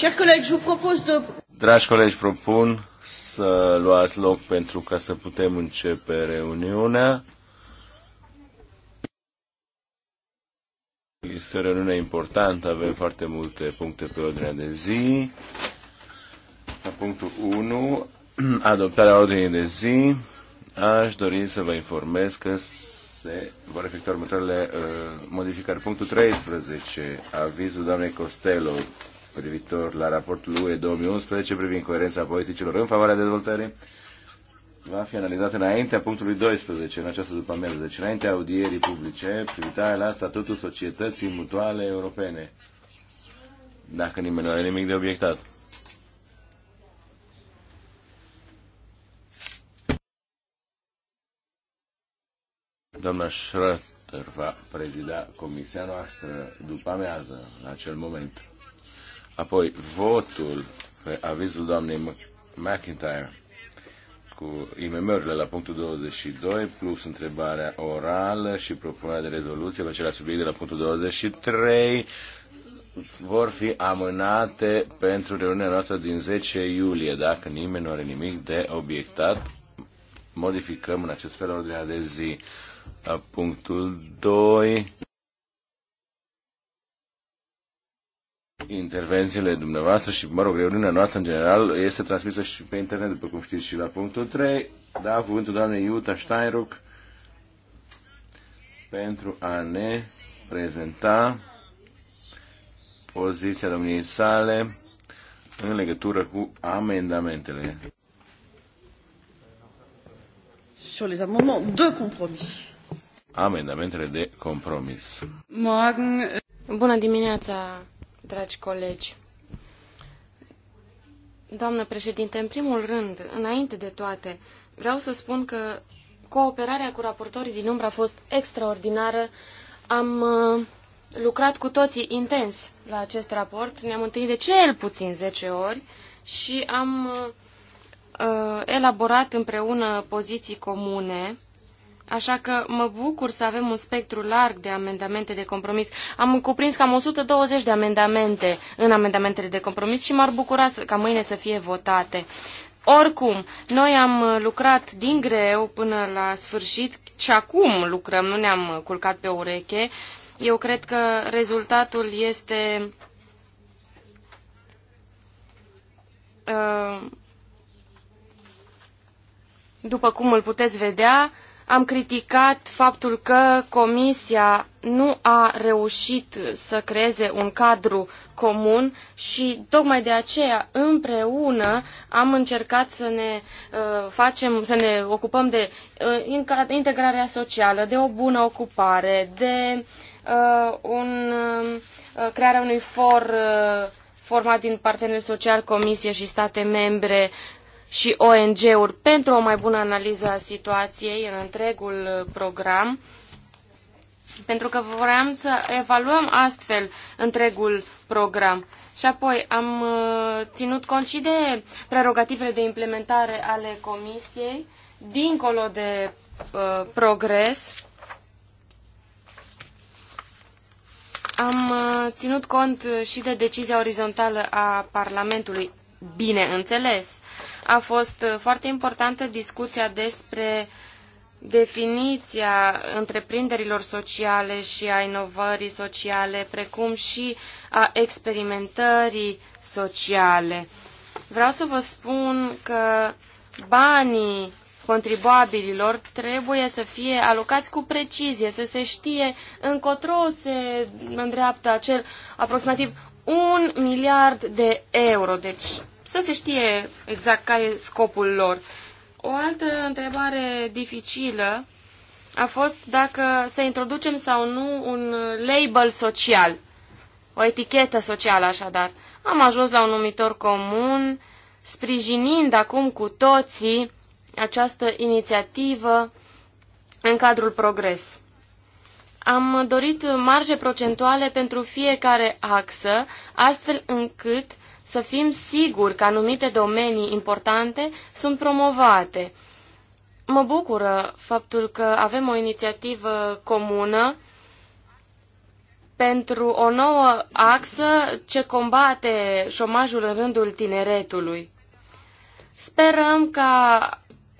Dragi colegi, propun să luați loc pentru ca să putem începe reuniunea. Este o reuniune importantă, avem foarte multe puncte pe ordinea de zi. La punctul 1, adoptarea ordinii de zi, aș dori să vă informez că se vor efectua următoarele uh, modificări. Punctul 13, avizul doamnei Costello privitor la raportul UE 2011 privind coerența politicilor în favoarea dezvoltării va fi analizat înaintea punctului 12 în această după amiază, deci înaintea audierii publice privitare la statutul societății mutuale europene. Dacă nimeni nu are nimic de obiectat. Doamna Schröter va prezida comisia noastră după amiază, în acel moment. Apoi votul pe avizul doamnei McIntyre cu imm la punctul 22, plus întrebarea orală și propunerea de rezoluție pe același subiect de la punctul 23, vor fi amânate pentru reuniunea noastră din 10 iulie. Dacă nimeni nu are nimic de obiectat, modificăm în acest fel ordinea de zi. La punctul 2, intervențiile dumneavoastră și, mă rog, reuniunea noastră în general este transmisă și pe internet, după cum știți, și la punctul 3. Da, cuvântul doamnei Iuta Steinruck pentru a ne prezenta poziția domniei sale în legătură cu amendamentele. Sur les amendements de compromis. Amendamentele de compromis. Morgen. Bună dimineața, dragi colegi. Doamnă președinte, în primul rând, înainte de toate, vreau să spun că cooperarea cu raportorii din umbră a fost extraordinară. Am uh, lucrat cu toții intens la acest raport, ne-am întâlnit de cel puțin 10 ori și am uh, elaborat împreună poziții comune Așa că mă bucur să avem un spectru larg de amendamente de compromis. Am cuprins cam 120 de amendamente în amendamentele de compromis și m-ar bucura să, ca mâine să fie votate. Oricum, noi am lucrat din greu până la sfârșit și acum lucrăm, nu ne-am culcat pe ureche. Eu cred că rezultatul este... Uh, după cum îl puteți vedea, am criticat faptul că Comisia nu a reușit să creeze un cadru comun și tocmai de aceea împreună am încercat să ne uh, facem, să ne ocupăm de uh, integrarea socială, de o bună ocupare, de uh, un, uh, crearea unui for uh, format din parteneri social, comisie și state membre, și ONG-uri pentru o mai bună analiză a situației în întregul program, pentru că vroiam să evaluăm astfel întregul program. Și apoi am uh, ținut cont și de prerogativele de implementare ale Comisiei, dincolo de uh, progres. Am uh, ținut cont și de decizia orizontală a Parlamentului bine înțeles. A fost uh, foarte importantă discuția despre definiția întreprinderilor sociale și a inovării sociale, precum și a experimentării sociale. Vreau să vă spun că banii contribuabililor trebuie să fie alocați cu precizie, să se știe încotro se îndreaptă acel aproximativ un miliard de euro. Deci să se știe exact care e scopul lor. O altă întrebare dificilă a fost dacă să introducem sau nu un label social, o etichetă socială așadar. Am ajuns la un numitor comun, sprijinind acum cu toții această inițiativă în cadrul progres am dorit marje procentuale pentru fiecare axă, astfel încât să fim siguri că anumite domenii importante sunt promovate. Mă bucură faptul că avem o inițiativă comună pentru o nouă axă ce combate șomajul în rândul tineretului. Sperăm ca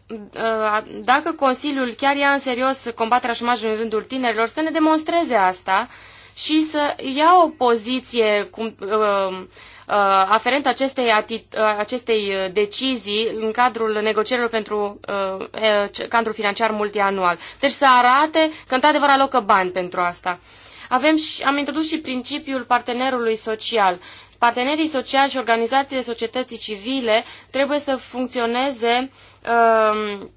Uh, dacă Consiliul chiar ia în serios combaterea șomajului în rândul tinerilor, să ne demonstreze asta și să ia o poziție cum, uh, uh, aferent acestei, acestei decizii în cadrul negocierilor pentru cadrul financiar multianual. Deci să arate că într-adevăr alocă bani pentru asta. Avem și, am introdus și principiul partenerului social. Partenerii sociali și organizațiile societății civile trebuie să funcționeze um,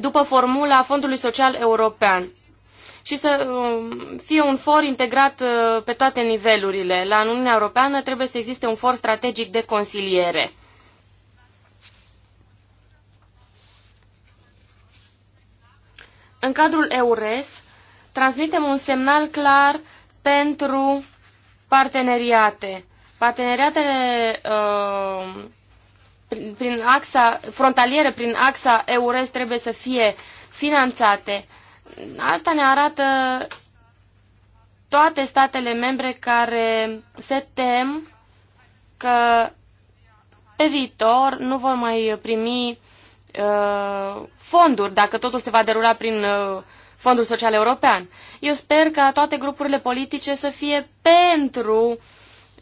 după formula Fondului Social European și să um, fie un for integrat uh, pe toate nivelurile. La Uniunea Europeană trebuie să existe un for strategic de consiliere. În cadrul EURES transmitem un semnal clar pentru parteneriate. Parteneriatele uh, prin, prin axa, frontaliere prin axa EURES trebuie să fie finanțate. Asta ne arată toate statele membre care se tem că pe viitor nu vor mai primi uh, fonduri dacă totul se va derula prin uh, Fondul Social European. Eu sper ca toate grupurile politice să fie pentru uh,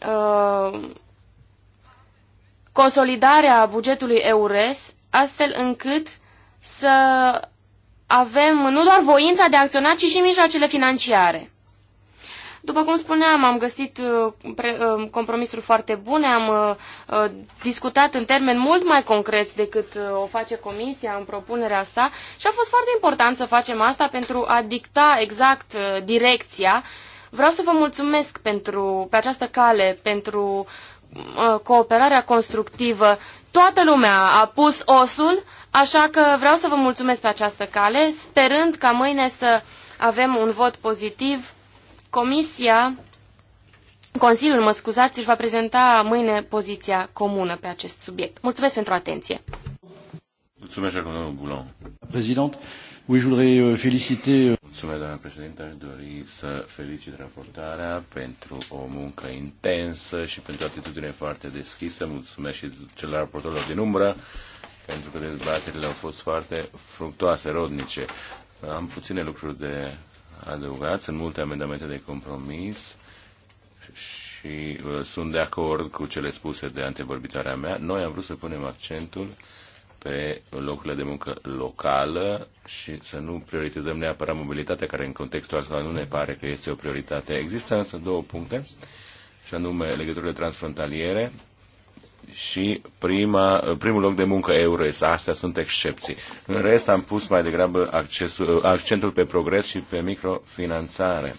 Uh, consolidarea bugetului EURES, astfel încât să avem nu doar voința de a acționa, ci și mijloacele financiare. După cum spuneam, am găsit uh, uh, compromisuri foarte bune, am discutat în termeni mult mai concreți decât o face Comisia în propunerea sa și a fost foarte important să facem asta pentru a dicta exact direcția uh, Vreau să vă mulțumesc pentru, pe această cale pentru uh, cooperarea constructivă. Toată lumea a pus osul, așa că vreau să vă mulțumesc pe această cale, sperând ca mâine să avem un vot pozitiv. Comisia, Consiliul, mă scuzați, își va prezenta mâine poziția comună pe acest subiect. Mulțumesc pentru atenție. Mulțumesc, Jacques Boulon. Președinte. Euh, euh, Mulțumesc, doamna președinte. Aș dori să felicit raportarea pentru o muncă intensă și pentru o atitudine foarte deschisă. Mulțumesc și celor raportorilor din umbră, pentru că dezbaterile au fost foarte fructoase, rodnice. Am puține lucruri de adăugat, sunt multe amendamente de compromis și uh, sunt de acord cu cele spuse de antevorbitoarea mea. Noi am vrut să punem accentul pe locurile de muncă locală și să nu prioritizăm neapărat mobilitatea, care în contextul acesta nu ne pare că este o prioritate. Există însă două puncte, și anume legăturile transfrontaliere și prima, primul loc de muncă EURES. Astea sunt excepții. În rest am pus mai degrabă accesul, accentul pe progres și pe microfinanțare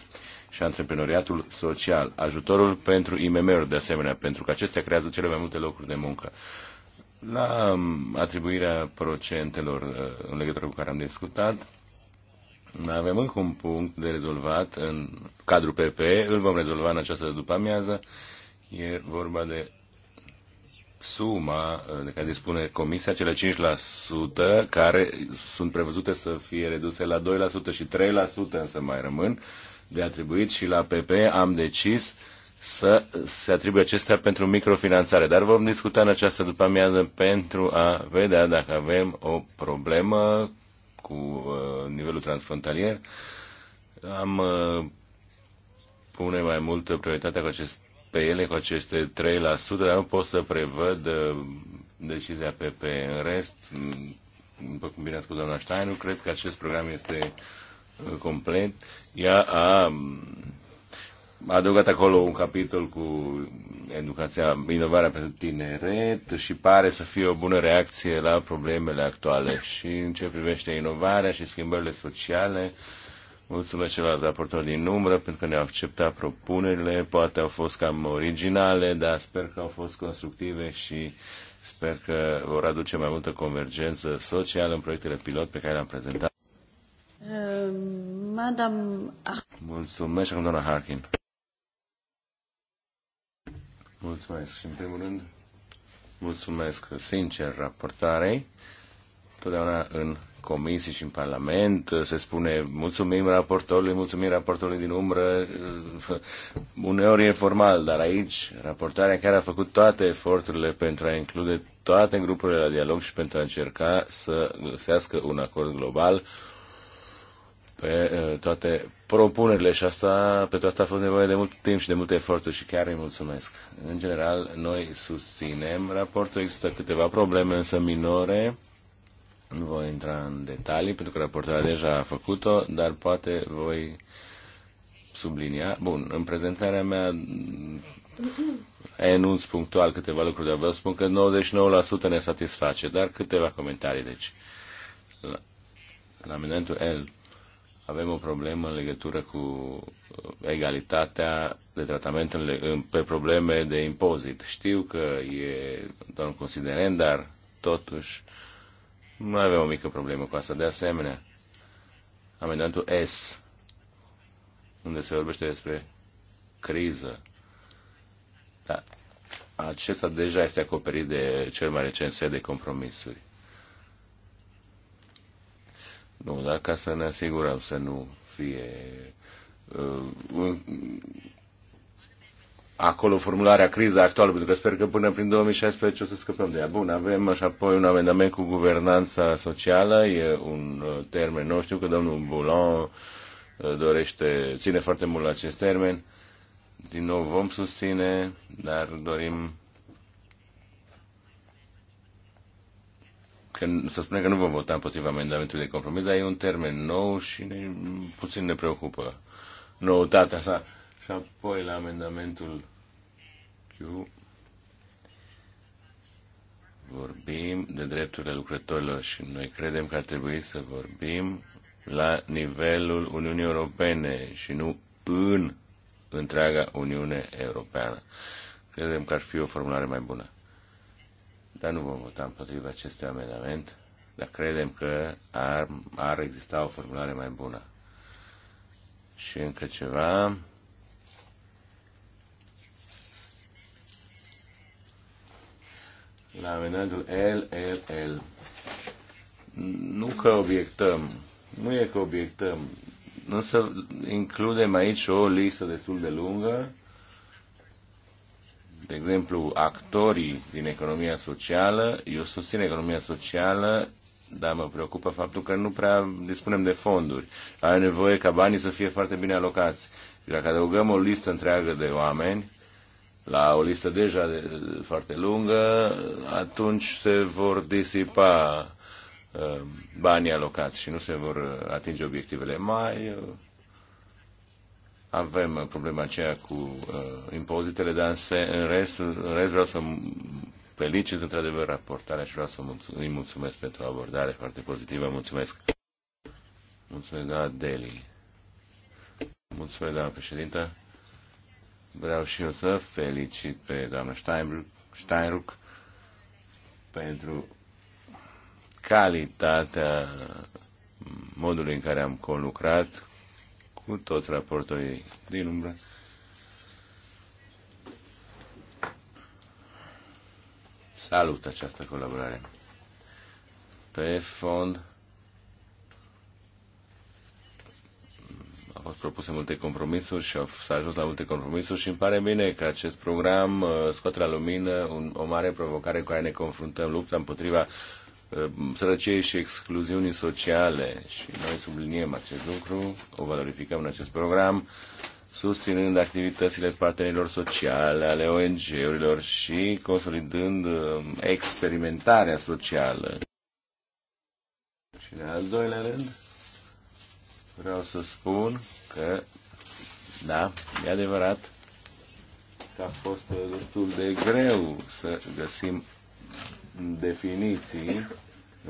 și antreprenoriatul social, ajutorul pentru IMM-uri de asemenea, pentru că acestea creează cele mai multe locuri de muncă. La um, atribuirea procentelor uh, în legătură cu care am discutat, mai avem încă un punct de rezolvat în cadrul PPE, îl vom rezolva în această după-amiază. E vorba de suma uh, de care dispune Comisia, cele 5% care sunt prevăzute să fie reduse la 2% și 3% însă mai rămân de atribuit și la PP am decis să se atribuie acestea pentru microfinanțare. Dar vom discuta în această după amiază pentru a vedea dacă avem o problemă cu uh, nivelul transfrontalier. Am uh, pune mai multă prioritate cu acest, pe ele, cu aceste 3%, dar nu pot să prevăd uh, decizia pe În rest, mm, după cum bine a spus doamna Steinu, cred că acest program este uh, complet. Ea a adăugat acolo un capitol cu educația, inovarea pentru tineret și pare să fie o bună reacție la problemele actuale. Și în ce privește inovarea și schimbările sociale, mulțumesc celorlalți raportori din numără pentru că ne-au acceptat propunerile, poate au fost cam originale, dar sper că au fost constructive și sper că vor aduce mai multă convergență socială în proiectele pilot pe care le-am prezentat. Madame... Mulțumesc, doamna Harkin. Mulțumesc și în primul rând mulțumesc sincer raportarei. Totdeauna în comisii și în Parlament uh, se spune mulțumim raportorului, mulțumim raportorului din umbră. Uh, uneori e formal, dar aici raportarea chiar a făcut toate eforturile pentru a include toate grupurile la dialog și pentru a încerca să găsească un acord global pe eh, toate propunerile și asta, pentru asta a fost nevoie de mult timp și de multe eforturi și chiar îi mulțumesc. În general, noi susținem raportul, există câteva probleme însă minore, nu voi intra în detalii pentru că raportarea deja a făcut-o, dar poate voi sublinia. Bun, în prezentarea mea enunț punctual câteva lucruri, dar vă spun că 99% ne satisface, dar câteva comentarii, deci. La, la amendamentul avem o problemă în legătură cu uh, egalitatea de tratament în, pe probleme de impozit. Știu că e doar un considerent, dar totuși nu avem o mică problemă cu asta. De asemenea, amendamentul S, unde se vorbește despre criză, da, acesta deja este acoperit de cel mai recent set de compromisuri. Nu, dar ca să ne asigurăm să nu fie uh, acolo formularea criza actuală, pentru că sper că până prin 2016 o să scăpăm de ea. Bun, avem așa apoi un amendament cu guvernanța socială, e un uh, termen, nou, știu că domnul Boulon uh, dorește, ține foarte mult la acest termen. Din nou vom susține, dar dorim că, să spunem că nu vom vota împotriva amendamentului de compromis, dar e un termen nou și ne, puțin ne preocupă noutatea asta. Și apoi la amendamentul Q vorbim de drepturile lucrătorilor și noi credem că ar trebui să vorbim la nivelul Uniunii Europene și nu în întreaga Uniune Europeană. Credem că ar fi o formulare mai bună dar nu vom vota împotriva acestui amendament, dar credem că ar, ar exista o formulare mai bună. Și încă ceva. La amendamentul LLL. Nu că obiectăm, nu e că obiectăm, însă includem aici o listă destul de lungă de exemplu, actorii din economia socială. Eu susțin economia socială, dar mă preocupă faptul că nu prea dispunem de fonduri. Ai nevoie ca banii să fie foarte bine alocați. Și dacă adăugăm o listă întreagă de oameni, la o listă deja de, foarte lungă, atunci se vor disipa uh, banii alocați și nu se vor uh, atinge obiectivele mai uh, avem problema aceea cu uh, impozitele, dar în, se, în, rest, în rest vreau să felicit într-adevăr raportarea și vreau să îi mulțumesc pentru abordare foarte pozitivă. Mulțumesc. Mulțumesc, doamna Deli. Mulțumesc, doamna președintă. Vreau și eu să felicit pe doamna Steinruck, Steinruck pentru calitatea modului în care am conlucrat cu raportul ei din umbră. Salut această colaborare. Pe fond au fost propuse multe compromisuri și s-a ajuns la multe compromisuri și îmi pare bine că acest program uh, scoate la lumină un, o mare provocare cu care ne confruntăm, lupta împotriva Ehm, sărăciei și excluziunii sociale și noi subliniem acest lucru, o valorificăm în acest program, susținând activitățile partenerilor sociale, ale ONG-urilor și consolidând ehm, experimentarea socială. Și în al doilea rând, vreau să spun că, da, e adevărat că a fost destul de greu să găsim definiții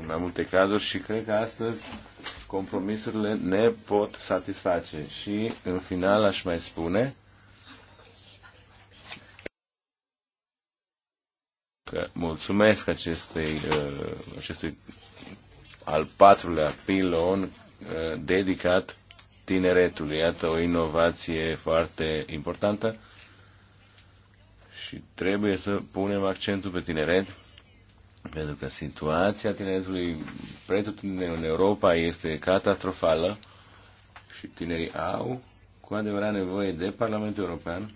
în mai multe cazuri și cred că astăzi compromisurile ne pot satisface. Și în final aș mai spune că mulțumesc acestei, uh, acestui al patrulea pilon uh, dedicat tineretului. Iată o inovație foarte importantă și trebuie să punem accentul pe tineret pentru că situația tineretului pretutindeni în Europa este catastrofală și tinerii au cu adevărat nevoie de Parlamentul European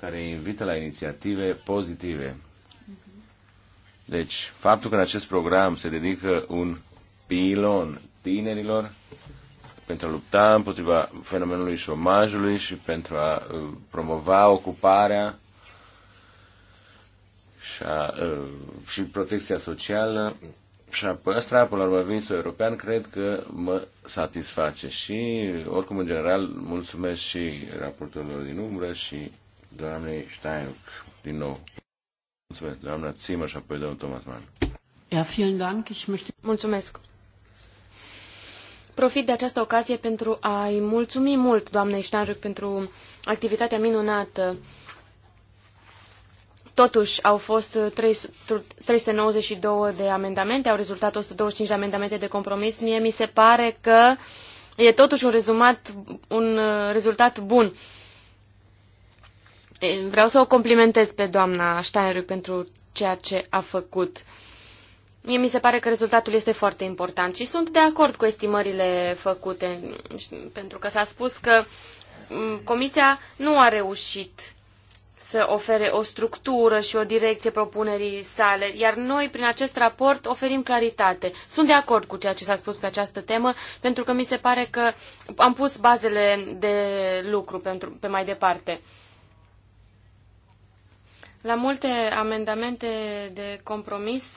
care invită la inițiative pozitive. Deci, faptul că în acest program se dedică un pilon tinerilor pentru a lupta împotriva fenomenului șomajului și pentru a uh, promova ocuparea și, a, și protecția socială și a păstra, până la urmă, vinsul european, cred că mă satisface și, oricum, în general, mulțumesc și raportorilor din umbră și doamnei Steinuc, din nou. Mulțumesc, doamna Țimă și apoi domnul Thomas Mann. Ja, vielen Dank. Ich möchte... Mulțumesc. Profit de această ocazie pentru a-i mulțumi mult doamnei Steinuc, pentru activitatea minunată Totuși, au fost 392 de amendamente, au rezultat 125 de amendamente de compromis. Mie mi se pare că e totuși un, rezumat, un uh, rezultat bun. Vreau să o complimentez pe doamna Steinruck pentru ceea ce a făcut. Mie mi se pare că rezultatul este foarte important și sunt de acord cu estimările făcute, pentru că s-a spus că Comisia nu a reușit să ofere o structură și o direcție propunerii sale, iar noi, prin acest raport, oferim claritate. Sunt de acord cu ceea ce s-a spus pe această temă, pentru că mi se pare că am pus bazele de lucru pentru, pe mai departe. La multe amendamente de compromis,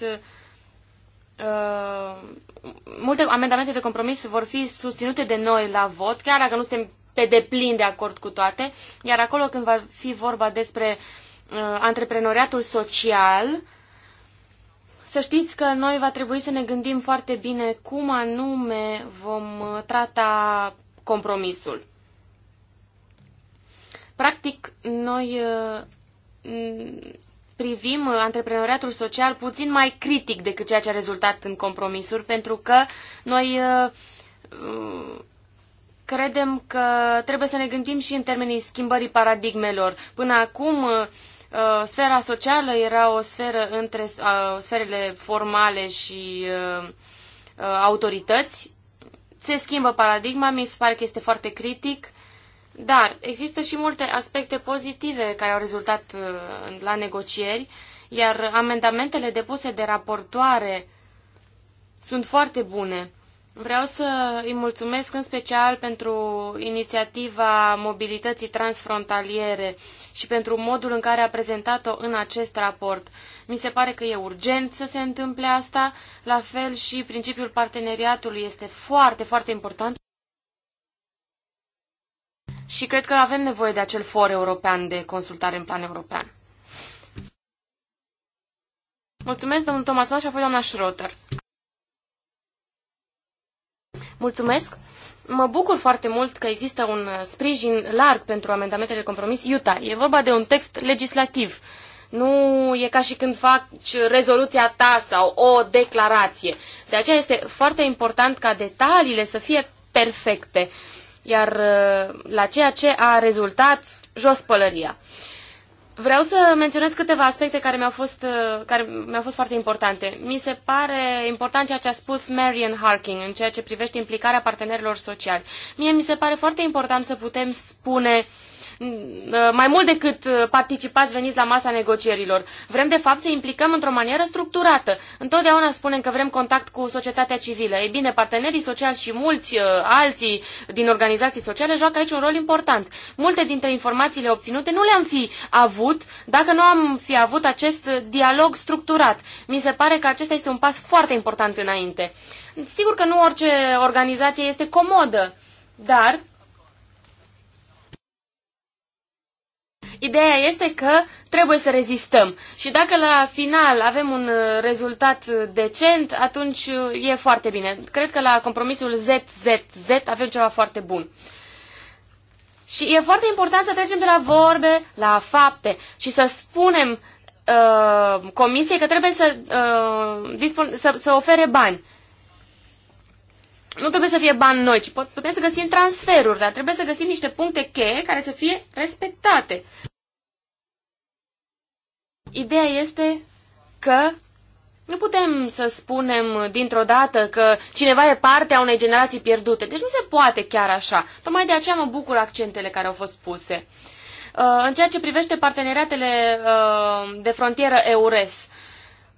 uh, multe amendamente de compromis vor fi susținute de noi la vot, chiar dacă nu suntem pe deplin de acord cu toate, iar acolo când va fi vorba despre uh, antreprenoriatul social, să știți că noi va trebui să ne gândim foarte bine cum anume vom uh, trata compromisul. Practic, noi uh, privim uh, antreprenoriatul social puțin mai critic decât ceea ce a rezultat în compromisuri, pentru că noi Credem că trebuie să ne gândim și în termenii schimbării paradigmelor. Până acum, uh, uh, sfera socială era o sferă între uh, sferele formale și autorități. Se schimbă paradigma, mi se pare că este foarte critic, dar există și multe aspecte pozitive care au rezultat la negocieri, iar amendamentele depuse de raportoare sunt foarte bune. Vreau să îi mulțumesc în special pentru inițiativa mobilității transfrontaliere și pentru modul în care a prezentat-o în acest raport. Mi se pare că e urgent să se întâmple asta, la fel și principiul parteneriatului este foarte, foarte important. Și cred că avem nevoie de acel for european de consultare în plan european. Mulțumesc, domnul Thomas Mann și apoi doamna Schroeter. Mulțumesc! Mă bucur foarte mult că există un sprijin larg pentru amendamentele de compromis. Iuta, e vorba de un text legislativ. Nu e ca și când faci rezoluția ta sau o declarație. De aceea este foarte important ca detaliile să fie perfecte. Iar uh, la ceea ce a rezultat, jos pălăria. Vreau să menționez câteva aspecte care mi-au fost, uh, care mi-au fost foarte importante. Mi se pare important ceea ce a spus Marian Harking în ceea ce privește implicarea partenerilor sociali. Mie mi se pare foarte important să putem spune uh, Mm, mai mult decât uh, participați veniți la masa negocierilor. Vrem, de fapt, să implicăm într-o manieră structurată. Întotdeauna spunem că vrem contact cu societatea civilă. Ei bine, partenerii sociali și mulți uh, alții din organizații sociale joacă aici un rol important. Multe dintre informațiile obținute nu le-am fi avut dacă nu am fi avut acest dialog structurat. Mi se pare că acesta este un pas foarte important înainte. Sigur că nu orice organizație este comodă, dar Ideea este că trebuie să rezistăm și dacă la final avem un uh, rezultat decent, atunci uh, e foarte bine. Cred că la compromisul ZZZ avem ceva foarte bun. Și e foarte important să trecem de la vorbe la fapte și să spunem uh, comisiei că trebuie să, uh, dispun- să, să ofere bani. Nu trebuie să fie bani noi, ci putem să găsim transferuri, dar trebuie să găsim niște puncte cheie care să fie respectate. Ideea este că nu putem să spunem dintr-o dată că cineva e parte a unei generații pierdute. Deci nu se poate chiar așa. Tocmai de aceea mă bucur accentele care au fost puse. Uh, în ceea ce privește parteneriatele uh, de frontieră EURES,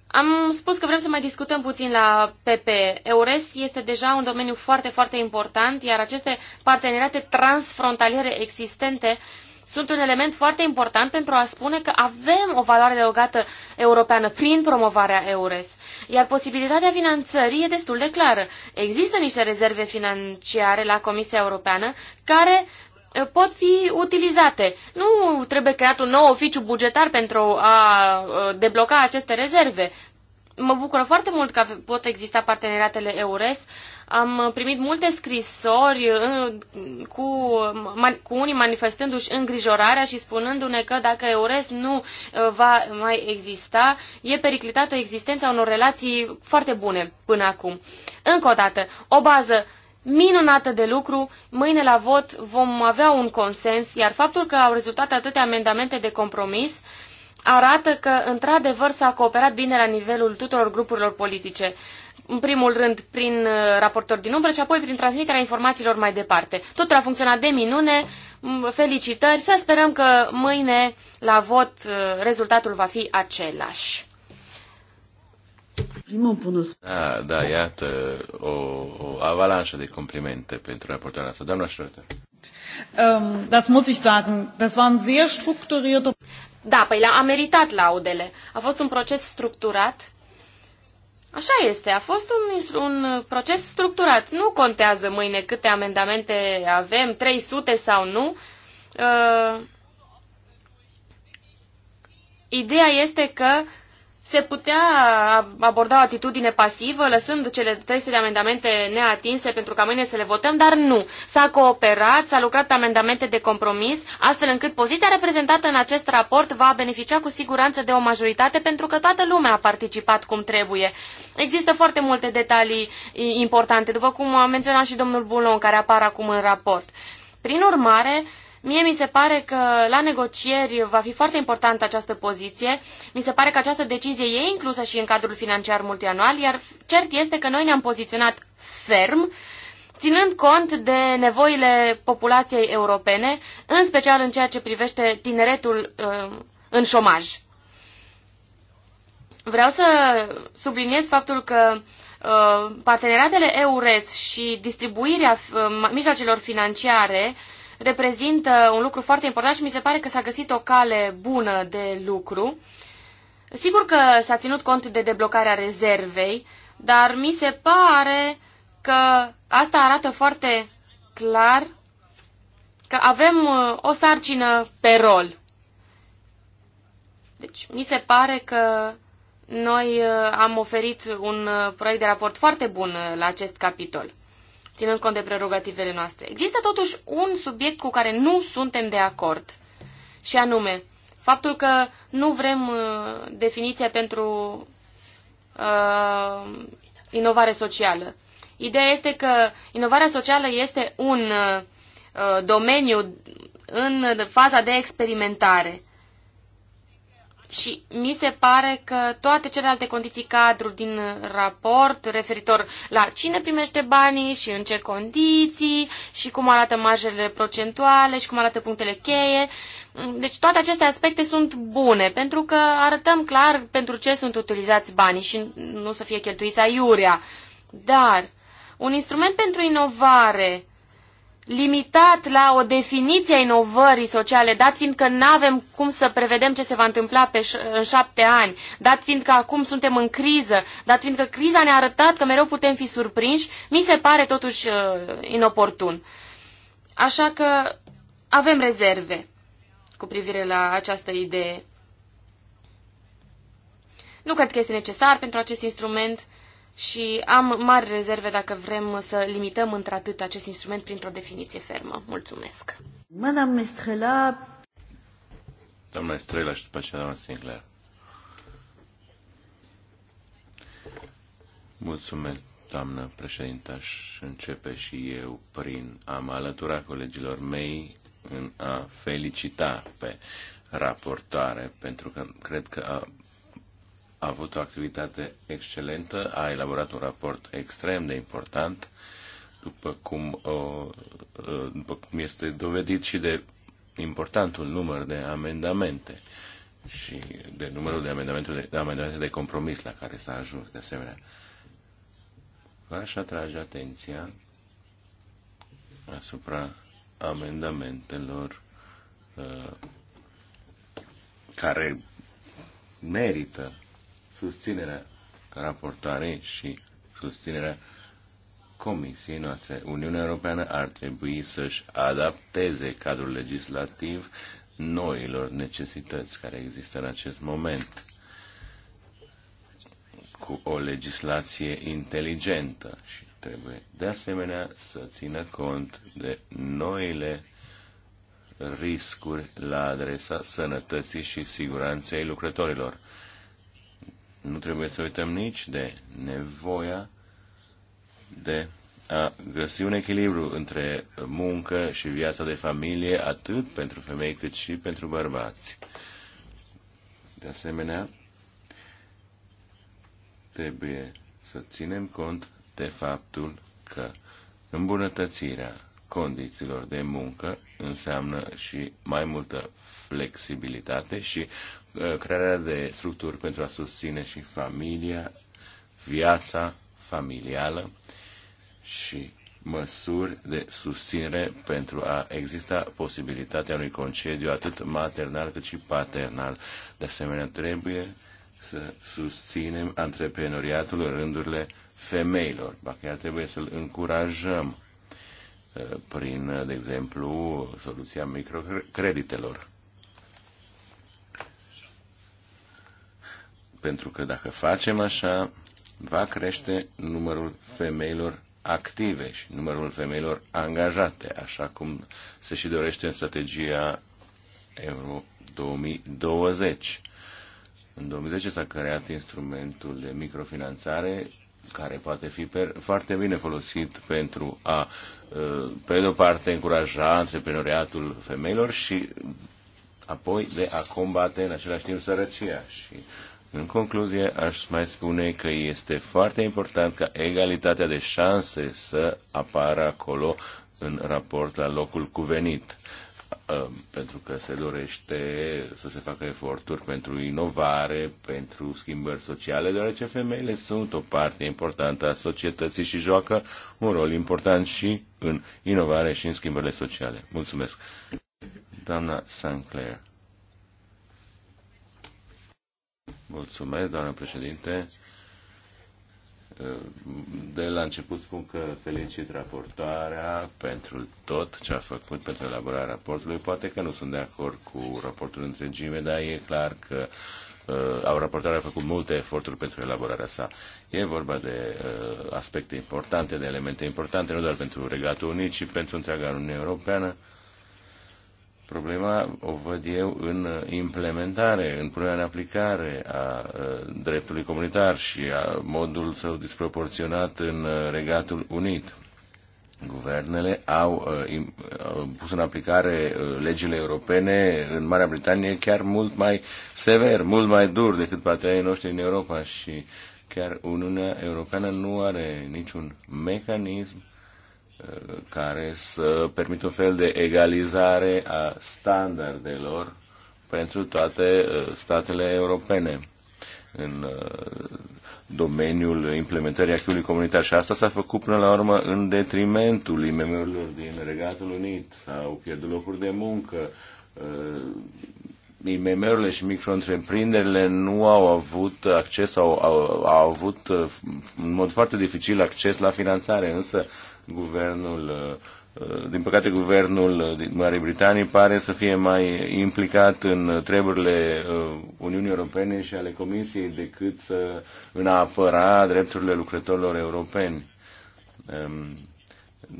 am spus că vrem să mai discutăm puțin la PP. EURES este deja un domeniu foarte, foarte important, iar aceste parteneriate transfrontaliere existente uh, sunt un element foarte important pentru a spune că avem o valoare legată europeană prin promovarea EURES. Iar posibilitatea finanțării e destul de clară. Există niște rezerve financiare la Comisia Europeană care eh, pot fi utilizate. Nu trebuie creat un nou oficiu bugetar pentru a eh, debloca aceste rezerve mă bucură foarte mult că pot exista parteneriatele EURES. Am primit multe scrisori cu, cu unii manifestându-și îngrijorarea și spunându-ne că dacă EURES nu uh, va mai exista, e periclitată existența unor relații foarte bune până acum. Încă o dată, o bază minunată de lucru. Mâine la vot vom avea un consens, iar faptul că au rezultat atâtea amendamente de compromis uh, arată că, într-adevăr, s-a cooperat bine la nivelul tuturor grupurilor politice. În primul rând prin uh, raportori din umbră și apoi prin transmiterea informațiilor mai departe. Totul a funcționat de minune, felicitări, să sperăm că mâine la vot uh, rezultatul va fi același. Da, da, iată o, o avalanșă de complimente pentru raportarea asta. Doamna Schröter. Um, das muss ich sagen. Das waren sehr strukturierte. Da, păi l a meritat laudele. A fost un proces structurat. Așa este, a fost un, un proces structurat. Nu contează mâine câte amendamente avem, 300 sau nu. Uh, ideea este că uh, se putea aborda o atitudine pasivă, lăsând cele 300 de amendamente neatinse pentru ca mâine să le votăm, dar nu. S-a cooperat, s-a lucrat pe amendamente de compromis, astfel încât poziția reprezentată în acest raport va beneficia cu siguranță de o majoritate pentru că toată lumea a participat cum trebuie. Există foarte multe detalii importante, după cum a menționat și domnul Bulon, care apar acum în raport. Prin urmare, Mie mi se pare că la negocieri va fi foarte importantă această poziție. Mi se pare că această decizie e inclusă și în cadrul financiar multianual, iar cert este că noi ne-am poziționat ferm, ținând cont de nevoile populației europene, în special în ceea ce privește tineretul uh, în șomaj. Vreau să subliniez faptul că uh, parteneriatele EURES și distribuirea uh, mijloacelor financiare uh, reprezintă un lucru foarte important și mi se pare că s-a găsit o cale bună de lucru. Sigur că s-a ținut cont de deblocarea rezervei, dar mi se pare că asta arată foarte clar că avem uh, o sarcină pe rol. Deci, mi se pare că noi uh, am oferit un uh, proiect de raport foarte bun la acest capitol ținând cont de prerogativele noastre. Există totuși un subiect cu care nu suntem de acord, și anume faptul că nu vrem uh, definiția pentru uh, inovare socială. Ideea este că inovarea socială este un uh, domeniu în faza de experimentare și mi se pare că toate celelalte condiții cadru din raport referitor la cine primește banii și în ce condiții și cum arată marjele procentuale și cum arată punctele cheie. Deci toate aceste aspecte sunt bune pentru că arătăm clar pentru ce sunt utilizați banii și nu să fie cheltuiți aiurea. Dar un instrument pentru inovare limitat la o definiție a inovării sociale, dat fiind că nu avem cum să prevedem ce se va întâmpla pe în șapte ani, dat fiind că acum suntem în criză, dat fiind că criza ne-a arătat că mereu putem fi surprinși, mi se pare totuși uh, inoportun. Așa că avem rezerve cu privire la această idee. Nu cred că este necesar pentru acest instrument și am mari rezerve dacă vrem să limităm într-atât acest instrument printr-o definiție fermă. Mulțumesc. Madame Estrela... Doamna Estrela și după aceea doamna Sinclair. Mulțumesc, doamnă președintă. Aș începe și eu prin a mă alătura colegilor mei în a felicita pe raportoare, pentru că cred că a a avut o activitate excelentă, a elaborat un raport extrem de important, după cum, după cum este dovedit și de importantul număr de amendamente și de numărul de amendamente de, de, amendamente de compromis la care s-a ajuns de asemenea. V-aș atrage atenția asupra amendamentelor uh, care merită susținerea raportoarei și susținerea Comisiei noastre. Uniunea Europeană ar trebui să-și adapteze cadrul legislativ noilor necesități care există în acest moment cu o legislație inteligentă și trebuie de asemenea să țină cont de noile riscuri la adresa sănătății și siguranței lucrătorilor nu trebuie să uităm nici de nevoia de a găsi un echilibru între muncă și viața de familie, atât pentru femei cât și pentru bărbați. De asemenea, trebuie să ținem cont de faptul că îmbunătățirea condițiilor de muncă înseamnă și mai multă flexibilitate și Uh, crearea de structuri pentru a susține și familia, viața familială și măsuri de susținere pentru a exista posibilitatea unui concediu atât maternal cât și paternal. De asemenea, trebuie să susținem antreprenoriatul în rândurile femeilor, ba chiar trebuie să-l încurajăm uh, prin, de exemplu, soluția microcreditelor. pentru că dacă facem așa, va crește numărul femeilor active și numărul femeilor angajate, așa cum se și dorește în strategia Euro 2020. În 2010 s-a creat instrumentul de microfinanțare care poate fi per, foarte bine folosit pentru a, ă, pe de o parte, încuraja antreprenoriatul femeilor și apoi de a combate în același timp sărăcia. Și în concluzie, aș mai spune că este foarte important ca egalitatea de șanse să apară acolo în raport la locul cuvenit uh, pentru că se dorește să se facă eforturi pentru inovare, pentru schimbări sociale, deoarece femeile sunt o parte importantă a societății și joacă un rol important și în inovare și în schimbările sociale. Mulțumesc. Doamna St. Clair. Mulțumesc, doamnă președinte. De la început spun că felicit raportoarea pentru tot ce a făcut pentru elaborarea raportului. Poate că nu sunt de acord cu raportul întregime, dar e clar că uh, au raportarea a făcut multe eforturi pentru elaborarea sa. E vorba de uh, aspecte importante, de elemente importante, nu doar pentru Regatul Unit, ci pentru întreaga Uniune Europeană. Uh, Problema o văd eu în uh, implementare, în punerea în aplicare a uh, dreptului comunitar și a modul său disproporționat în uh, Regatul Unit. Guvernele au, au pus în aplicare legile europene în Marea Britanie chiar mult mai sever, mult mai dur decât patriarii noștri în Europa și chiar Uniunea Europeană nu are niciun mecanism care să permită un fel de egalizare a standardelor pentru toate uh, statele europene în uh, domeniul implementării actului comunitar și asta s-a făcut până la urmă în detrimentul IMM-urilor din Regatul Unit. Au pierdut locuri de muncă. Uh, IMM-urile și micro-întreprinderile nu au avut acces, au, au, au avut în mod foarte dificil acces la finanțare, însă guvernul uh, din păcate, guvernul uh, din Marii Britanii pare să fie mai implicat în treburile uh, Uniunii Europene și ale Comisiei decât în a apăra drepturile lucrătorilor europeni. Um,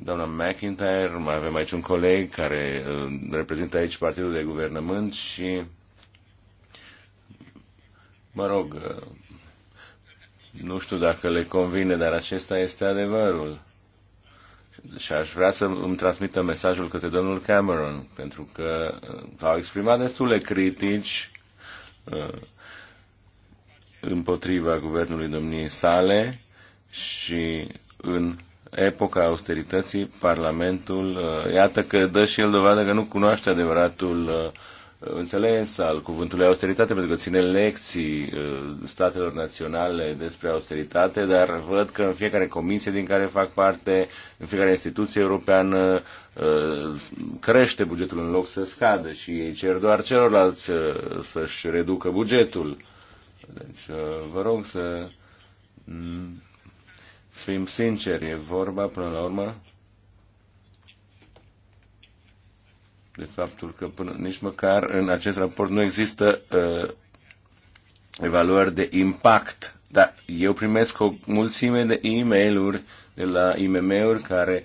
doamna McIntyre, mai avem aici un coleg care reprezintă aici Partidul de Guvernământ și, mă rog, nu știu dacă le convine, dar acesta este adevărul și aș vrea să îmi transmită mesajul către domnul Cameron, pentru că uh, au exprimat destule critici uh, împotriva guvernului domniei sale și în epoca austerității, Parlamentul, uh, iată că dă și el dovadă că nu cunoaște adevăratul uh, înțeles al cuvântului austeritate, pentru că ține lecții uh, statelor naționale despre austeritate, dar văd că în fiecare comisie din care fac parte, în fiecare instituție europeană, uh, crește bugetul în loc să scadă și ei cer doar celorlalți uh, să-și reducă bugetul. Deci, vă rog să mm, fim sinceri, e vorba până la urmă de faptul că până, nici măcar în acest raport nu există uh, evaluări de impact. Dar eu primesc o mulțime de e mail de la IMM-uri care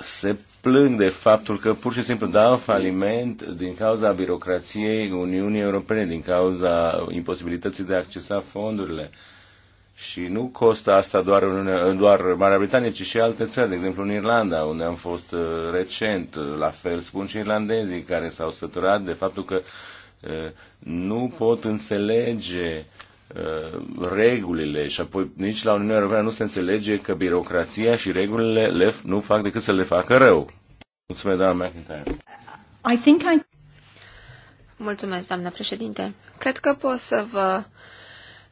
se plâng de faptul că pur și simplu dau faliment din cauza birocrației Uniunii Europene, din cauza imposibilității de a accesa fondurile. Uh, și nu costă asta doar, în, doar Marea Britanie, ci și alte țări, de exemplu în Irlanda, unde am fost uh, recent. Uh, la fel spun și irlandezii care s-au săturat de faptul că uh, nu pot înțelege regulile și apoi nici la Uniunea Europeană nu se înțelege că birocrația și regulile le, nu fac decât să le facă rău. Mulțumesc, doamna McIntyre. I think I... Mulțumesc, doamna președinte. Cred că pot să vă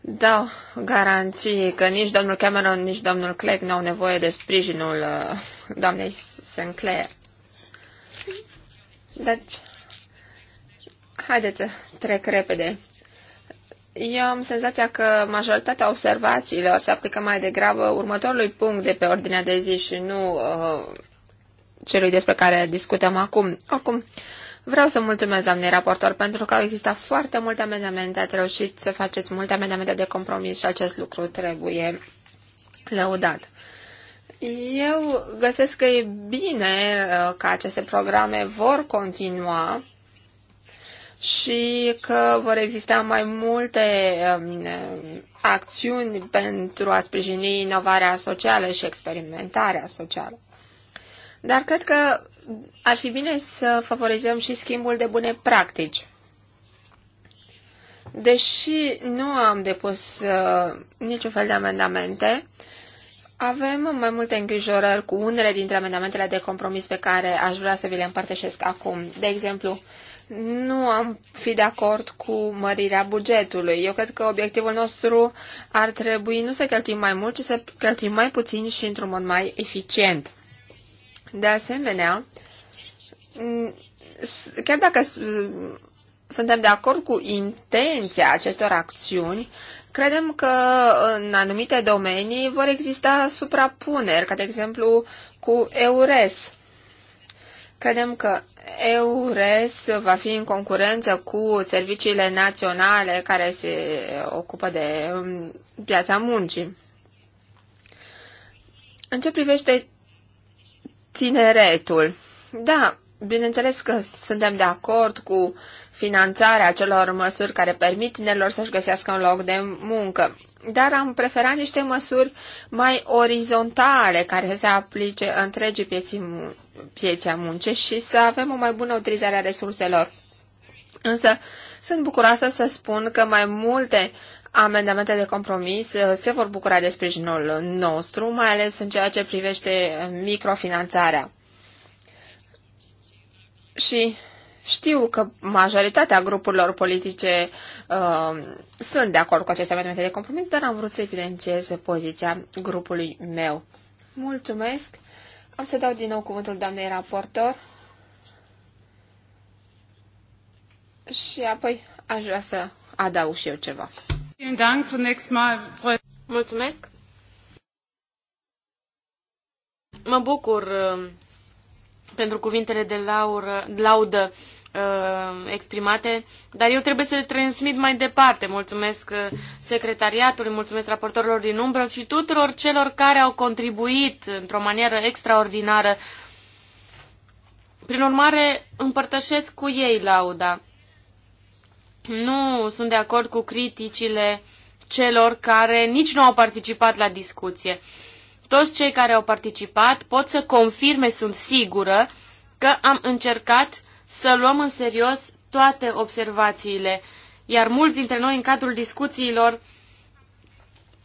dau garanții că nici domnul Cameron, nici domnul Clegg nu au nevoie de sprijinul uh, doamnei Sinclair. Deci, haideți să trec repede. Eu am senzația că majoritatea observațiilor se aplică mai degrabă următorului punct de pe ordinea de zi și nu uh, celui despre care discutăm acum. Acum, Vreau să mulțumesc, doamnei raportor, pentru că au existat foarte multe amendamente, ați reușit să faceți multe amendamente de compromis și acest lucru trebuie lăudat. Eu găsesc că e bine uh, că aceste programe vor continua și că vor exista mai multe um, acțiuni pentru a sprijini inovarea socială și experimentarea socială. Dar cred că ar fi bine să favorizăm și schimbul de bune practici. Deși nu am depus uh, niciun fel de amendamente, avem mai multe îngrijorări cu unele dintre amendamentele de compromis pe care aș vrea să vi le împărtășesc acum. De exemplu, nu am fi de acord cu mărirea bugetului. Eu cred că obiectivul nostru ar trebui nu să cheltuim mai mult, ci să cheltuim mai puțin și într-un mod mai eficient. De asemenea, chiar dacă suntem de acord cu intenția acestor acțiuni, credem că în anumite domenii vor exista suprapuneri, ca de exemplu cu EURES. Credem că EURES va fi în concurență cu serviciile naționale care se ocupă de um, piața muncii. În ce privește tineretul. Da, bineînțeles că suntem de acord cu finanțarea celor măsuri care permit tinerilor să-și găsească un loc de muncă, dar am preferat niște măsuri mai orizontale care să se aplice întregii pieții, a muncii și să avem o mai bună utilizare a resurselor. Însă, sunt bucuroasă să spun că mai multe Amendamentele de compromis uh, se vor bucura de sprijinul nostru, mai ales în ceea ce privește uh, microfinanțarea. Și știu că majoritatea grupurilor politice uh, sunt de acord cu aceste amendamente de compromis, dar am vrut să evidențiez poziția grupului meu. Mulțumesc! Am să dau din nou cuvântul doamnei raportor și apoi aș vrea să adaug și eu ceva. Mulțumesc! Mă bucur um, pentru cuvintele de laură, laudă um, exprimate, dar eu trebuie să le transmit mai departe. Mulțumesc uh, secretariatului, mulțumesc raportorilor din umbră și tuturor celor care au contribuit într-o manieră extraordinară. Prin urmare, împărtășesc cu ei lauda. Nu sunt de acord cu criticile celor care nici nu au participat la discuție. Toți cei care au participat pot să confirme, sunt sigură, că am încercat să luăm în serios toate observațiile, iar mulți dintre noi în cadrul discuțiilor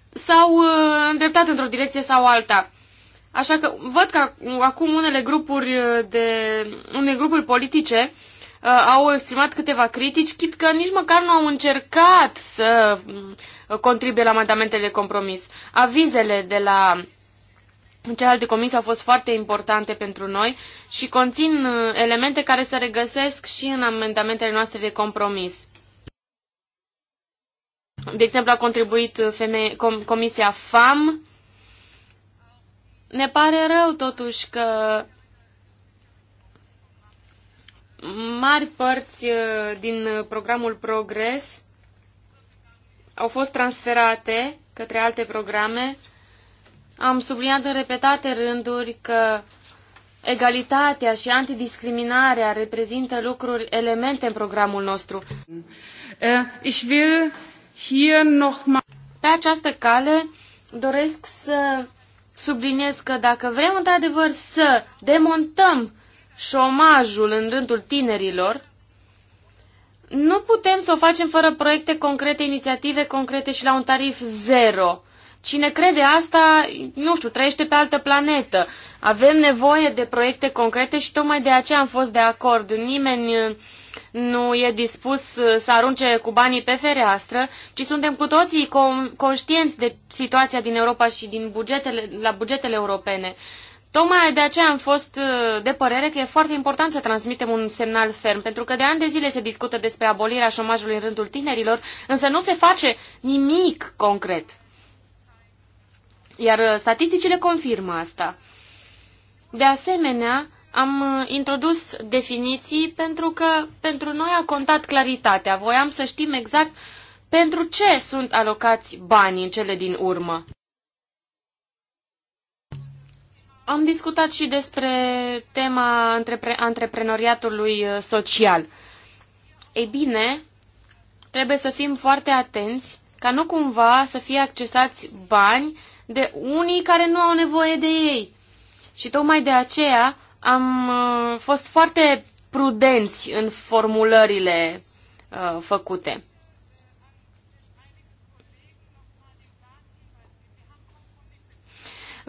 s-au uh, îndreptat într-o direcție sau alta. Așa că văd că acum unele grupuri, de, unele grupuri politice uh, au exprimat câteva critici, chit că nici măcar nu au încercat să mm, contribuie la amendamentele de compromis. Avizele de la cealaltă comisie au fost foarte importante pentru noi și conțin uh, elemente care se regăsesc și în amendamentele noastre de compromis. De exemplu, a contribuit uh, femeie, com, Comisia FAM. Ne pare rău totuși că mari părți uh, din programul Progres au fost transferate către alte programe. Am subliniat în repetate rânduri că egalitatea și antidiscriminarea reprezintă lucruri, elemente în programul nostru. Uh, ich will hier noch mal... Pe această cale doresc să subliniez că dacă vrem într-adevăr să demontăm șomajul în rândul tinerilor, nu putem să o facem fără proiecte concrete, inițiative concrete și la un tarif zero. Cine crede asta, nu știu, trăiește pe altă planetă. Avem nevoie de proiecte concrete și tocmai de aceea am fost de acord. Nimeni uh, nu e dispus uh, să arunce cu banii pe fereastră, ci suntem cu toții conștienți de situația din Europa și din bugetele, la bugetele europene. Tocmai de aceea am fost uh, de părere că e foarte important să transmitem un semnal ferm, pentru că de ani de zile se discută despre abolirea șomajului în rândul tinerilor, însă nu se face nimic concret. Iar uh, statisticile confirmă asta. De asemenea, am uh, introdus definiții pentru că pentru noi a contat claritatea. Voiam să știm exact pentru ce sunt alocați banii în cele din urmă. Am discutat și despre tema antrepre- antreprenoriatului uh, social. Ei bine, trebuie să fim foarte atenți ca nu cumva să fie accesați bani de unii care nu au nevoie de ei. Și tocmai de aceea am uh, fost foarte prudenți în formulările uh, făcute.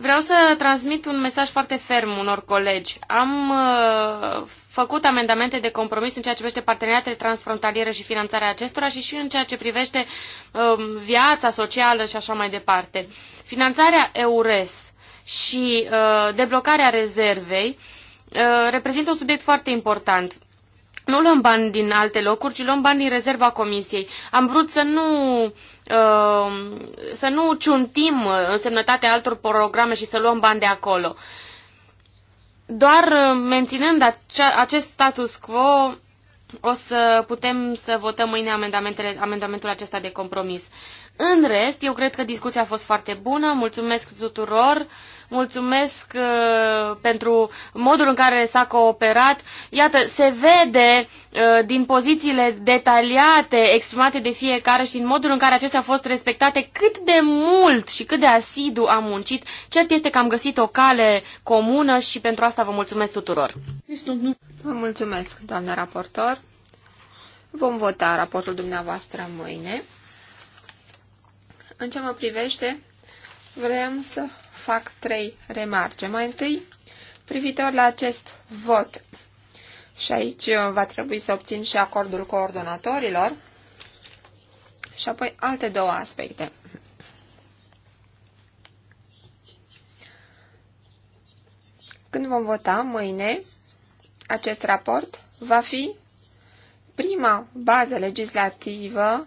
Vreau să transmit un mesaj foarte ferm unor colegi. Am uh, făcut amendamente de compromis în ceea ce privește parteneriatele transfrontaliere și finanțarea acestora și și în ceea ce privește uh, viața socială și așa mai departe. Finanțarea EURES și uh, deblocarea rezervei uh, reprezintă un subiect foarte important nu luăm bani din alte locuri, ci luăm bani din rezerva comisiei. Am vrut să nu, uh, să nu ciuntim uh, însemnătatea altor programe și să luăm bani de acolo. Doar uh, menținând acest status quo, o să putem să votăm mâine amendamentele, amendamentul acesta de compromis. În rest, eu cred că discuția a fost foarte bună. Mulțumesc tuturor mulțumesc uh, pentru modul în care s-a cooperat. Iată, se vede uh, din pozițiile detaliate exprimate de fiecare și în modul în care acestea au fost respectate cât de mult și cât de asidu am muncit. Cert este că am găsit o cale comună și pentru asta vă mulțumesc tuturor. Vă mulțumesc, doamnă raportor. Vom vota raportul dumneavoastră mâine. În ce mă privește, vrem să fac trei remarce. Mai întâi, privitor la acest vot. Și aici uh, va trebui să obțin și acordul coordonatorilor. Și apoi alte două aspecte. Când vom vota mâine, acest raport va fi prima bază legislativă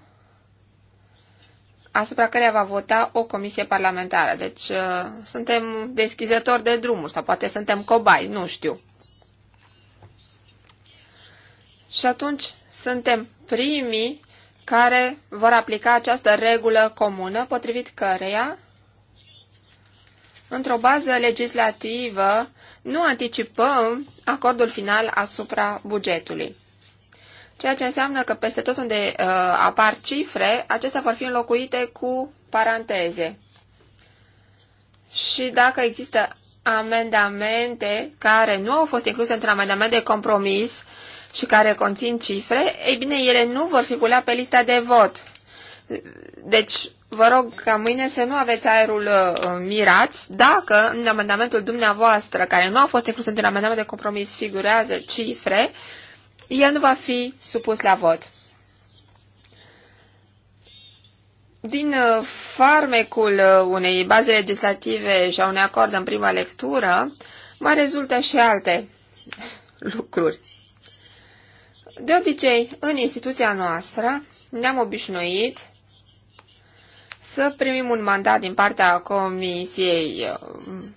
asupra căreia va vota o comisie parlamentară. Deci uh, suntem deschizători de drumuri sau poate suntem cobai, nu știu. Și atunci suntem primii care vor aplica această regulă comună potrivit căreia într-o bază legislativă nu anticipăm acordul final asupra bugetului ceea ce înseamnă că peste tot unde uh, apar cifre, acestea vor fi înlocuite cu paranteze. Și dacă există amendamente care nu au fost incluse într-un amendament de compromis și care conțin cifre, ei bine, ele nu vor figura pe lista de vot. Deci, vă rog ca mâine să nu aveți aerul uh, mirați dacă în amendamentul dumneavoastră, care nu a fost inclus într-un amendament de compromis, figurează cifre, uh, el nu va fi supus la vot. Din uh, farmecul uh, unei baze legislative și a unui acord în prima lectură, mai rezultă și alte lucruri. De obicei, în instituția noastră ne-am obișnuit să primim un mandat din partea Comisiei uh,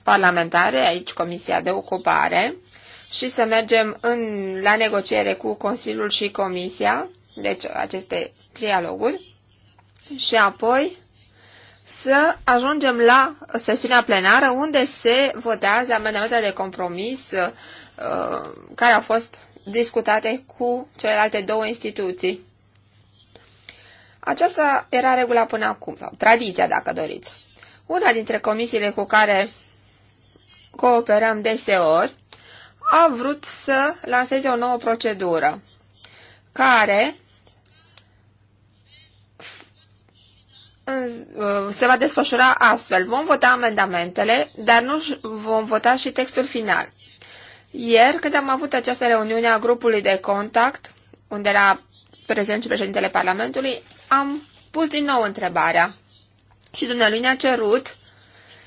Parlamentare, aici Comisia de Ocupare, și să mergem în, la negociere cu Consiliul și Comisia, deci aceste trialoguri, și apoi să ajungem la sesiunea plenară unde se votează amendamentele de compromis uh, care au fost discutate cu celelalte două instituții. Aceasta era regula până acum, sau tradiția, dacă doriți. Una dintre comisiile cu care cooperăm deseori a vrut să lanseze o nouă procedură care uh, se va desfășura astfel. Vom vota amendamentele, dar nu vom vota și textul final. Ieri, când am avut această reuniune a grupului de contact, unde era prezent și președintele Parlamentului, am pus din nou întrebarea și dumnealui ne-a cerut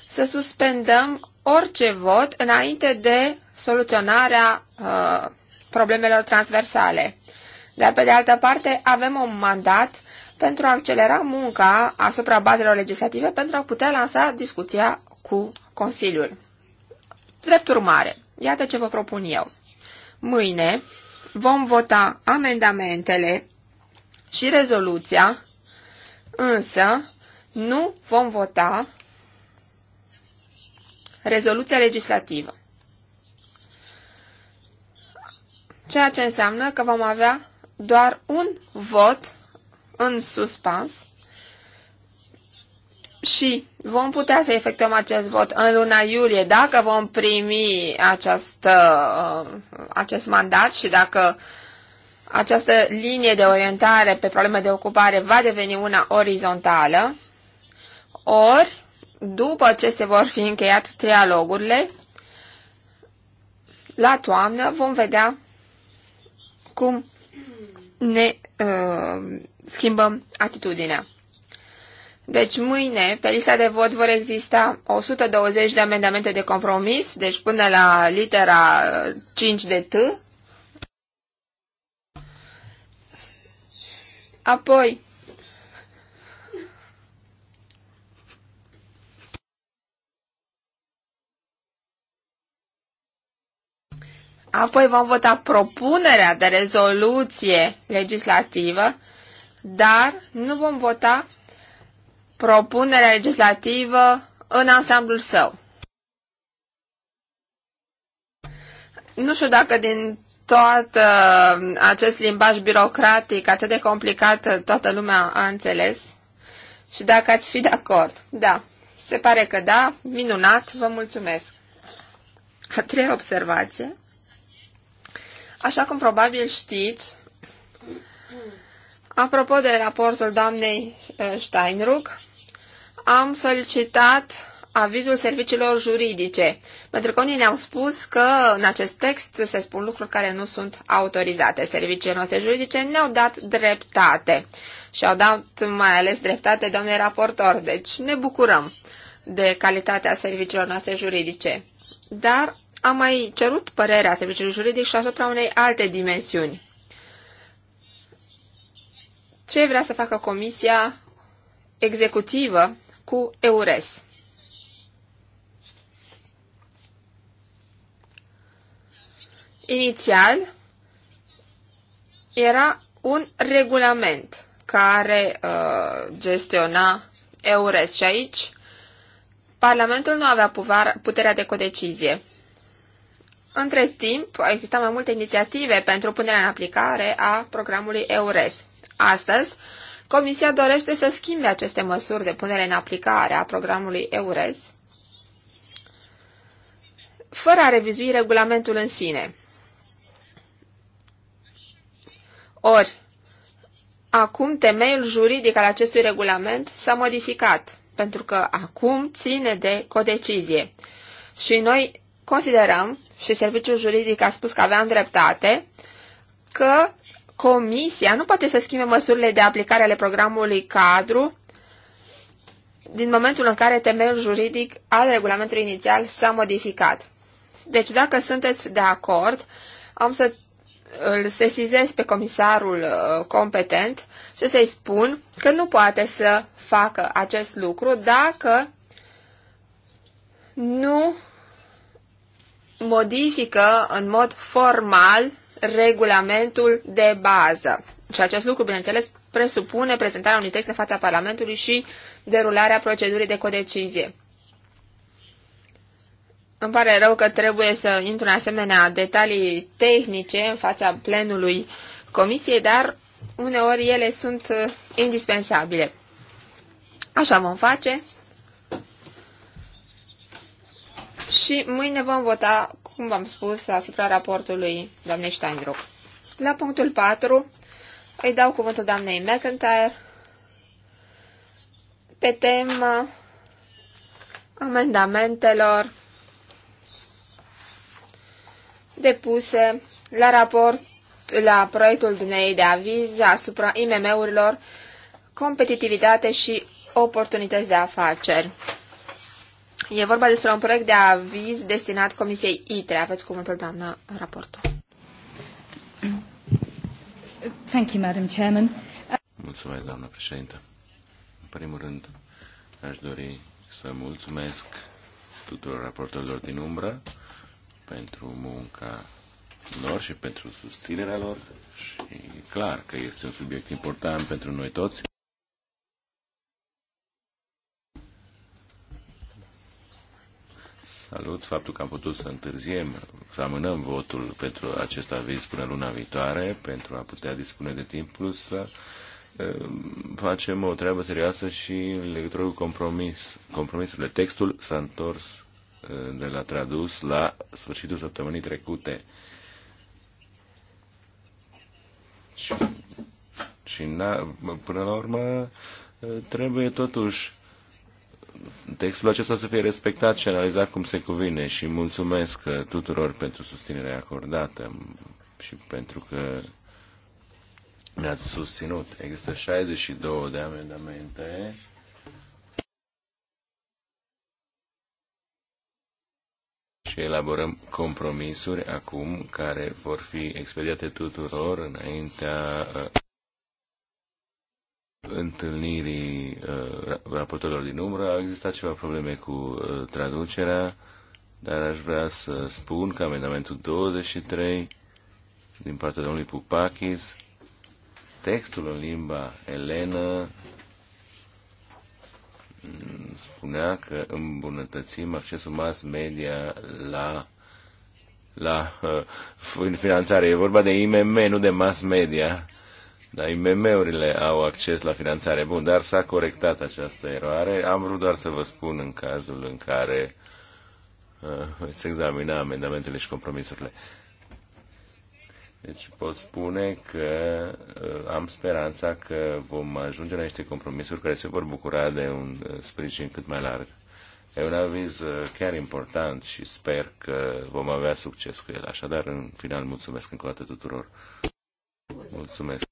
să suspendăm orice vot înainte de soluționarea uh, problemelor transversale. Dar, pe de altă parte, avem un mandat pentru a accelera munca asupra bazelor legislative pentru a putea lansa discuția cu Consiliul. Drept urmare, iată ce vă propun eu. Mâine vom vota amendamentele și rezoluția, însă nu vom vota rezoluția legislativă. ceea ce înseamnă că vom avea doar un vot în suspans și vom putea să efectuăm acest vot în luna iulie dacă vom primi această, uh, acest mandat și dacă această linie de orientare pe probleme de ocupare va deveni una orizontală, ori după ce se vor fi încheiat trialogurile, la toamnă vom vedea cum ne uh, schimbăm atitudinea. Deci mâine, pe lista de vot, vor exista 120 de amendamente de compromis, deci până la litera 5 de T. Apoi, Apoi vom vota propunerea de rezoluție legislativă, dar nu vom vota propunerea legislativă în ansamblul său. Nu știu dacă din tot uh, acest limbaj birocratic atât de complicat uh, toată lumea a înțeles și dacă ați fi de acord. Da, se pare că da, minunat, vă mulțumesc. A treia observație. Așa cum probabil știți, apropo de raportul doamnei eh, Steinruck, am solicitat avizul serviciilor juridice, pentru că unii ne-au spus că în acest text se spun lucruri care nu sunt autorizate. Serviciile noastre juridice ne-au dat dreptate și au dat mai ales dreptate doamnei raportor, deci ne bucurăm de calitatea serviciilor noastre juridice. Dar am mai cerut părerea serviciului juridic și asupra unei alte dimensiuni. Ce vrea să facă Comisia Executivă cu EURES? Inițial, era un regulament care uh, gestiona EURES și aici Parlamentul nu avea puterea de codecizie. Între timp, au existat mai multe inițiative pentru punerea în aplicare a programului EURES. Astăzi, Comisia dorește să schimbe aceste măsuri de punere în aplicare a programului EURES fără a revizui regulamentul în sine. Ori, acum temeiul juridic al acestui regulament s-a modificat, pentru că acum ține de codecizie. Și noi considerăm, și serviciul juridic a spus că aveam dreptate, că Comisia nu poate să schimbe măsurile de aplicare ale programului cadru din momentul în care temeiul juridic al regulamentului inițial s-a modificat. Deci, dacă sunteți de acord, am să îl sesizez pe comisarul uh, competent și să-i spun că nu poate să facă acest lucru dacă nu modifică în mod formal regulamentul de bază. Și acest lucru, bineînțeles, presupune prezentarea unui text în fața Parlamentului și derularea procedurii de codecizie. Îmi pare rău că trebuie să intru în asemenea detalii tehnice în fața plenului comisiei, dar uneori ele sunt uh, indispensabile. Așa vom face Și mâine vom vota, cum v-am spus, asupra raportului doamnei Steinruck. La punctul 4 îi dau cuvântul doamnei McIntyre pe tema amendamentelor depuse la raport la proiectul dumnei de aviz asupra IMM-urilor, competitivitate și oportunități de afaceri. E vorba despre un proiect de aviz destinat Comisiei ITRE. Aveți cuvântul, doamnă raportul. Thank you, Madam Chairman. Mulțumesc, doamnă președintă. În primul rând, aș dori să mulțumesc tuturor raportorilor din umbră pentru munca lor și pentru susținerea lor și clar că este un subiect important pentru noi toți. Salut faptul că am putut să întârziem, să amânăm votul pentru acest aviz până luna viitoare, pentru a putea dispune de timp, plus să um, facem o treabă serioasă și în legătură cu compromis, compromisurile. Textul s-a întors uh, de la tradus la sfârșitul săptămânii trecute. Și, și na, până la urmă uh, trebuie totuși textul acesta să fie respectat și analizat cum se cuvine și mulțumesc uh, tuturor pentru susținerea acordată și pentru că mi-ați susținut. Există 62 de amendamente. și elaborăm compromisuri acum care vor fi expediate tuturor înaintea uh, întâlnirii uh, raportorilor din umbră. Au existat ceva probleme cu uh, traducerea, dar aș vrea să spun că amendamentul 23 din partea domnului Pupakis, textul în limba elenă mm, spunea că îmbunătățim accesul mass media la la uh, finanțare. E vorba de IMM, nu de mass media. Da, IMM-urile au acces la finanțare. Bun, dar s-a corectat această eroare. Am vrut doar să vă spun în cazul în care uh, veți examina amendamentele și compromisurile. Deci pot spune că uh, am speranța că vom ajunge la niște compromisuri care se vor bucura de un uh, sprijin cât mai larg. E un aviz uh, chiar important și sper că vom avea succes cu el. Așadar, în final, mulțumesc încă o dată tuturor. Mulțumesc.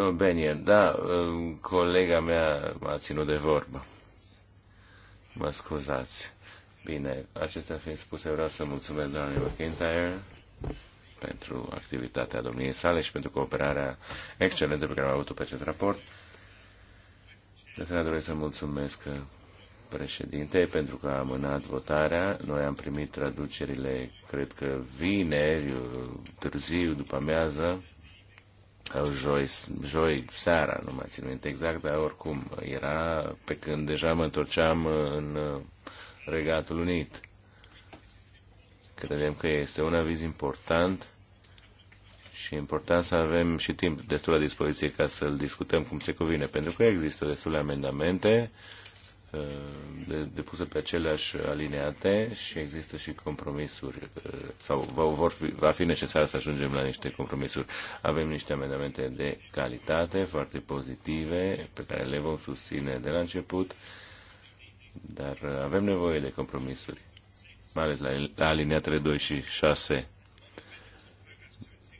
Oh, no, da, uh, colega mea m-a ținut de vorbă. Mă scuzați. Bine, acestea fiind spuse, vreau să mulțumesc doamnei McIntyre pentru activitatea domniei sale și pentru cooperarea excelentă pe care am avut-o pe acest raport. De asemenea, doresc să mulțumesc președinte pentru că a amânat votarea. Noi am primit traducerile, cred că vineri, uh, târziu, după amiază joi, joi seara, nu mai țin minte exact, dar oricum era pe când deja mă întorceam în uh, Regatul Unit. Credem că este un aviz important și important să avem și timp destul la dispoziție ca să-l discutăm cum se cuvine, pentru că există destule amendamente Uh, depuse pe aceleași alineate și există și compromisuri uh, sau vor fi, va fi necesar să ajungem la niște compromisuri. Avem niște amendamente de calitate foarte pozitive pe care le vom susține de la început, dar uh, avem nevoie de compromisuri, mai ales la, la alineatele 2 și 6.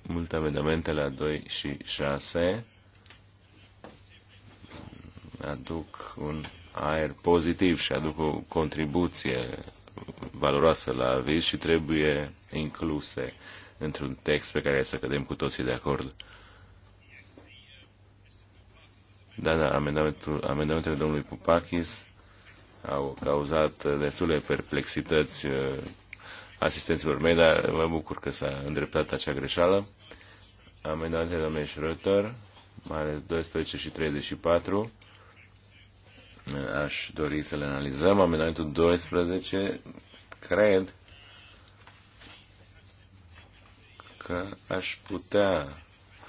Multe amendamente la 2 și 6 aduc un aer pozitiv și aduc o contribuție valoroasă la vis și trebuie incluse într-un text pe care să cădem cu toții de acord. Da, da, amendamentul, amendamentele domnului Pupakis au cauzat destule perplexități uh, asistenților mei, dar mă bucur că s-a îndreptat acea greșeală. Amendamentele domnului Schröter, mai ales 12 și 34, Aș dori să le analizăm. Amendamentul 12, cred că aș putea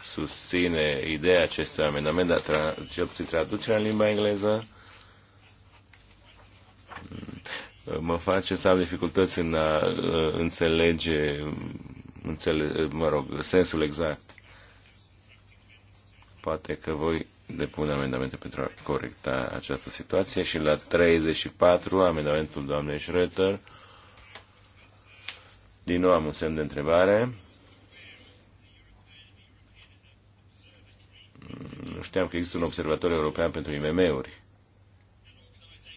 susține ideea acestui amendament, dar tra- cel traducerea în limba engleză mă face să am dificultăți în a uh, înțelege, înțele, mă rog, sensul exact. Poate că voi depun amendamente pentru a corecta această situație și la 34, amendamentul doamnei Schroeter, din nou am un semn de întrebare. Nu știam că există un observator european pentru IMM-uri.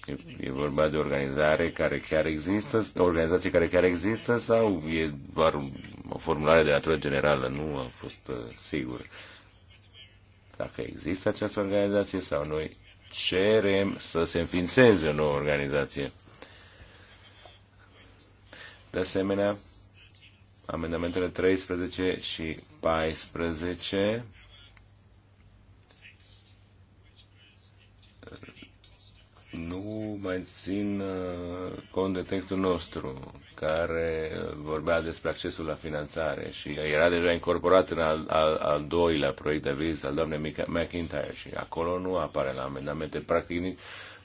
E, e vorba de organizare care chiar există, organizații care chiar există sau e doar o formulare de natură generală? Nu am fost uh, sigur dacă există această organizație sau noi cerem să se înființeze o nouă organizație. De asemenea, amendamentele 13 și 14 nu mai țin uh, cont de textul nostru care vorbea despre accesul la finanțare și era deja incorporat în al, al, al doilea proiect de aviz al doamnei McIntyre și acolo nu apare la amendamente, practic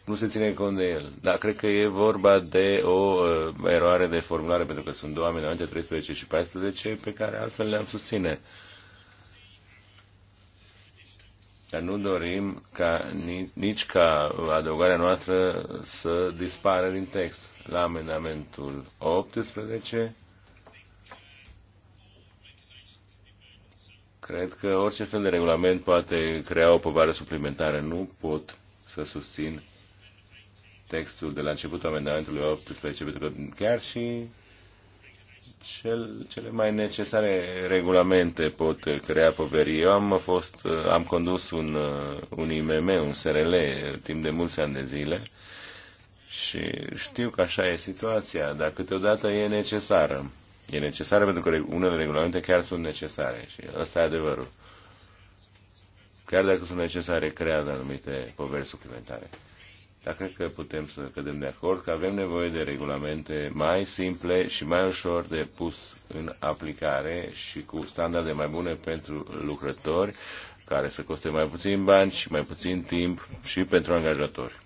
nu se ține cont de el. Dar cred că e vorba de o uh, eroare de formulare, pentru că sunt două amendamente, 13 și 14, pe care altfel le-am susține. Uh, dar nu dorim ca, nici ca adăugarea noastră să dispară din text. La amendamentul 18 cred că orice fel de regulament poate crea o povară suplimentară. Nu pot să susțin textul de la începutul amendamentului 18, pentru că chiar și cel, cele mai necesare regulamente pot uh, crea poveri. Eu am uh, fost, uh, am condus un, un IMM, un SRL, timp de mulți ani de zile și știu că așa e situația, dar câteodată e necesară. E necesară pentru că unele regulamente chiar sunt necesare și ăsta e adevărul. Chiar dacă sunt necesare, creează anumite poveri suplimentare. Dar cred că putem să cădem de acord că avem nevoie de regulamente mai simple și mai ușor de pus în aplicare și cu standarde mai bune pentru lucrători, care să coste mai puțin bani și mai puțin timp și pentru angajatori.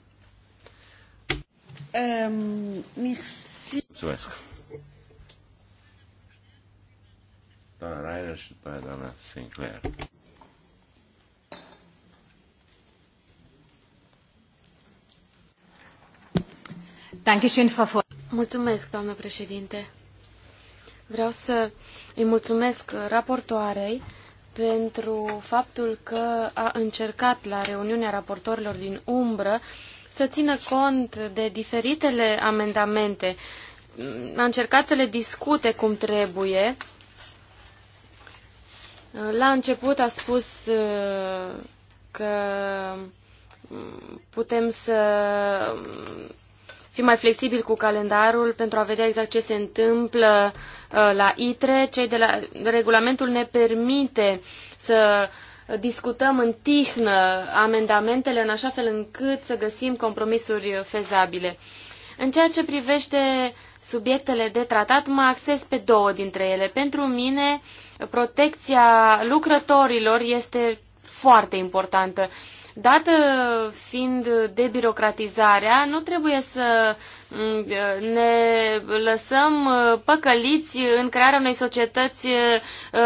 Um, merci. Mulțumesc. Doamna Rainer și doamna Sinclair. Mulțumesc, doamnă președinte. Vreau să îi mulțumesc raportoarei pentru faptul că a încercat la reuniunea raportorilor din umbră să țină cont de diferitele amendamente. A încercat să le discute cum trebuie. La început a spus uh, că putem să fi mai flexibil cu calendarul pentru a vedea exact ce se întâmplă uh, la ITRE. Cei de la regulamentul ne permite să discutăm în tihnă amendamentele în așa fel încât să găsim compromisuri fezabile. În ceea ce privește subiectele de tratat, mă acces pe două dintre ele. Pentru mine, protecția lucrătorilor este foarte importantă. Dată fiind debirocratizarea, nu trebuie să mm, ne lăsăm uh, păcăliți în crearea unei societăți uh,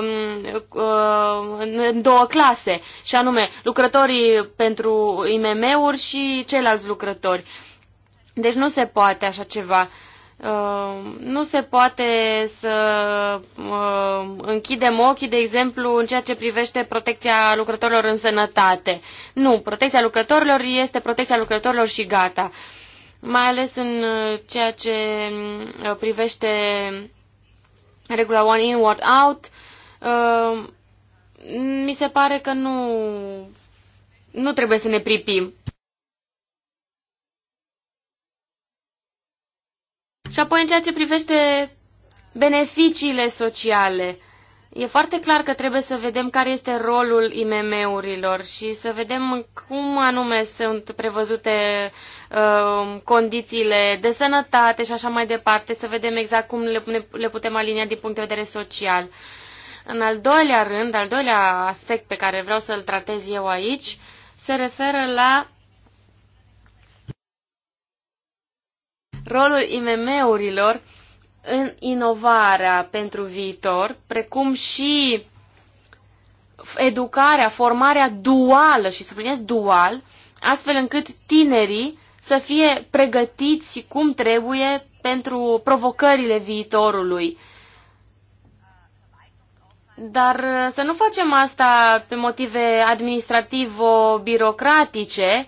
mm, uh, în două clase, și anume lucrătorii pentru IMM-uri și ceilalți lucrători. Deci nu se poate așa ceva. Uh, nu se poate să uh, închidem ochii, de exemplu, în ceea ce privește protecția lucrătorilor în sănătate. Nu, protecția lucrătorilor este protecția lucrătorilor și gata. Mai ales în uh, ceea ce privește regula one in, one out, mi se pare că nu, nu trebuie să ne pripim. Și apoi, în ceea ce privește beneficiile sociale, e foarte clar că trebuie să vedem care este rolul IMM-urilor și să vedem cum anume sunt prevăzute uh, condițiile de sănătate și așa mai departe, să vedem exact cum le, le putem alinia din punct de vedere social. În al doilea rând, al doilea aspect pe care vreau să-l tratez eu aici, se referă la rolul IMM-urilor în inovarea pentru viitor, precum și educarea, formarea duală și subliniez dual, astfel încât tinerii să fie pregătiți cum trebuie pentru provocările viitorului. Dar uh, să nu facem asta pe motive administrativo-birocratice,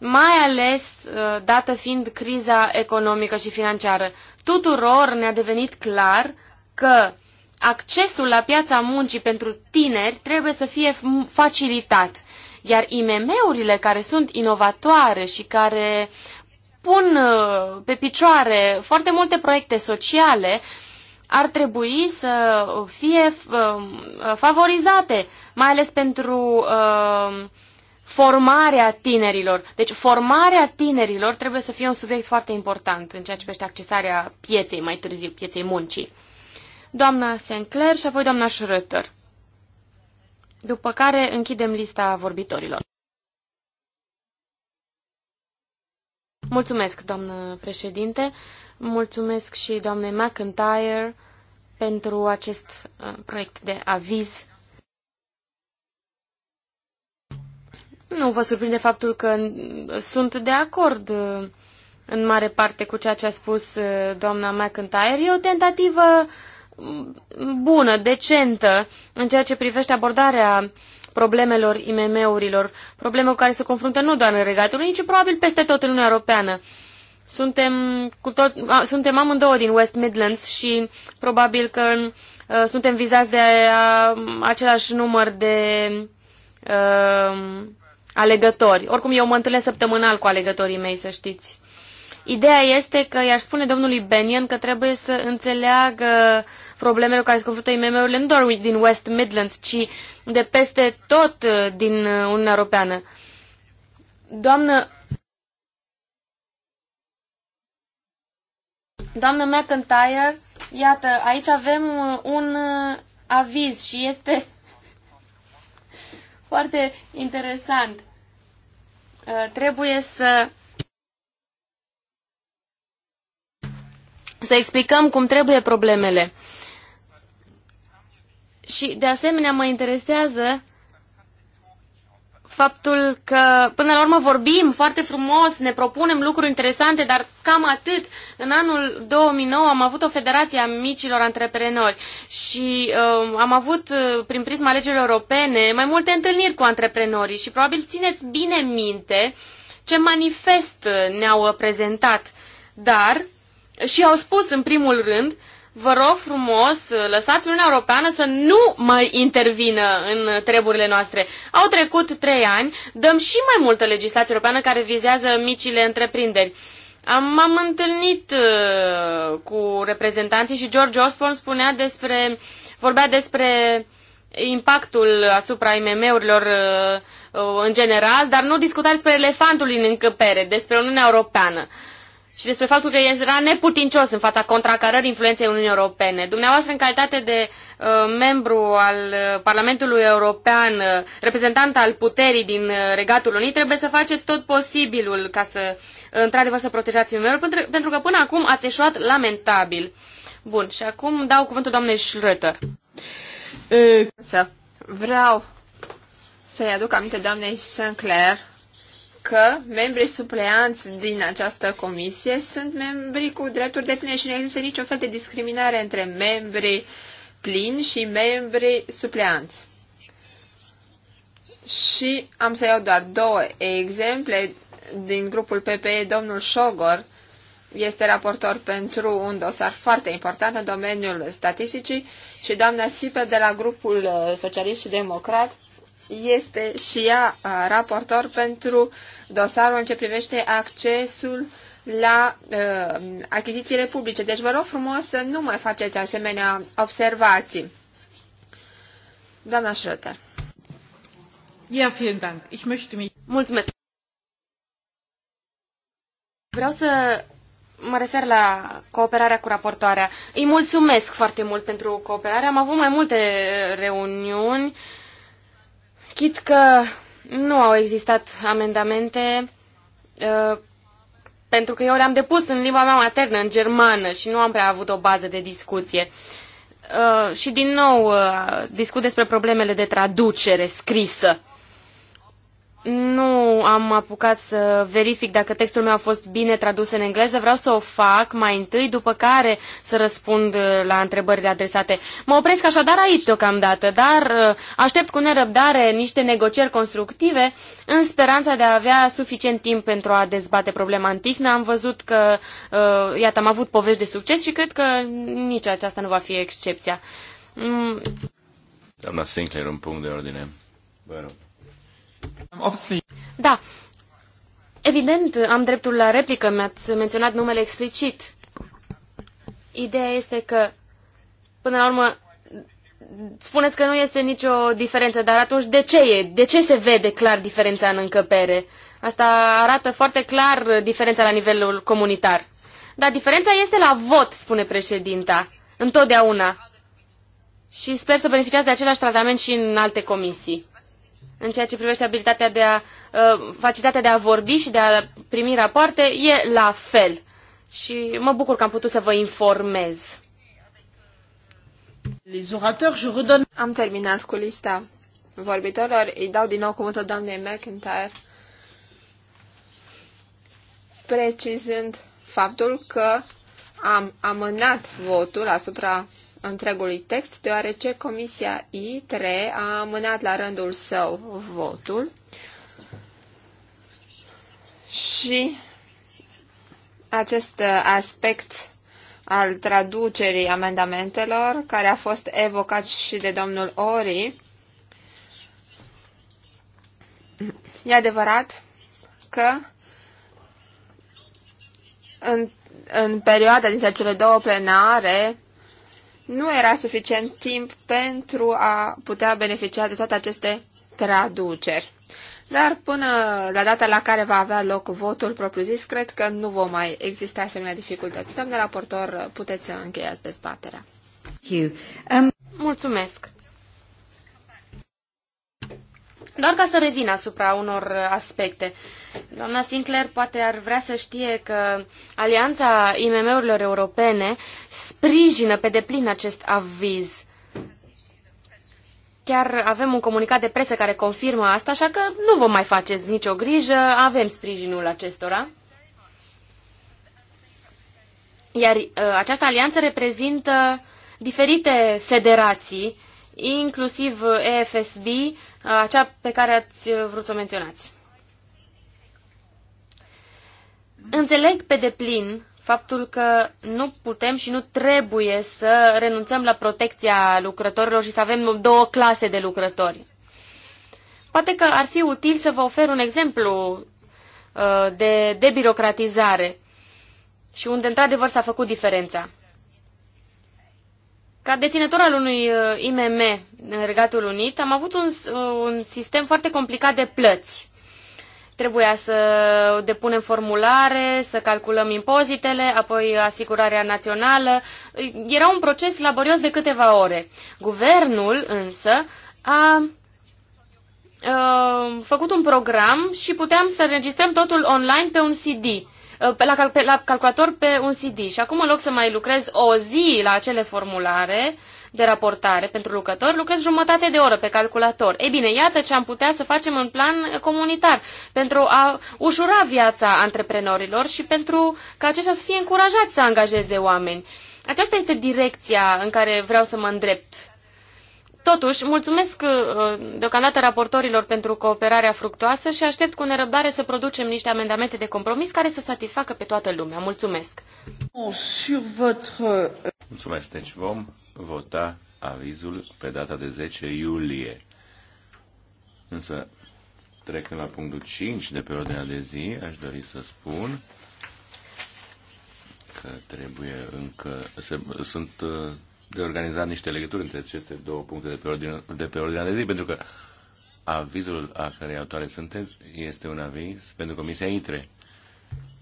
mai ales uh, dată fiind criza economică și financiară. Tuturor ne-a devenit clar că accesul la piața muncii pentru tineri trebuie să fie facilitat, iar IMM-urile care sunt inovatoare și care pun uh, pe picioare foarte multe proiecte sociale ar trebui să fie uh, favorizate, mai ales pentru uh, formarea tinerilor. Deci formarea tinerilor trebuie să fie un subiect foarte important în ceea ce privește accesarea pieței mai târziu, pieței muncii. Doamna Sinclair și apoi doamna Schröter. După care închidem lista vorbitorilor. Mulțumesc, doamnă președinte. Mulțumesc și doamnei McIntyre pentru acest uh, proiect de aviz Nu vă surprinde faptul că sunt de acord uh, în mare parte cu ceea ce a spus uh, doamna McIntyre. E o tentativă mm, bună, decentă, în ceea ce privește abordarea problemelor IMM-urilor, probleme cu care se confruntă nu doar în Regatul nici ci probabil peste tot în Uniunea Europeană. Suntem, cu tot, a, suntem amândouă din West Midlands și probabil că a, uh, suntem vizați de a, același număr de a, alegători. Oricum, eu mă întâlnesc săptămânal cu alegătorii mei, să știți. Ideea este că i-aș spune domnului Benion că trebuie să înțeleagă problemele care se confruntă IMM-urile nu doar din West Midlands, ci de peste tot uh, din uh, Uniunea Europeană. Doamnă Doamnă McIntyre, iată, aici avem uh, un aviz și este foarte interesant. Uh, trebuie să să explicăm cum trebuie problemele. Și de asemenea mă interesează faptul că până la urmă vorbim foarte frumos, ne propunem lucruri interesante, dar cam atât. În anul 2009 am avut o federație a micilor antreprenori și uh, um, am avut, uh, prin prisma legilor europene, mai multe întâlniri cu antreprenorii și probabil țineți bine minte ce manifest ne-au prezentat. Dar, și au spus în primul rând, uh, vă rog frumos, lăsați Uniunea Europeană să nu mai intervină în treburile noastre. Au trecut trei ani, dăm și mai multă legislație europeană care vizează micile întreprinderi. Am, am întâlnit uh, cu reprezentanții și George Osborne spunea despre, vorbea despre impactul asupra IMM-urilor uh, uh, în general, dar nu discuta despre elefantul în încăpere, despre Uniunea Europeană. Uh, și despre faptul că era neputincios în fața contracarării influenței Uniunii Europene. Dumneavoastră, în calitate de uh, membru al uh, Parlamentului European, uh, reprezentant al puterii din uh, Regatul Unit, trebuie să faceți tot posibilul ca să, uh, într-adevăr, să protejați imm pentru, pentru că până acum ați eșuat lamentabil. Bun, și acum dau cuvântul doamnei Schröter. Să vreau să-i aduc aminte doamnei Sinclair că membrii supleanți din această comisie sunt membri cu drepturi de pline și nu există niciun fel de discriminare între membrii plini și membrii supleanți. Și am să iau doar două exemple din grupul PPE, domnul Șogor, este raportor pentru un dosar foarte important în domeniul statisticii și doamna Sipel de la grupul uh, Socialist și Democrat este și ea raportor pentru dosarul în ce privește accesul la uh, achizițiile publice. Deci vă rog frumos să nu mai faceți asemenea observații. Doamna Schröter. Ja, vielen Dank. Ich möchte mich... Mulțumesc. Vreau să mă refer la cooperarea cu raportoarea. Îi mulțumesc foarte mult pentru cooperare. Am avut mai multe reuniuni uh, Chit că nu au existat amendamente uh, pentru că eu le-am depus în limba mea maternă, în germană, și nu am prea avut o bază de discuție. Uh, și din nou uh, discut despre problemele de traducere scrisă nu am apucat să verific dacă textul meu a fost bine tradus în engleză. Vreau să o fac mai întâi, după care să răspund uh, la întrebările adresate. Mă opresc așadar aici deocamdată, dar uh, aștept cu nerăbdare niște negocieri constructive în speranța de a avea suficient timp pentru a dezbate problema antichnă. Am văzut că, uh, iată, am avut povești de succes și cred că nici aceasta nu va fi excepția. Mm. Doamna Sinclair, un punct de ordine. Vă da. Evident, am dreptul la replică, mi-ați menționat numele explicit. Ideea este că, până la urmă, spuneți că nu este nicio diferență, dar atunci de ce e? De ce se vede clar diferența în încăpere? Asta arată foarte clar diferența la nivelul comunitar. Dar diferența este la vot, spune președinta, întotdeauna. Și sper să beneficiați de același tratament și în alte comisii în ceea ce privește abilitatea de a, ă, facilitatea de a vorbi și de a primi rapoarte, e la fel. Și mă bucur că am putut să vă informez. Am terminat cu lista vorbitorilor. Îi dau din nou cuvântul doamnei McIntyre, precizând faptul că am amânat votul asupra întregului text, deoarece Comisia I3 a amânat la rândul său votul și acest aspect al traducerii amendamentelor, care a fost evocat și de domnul Ori, e adevărat că în, în perioada dintre cele două plenare nu era suficient timp pentru a putea beneficia de toate aceste traduceri. Dar până la data la care va avea loc votul propriu-zis, cred că nu vor mai exista asemenea dificultăți. Doamne raportor, puteți să încheiați dezbaterea. Um, Mulțumesc! Doar ca să revin asupra unor aspecte. Doamna Sinclair poate ar vrea să știe că Alianța IMM-urilor Europene sprijină pe deplin acest aviz. Chiar avem un comunicat de presă care confirmă asta, așa că nu vom mai faceți nicio grijă, avem sprijinul acestora. Iar uh, această alianță reprezintă diferite federații, inclusiv EFSB, acea pe care ați vrut să o menționați. Înțeleg pe deplin faptul că nu putem și nu trebuie să renunțăm la protecția lucrătorilor și să avem două clase de lucrători. Poate că ar fi util să vă ofer un exemplu uh, de debirocratizare și unde într-adevăr s-a făcut diferența. Ca deținător al unui uh, IMM în Regatul Unit, am avut un, uh, un sistem foarte complicat de plăți. Trebuia să depunem formulare, să calculăm impozitele, apoi asigurarea națională. Era un proces laborios de câteva ore. Guvernul, însă, a uh, făcut un program și puteam să înregistrăm totul online pe un CD. Uh, pe la, cal- pe, la calculator pe un CD. Și acum, în loc să mai lucrez o zi la acele formulare de raportare pentru lucrători, lucrez jumătate de oră pe calculator. Ei bine, iată ce am putea să facem în plan comunitar pentru a ușura viața antreprenorilor și pentru ca aceștia să fie încurajați să angajeze oameni. Aceasta este direcția în care vreau să mă îndrept Totuși, mulțumesc uh, deocamdată raportorilor pentru cooperarea fructoasă și aștept cu nerăbdare să producem niște amendamente de compromis care să satisfacă pe toată lumea. Mulțumesc! Mulțumesc! Deci vom vota avizul pe data de 10 iulie. Însă, trecând la punctul 5 de pe ordinea de zi, aș dori să spun că trebuie încă, se, sunt uh, de organizat niște legături între aceste două puncte de pe, ordine, de pe ordinea de zi, pentru că avizul a cărei autoare sunteți este un aviz pentru Comisia ITRE.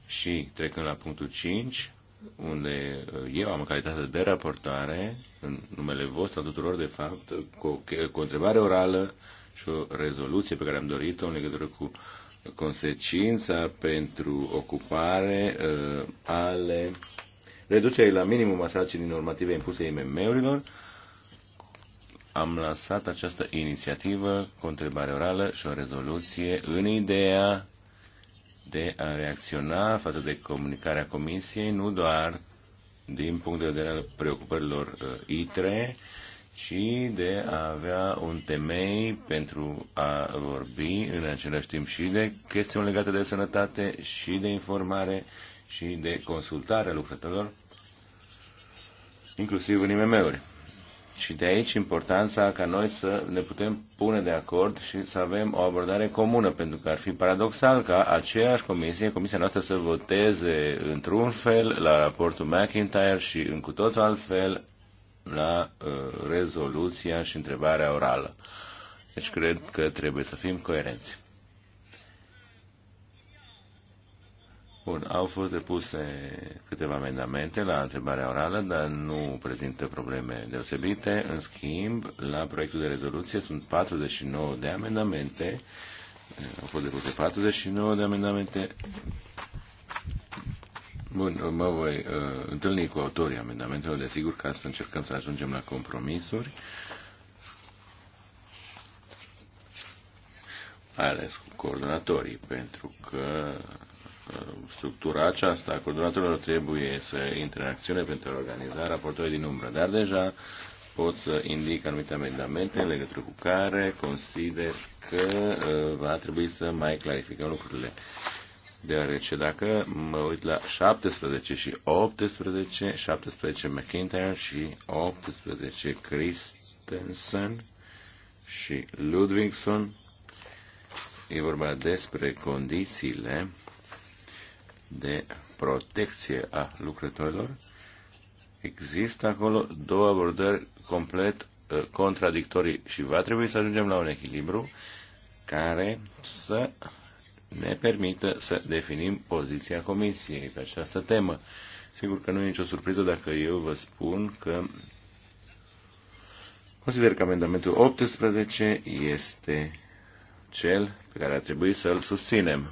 Și trecând la punctul 5, unde uh, eu am calitate de raportare, în numele vostru, a tuturor, de fapt, cu o, cu o întrebare orală și o rezoluție pe care am dorit-o în legătură cu consecința pentru ocupare uh, ale reducerii la minimum a sarcinii normative impuse IMM-urilor. Am lansat această inițiativă cu întrebare orală și o rezoluție în ideea de a reacționa față de comunicarea Comisiei, nu doar din punct de vedere al preocupărilor uh, ITRE, ci de a avea un temei pentru a vorbi în același timp și de chestiuni legate de sănătate și de informare și de consultare a lucrătorilor, inclusiv în IMM-uri. Și de aici importanța ca noi să ne putem pune de acord și să avem o abordare comună, pentru că ar fi paradoxal ca aceeași comisie, comisia noastră, să voteze într-un fel la raportul McIntyre și în cu totul altfel la uh, rezoluția și întrebarea orală. Deci cred că trebuie să fim coerenți. Bun, au fost depuse câteva amendamente la întrebarea orală, dar nu prezintă probleme deosebite. În schimb, la proiectul de rezoluție sunt 49 de amendamente. Eh, au fost depuse 49 de amendamente. Bun, mă voi uh, întâlni cu autorii amendamentelor, desigur, ca să încercăm să ajungem la compromisuri. Mai ales cu coordonatorii, pentru că structura aceasta a coordonatorilor trebuie să intre în acțiune pentru a organiza raportorii din umbră, dar deja pot să indic anumite amendamente în legătură cu care consider că uh, va trebui să mai clarificăm lucrurile. Deoarece dacă mă uit la 17 și 18, 17 McIntyre și 18 Christensen și Ludwigson, e vorba despre condițiile de protecție a lucrătorilor, există acolo două abordări complet uh, contradictorii și va trebui să ajungem la un echilibru care să ne permită să definim poziția Comisiei pe această temă. Sigur că nu e nicio surpriză dacă eu vă spun că consider că amendamentul 18 este cel pe care ar trebui să-l susținem.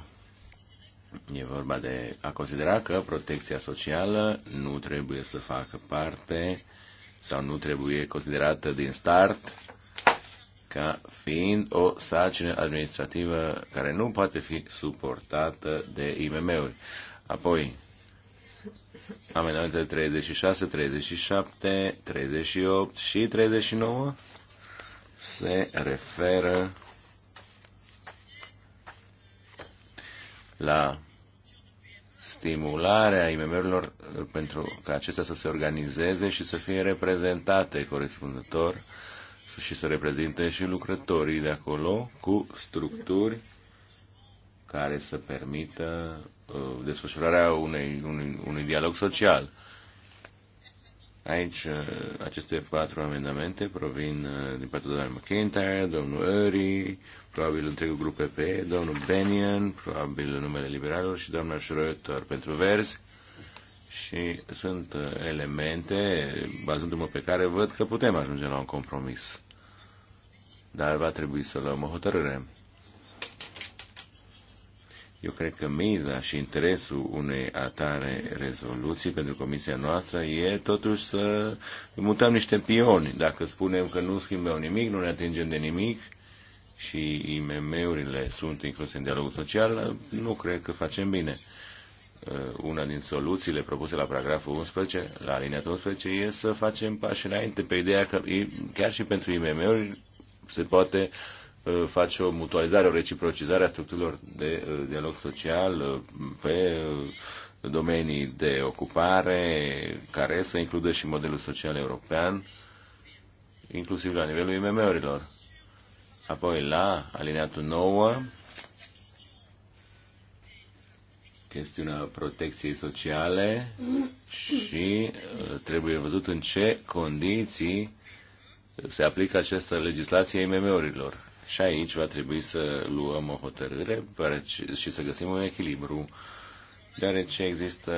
E vorba de a considera că protecția socială nu trebuie să facă parte sau nu trebuie considerată din start ca fiind o sarcină administrativă care nu poate fi suportată de IMM-uri. Apoi, amendamentele 36, 37, 38 și 39 se referă la stimularea IMM-urilor uh, pentru ca acestea să se organizeze și să fie reprezentate corespunzător și să reprezinte și lucrătorii de acolo cu structuri care să permită uh, desfășurarea unei, unui, unui dialog social. Aici, uh, aceste patru amendamente provin uh, din partea doamnei McIntyre, domnul Uri, probabil întregul grup PP, domnul Benian, probabil numele liberalilor și doamna Schröter pentru verzi. Și sunt uh, elemente, bazându-mă pe care văd că putem ajunge la un compromis. Dar va trebui să luăm o hotărâre. Eu cred că miza și interesul unei atare rezoluții pentru comisia noastră e totuși să mutăm niște pioni. Dacă spunem că nu schimbăm nimic, nu ne atingem de nimic și IMM-urile sunt incluse în dialogul social, nu cred că facem bine uh, una din soluțiile propuse la paragraful 11, la linia 11, e să facem pași înainte pe ideea că chiar și pentru IMM-uri se poate Uh, face o mutualizare, o reciprocizare a structurilor de uh, dialog social uh, pe domenii de ocupare care să includă și modelul social european, inclusiv la nivelul IMM-urilor. Apoi la alineatul 9, chestiunea protecției sociale și trebuie văzut în ce condiții se aplică această legislație IMM-urilor și aici va trebui să luăm o hotărâre și să găsim un echilibru deoarece există,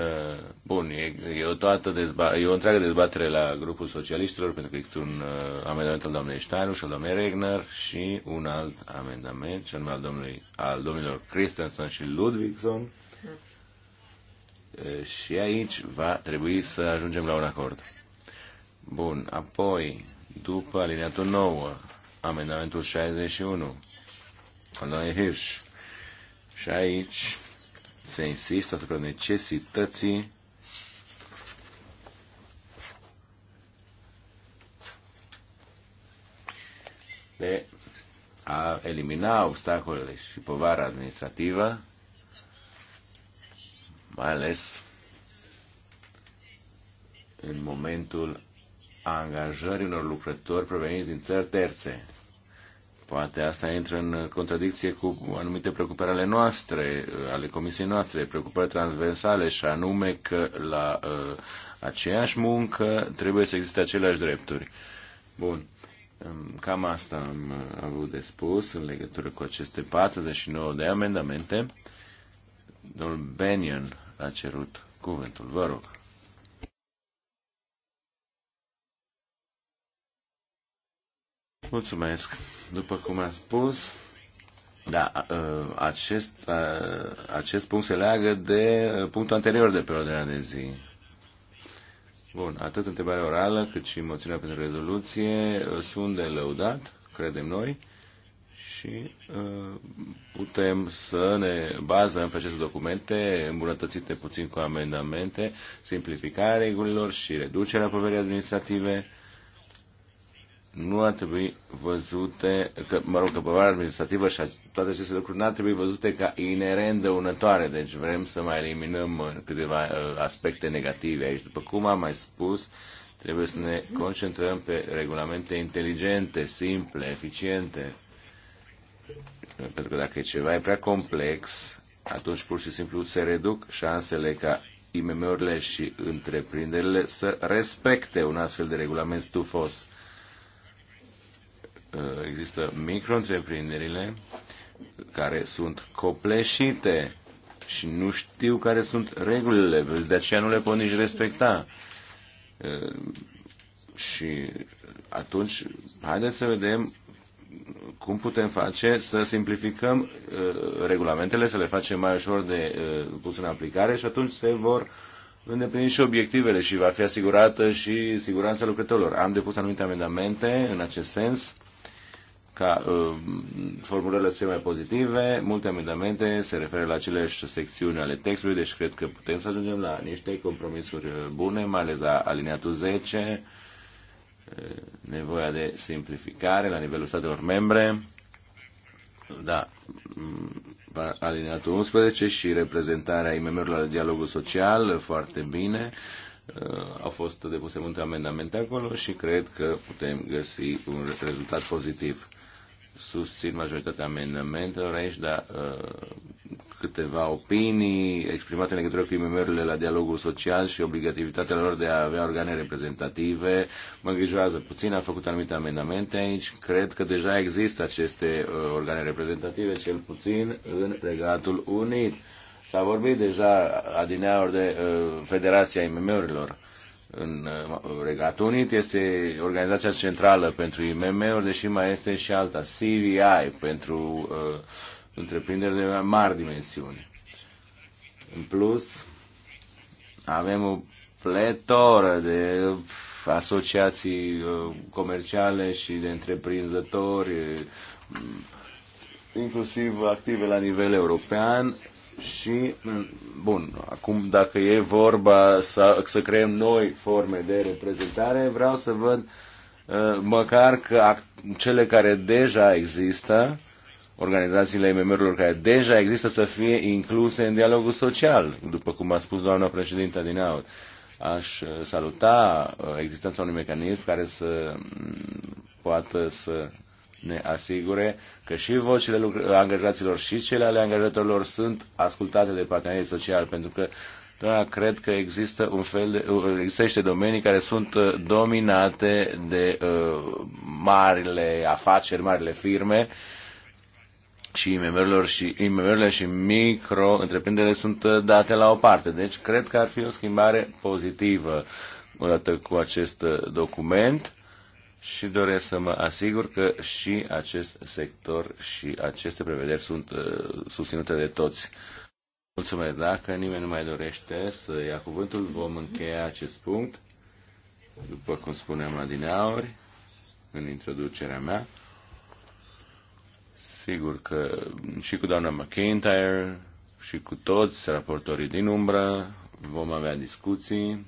bun, e, e, o, toată dezba- e o întreagă dezbatere la grupul socialiștilor, pentru că există un uh, amendament al domnului Steinu și al domnului Regner și un alt amendament, cel mai al, domnului, al domnilor Christensen și Ludwigson. E, și aici va trebui să ajungem la un acord. Bun, apoi, după alineatul 9, amendamentul 61 al doamnei Hirsch. Și aici se insistă asupra necesității de a elimina obstacolele și povara administrativă, mai ales în momentul a angajării unor lucrători proveniți din țări terțe. Poate asta intră în contradicție cu anumite preocupări ale noastre, ale comisiei noastre, preocupări transversale și anume că la uh, aceeași muncă trebuie să existe aceleași drepturi. Bun. Cam asta am uh, avut de spus în legătură cu aceste 49 de amendamente. Domnul Benion a cerut cuvântul. Vă rog. Mulțumesc. După cum am spus, da, acest, acest punct se leagă de punctul anterior de pe ordinea de zi. Bun, atât întrebarea orală cât și moțiunea pentru rezoluție sunt de lăudat, credem noi, și putem să ne bazăm pe aceste documente îmbunătățite puțin cu amendamente, simplificarea regulilor și reducerea poverii administrative nu ar trebui văzute, că, mă rog, că povara administrativă și toate aceste lucruri nu ar trebui văzute ca inerent dăunătoare. Deci vrem să mai eliminăm uh, câteva uh, aspecte negative aici. După cum am mai spus, trebuie să ne concentrăm pe regulamente inteligente, simple, eficiente. Pentru că dacă e ceva e prea complex, atunci pur și simplu se reduc șansele ca IMM-urile și întreprinderile să respecte un astfel de regulament stufos Uh, există micro-întreprinderile care sunt copleșite și nu știu care sunt regulile, de aceea nu le pot nici respecta. Uh, și atunci, haideți să vedem cum putem face să simplificăm uh, regulamentele, să le facem mai ușor de pus în aplicare și atunci se vor îndeplini și obiectivele și va fi asigurată și siguranța lucrătorilor. Am depus anumite amendamente în acest sens ca uh, formulele să fie mai pozitive. Multe amendamente se referă la aceleași secțiuni ale textului, deci cred că putem să ajungem la niște compromisuri uh, bune, mai ales la alineatul 10, uh, nevoia de simplificare la nivelul statelor membre, da, mm, alineatul 11 și reprezentarea IMM-urilor la dialogul social, uh, foarte bine. Au fost depuse multe amendamente acolo și cred că putem găsi un rezultat pozitiv susțin majoritatea amendamentelor aici, dar uh, câteva opinii exprimate în legătură cu imemerile la dialogul social și obligativitatea lor de a avea organe reprezentative. Mă îngrijoază puțin, am făcut anumite amendamente aici. Cred că deja există aceste uh, organe reprezentative, cel puțin în Regatul Unit. S-a vorbit deja adineaori de uh, Federația IMM-urilor. Uh, în uh, Regatul Unit este Organizația Centrală pentru IMM-uri, deși mai este și alta, CVI, pentru uh, întreprinderi de mari dimensiuni. În plus, avem o pletoră de asociații uh, comerciale și de întreprinzători, uh, inclusiv active la nivel european și, bun, acum dacă e vorba să, să creăm noi forme de reprezentare, vreau să văd uh, măcar că cele care deja există, organizațiile MMR-urilor care deja există să fie incluse în dialogul social, după cum a spus doamna președintă din aur. Aș uh, saluta uh, existența unui mecanism care să mm, poată să ne asigure că și vocile angajaților și cele ale angajatorilor sunt ascultate de partenerii sociali, pentru că da, cred că există un fel de, există niște domenii care sunt uh, dominate de uh, marile afaceri, marile firme și imm și, imm și micro întreprinderile sunt uh, date la o parte. Deci cred că ar fi o schimbare pozitivă odată cu acest uh, document și doresc să mă asigur că și acest sector și aceste prevederi sunt uh, susținute de toți. Mulțumesc. Dacă nimeni nu mai dorește să ia cuvântul, vom încheia acest punct. După cum spuneam la adineauri, în introducerea mea, sigur că și cu doamna McIntyre și cu toți raportorii din umbră vom avea discuții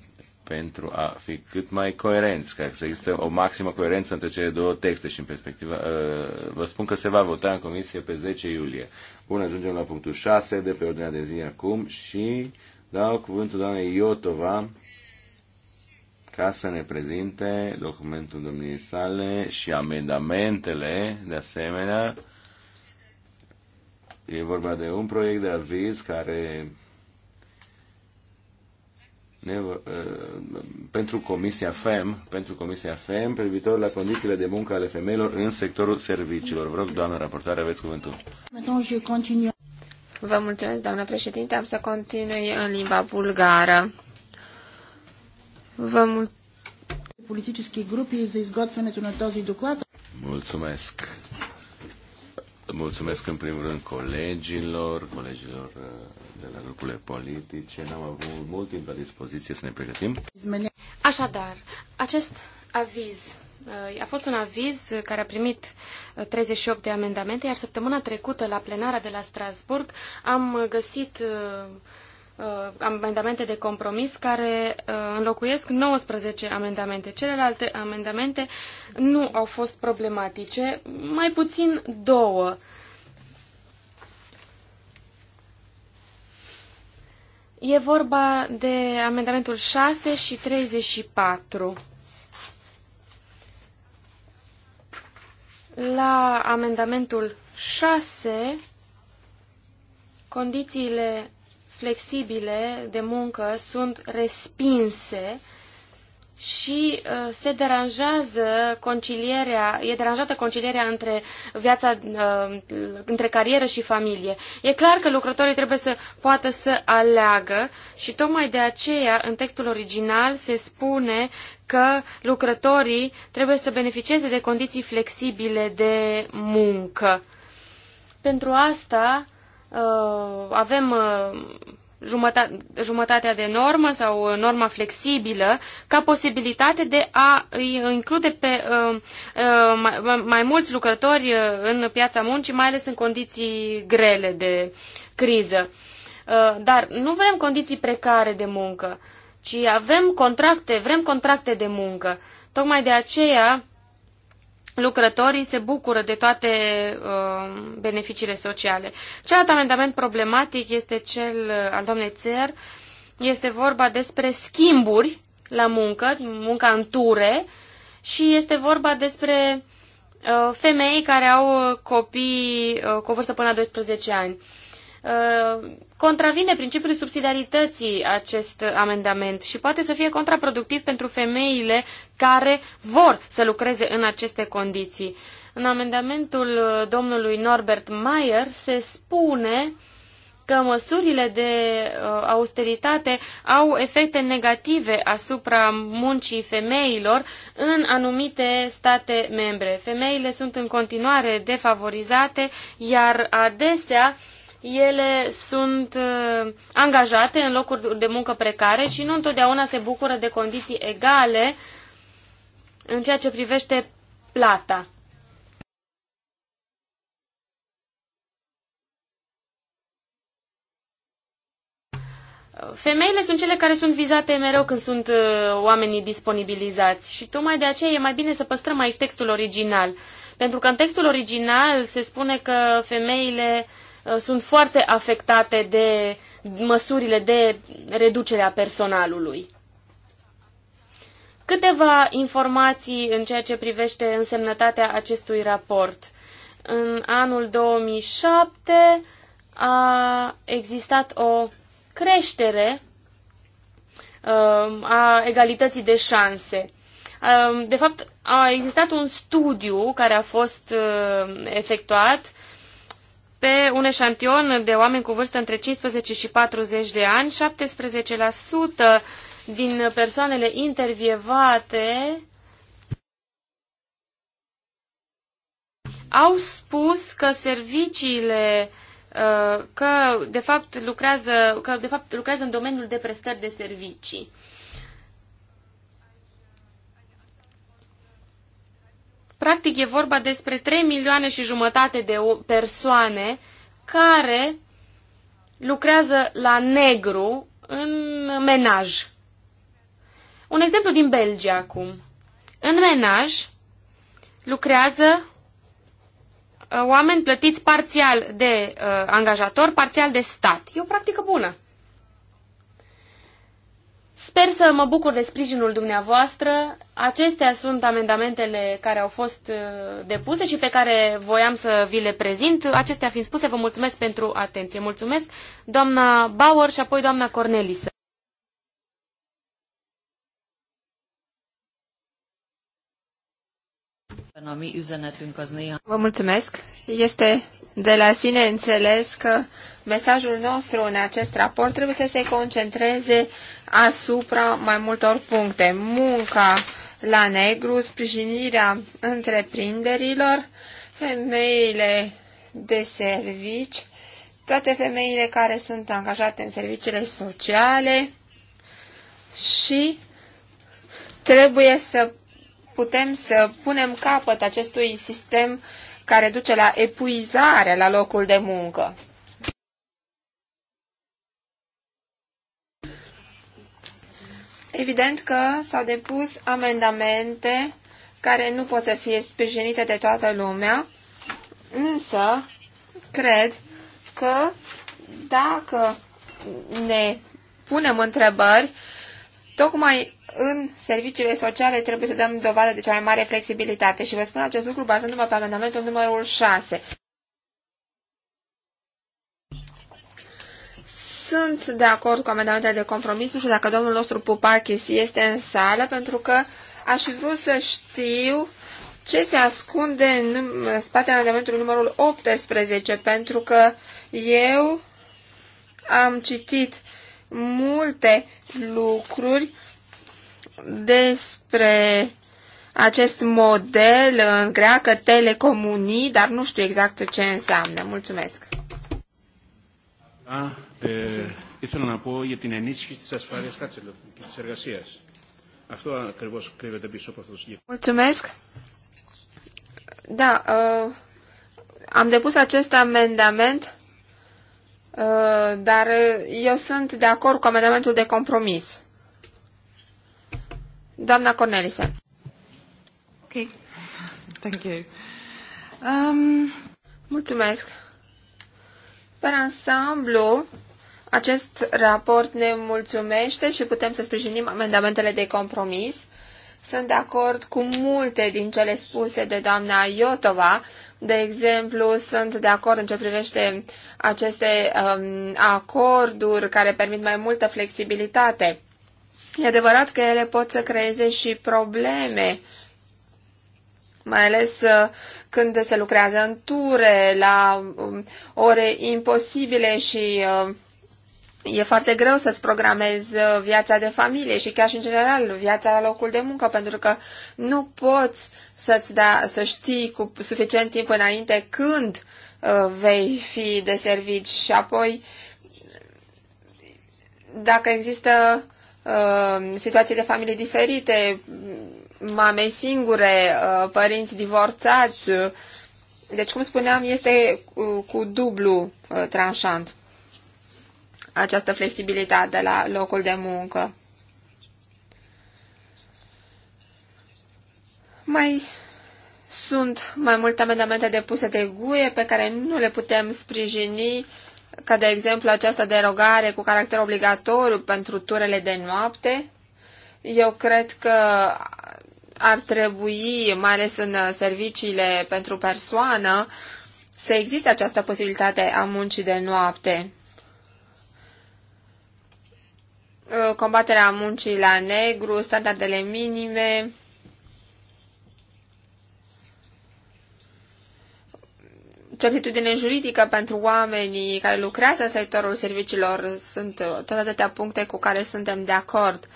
pentru a fi cât mai coerenți, ca să există o maximă coerență între cele două texte și în perspectiva... Uh, vă spun că se va vota în comisie pe 10 iulie. Bun, ajungem la punctul 6 de pe ordinea de zi acum și dau cuvântul doamnei Iotova ca să ne prezinte documentul domniei sale și amendamentele de asemenea. E vorba de un proiect de aviz care uh, pentru Comisia FEM, pentru Comisia FEM, privitor la condițiile de muncă ale femeilor în sectorul serviciilor. Vă rog, doamnă raportare, aveți cuvântul. Vă mulțumesc, doamnă președinte. Am să continui în limba bulgară. Vă mulțumesc. Политически Mulțumesc. Mulțumesc în primul rând colegilor, colegilor uh, de la grupurile politice. N-am avut mult timp la dispoziție să ne pregătim. Așadar, acest aviz uh, a fost un aviz care a primit 38 uh, de amendamente, iar săptămâna trecută la plenara de la Strasburg am găsit uh, amendamente de compromis care înlocuiesc 19 amendamente. Celelalte amendamente nu au fost problematice, mai puțin două E vorba de amendamentul 6 și 34. La amendamentul 6, condițiile flexibile de muncă sunt respinse și uh, se deranjează concilierea, e deranjată concilierea între viața, uh, între carieră și familie. E clar că lucrătorii trebuie să poată să aleagă și tocmai de aceea în textul original se spune că lucrătorii trebuie să beneficieze de condiții flexibile de muncă. Pentru asta uh, avem uh, jumătatea de normă sau uh, norma flexibilă ca posibilitate de a include pe uh, uh, mai, mai mulți lucrători în piața muncii, mai ales în condiții grele de criză. Dar nu vrem condiții precare de muncă, ci avem contracte, vrem contracte de muncă. Tocmai de aceea lucrătorii se bucură de toate uh, beneficiile sociale. Celălalt amendament problematic este cel uh, al doamnei Țer. Este vorba despre schimburi la muncă, munca în ture și este vorba despre uh, femei care au uh, copii uh, cu o vârstă până la 12 ani. Uh, Uh, contravine principiului subsidiarității acest amendament și poate să fie contraproductiv pentru femeile care vor să lucreze în aceste condiții. În amendamentul uh, domnului Norbert Mayer se spune că măsurile de uh, austeritate au efecte negative asupra muncii femeilor în anumite state membre. Femeile sunt în continuare defavorizate, iar adesea uh, ele sunt uh, angajate în locuri de muncă precare și nu întotdeauna se bucură de condiții egale în ceea ce privește plata. Femeile sunt cele care sunt vizate mereu când sunt uh, oamenii disponibilizați și tocmai de aceea e mai bine să păstrăm aici textul original. Pentru că în textul original se spune că femeile uh, Uh, sunt foarte afectate de măsurile de reducere a personalului. Câteva informații în ceea ce privește însemnătatea acestui raport. În anul 2007 a existat o creștere uh, a egalității de șanse. Uh, de fapt, a existat un studiu care a fost efectuat pe un eșantion de oameni cu vârstă între 15 și 40 de ani, 17% din persoanele intervievate au spus că serviciile uh, că de fapt lucrează, că de fapt lucrează în domeniul de prestări de servicii. Practic e vorba despre 3 milioane și jumătate de persoane care lucrează la negru în menaj. Un exemplu din Belgia acum. În menaj lucrează uh, oameni plătiți parțial de uh, angajator, parțial de stat. E o practică bună. Sper să mă bucur de sprijinul dumneavoastră. Acestea sunt amendamentele care au fost uh, depuse și pe care voiam să vi le prezint. Acestea fiind spuse, vă mulțumesc pentru atenție. Mulțumesc doamna Bauer și apoi doamna Cornelis. Vă mulțumesc. Este de la sine înțeles că mesajul nostru în acest raport trebuie să se concentreze asupra mai multor puncte. Munca la negru, sprijinirea întreprinderilor, femeile de servici, toate femeile care sunt angajate în serviciile sociale și trebuie să putem să punem capăt acestui sistem uh, care duce la epuizare la locul de muncă. Evident că s-au depus amendamente care nu pot să fie sprijinite de toată lumea, însă cred că dacă ne punem întrebări, tocmai în serviciile sociale trebuie să dăm dovadă de cea mai mare flexibilitate și vă spun acest lucru bazându-mă pe amendamentul numărul 6. Sunt de acord cu amendamentele de compromis, nu știu dacă domnul nostru Pupachis este în sală, pentru că aș fi vrut să știu ce se ascunde în spatele amendamentului numărul 18, pentru că eu am citit multe lucruri despre acest model în greacă telecomunii, dar nu știu exact ce înseamnă. Mulțumesc. Α, ε, ήθελα να πω για την ενίσχυση της ασφάλειας χάτσελο και της εργασίας. Αυτό ακριβώς κρύβεται πίσω από αυτό το συγκεκριμένο. Mulțumesc. Da, uh, am depus acest amendament, uh, dar eu sunt de acord cu amendamentul de compromis. Doamna Cornelisen. Ok. Thank you. Um... Mulțumesc. Pe ansamblu, acest raport ne mulțumește și putem să sprijinim amendamentele de compromis. Sunt de acord cu multe din cele spuse de doamna Iotova. De exemplu, sunt de acord în ce privește aceste um, acorduri care permit mai multă flexibilitate E adevărat că ele pot să creeze și probleme, mai ales uh, când se lucrează în ture, la um, ore imposibile și uh, e foarte greu să-ți programezi uh, viața de familie și chiar și în general viața la locul de muncă, pentru că nu poți să-ți da, să știi cu suficient timp înainte când vei fi de servici și apoi dacă există uh, Uh, situații de familie diferite, mame singure, uh, părinți divorțați. Deci, cum spuneam, este uh, cu dublu tranșant această flexibilitate la locul de muncă. Mai sunt mai multe amendamente depuse de guie pe care nu le putem sprijini ca de exemplu această derogare cu caracter obligatoriu pentru turele de noapte, eu cred că ar trebui, mai ales în uh, serviciile pentru persoană, să existe această posibilitate a muncii de noapte. Uh, combaterea muncii la negru, standardele minime, certitudine juridică pentru oamenii care lucrează în sectorul serviciilor sunt tot atâtea puncte cu care suntem de acord.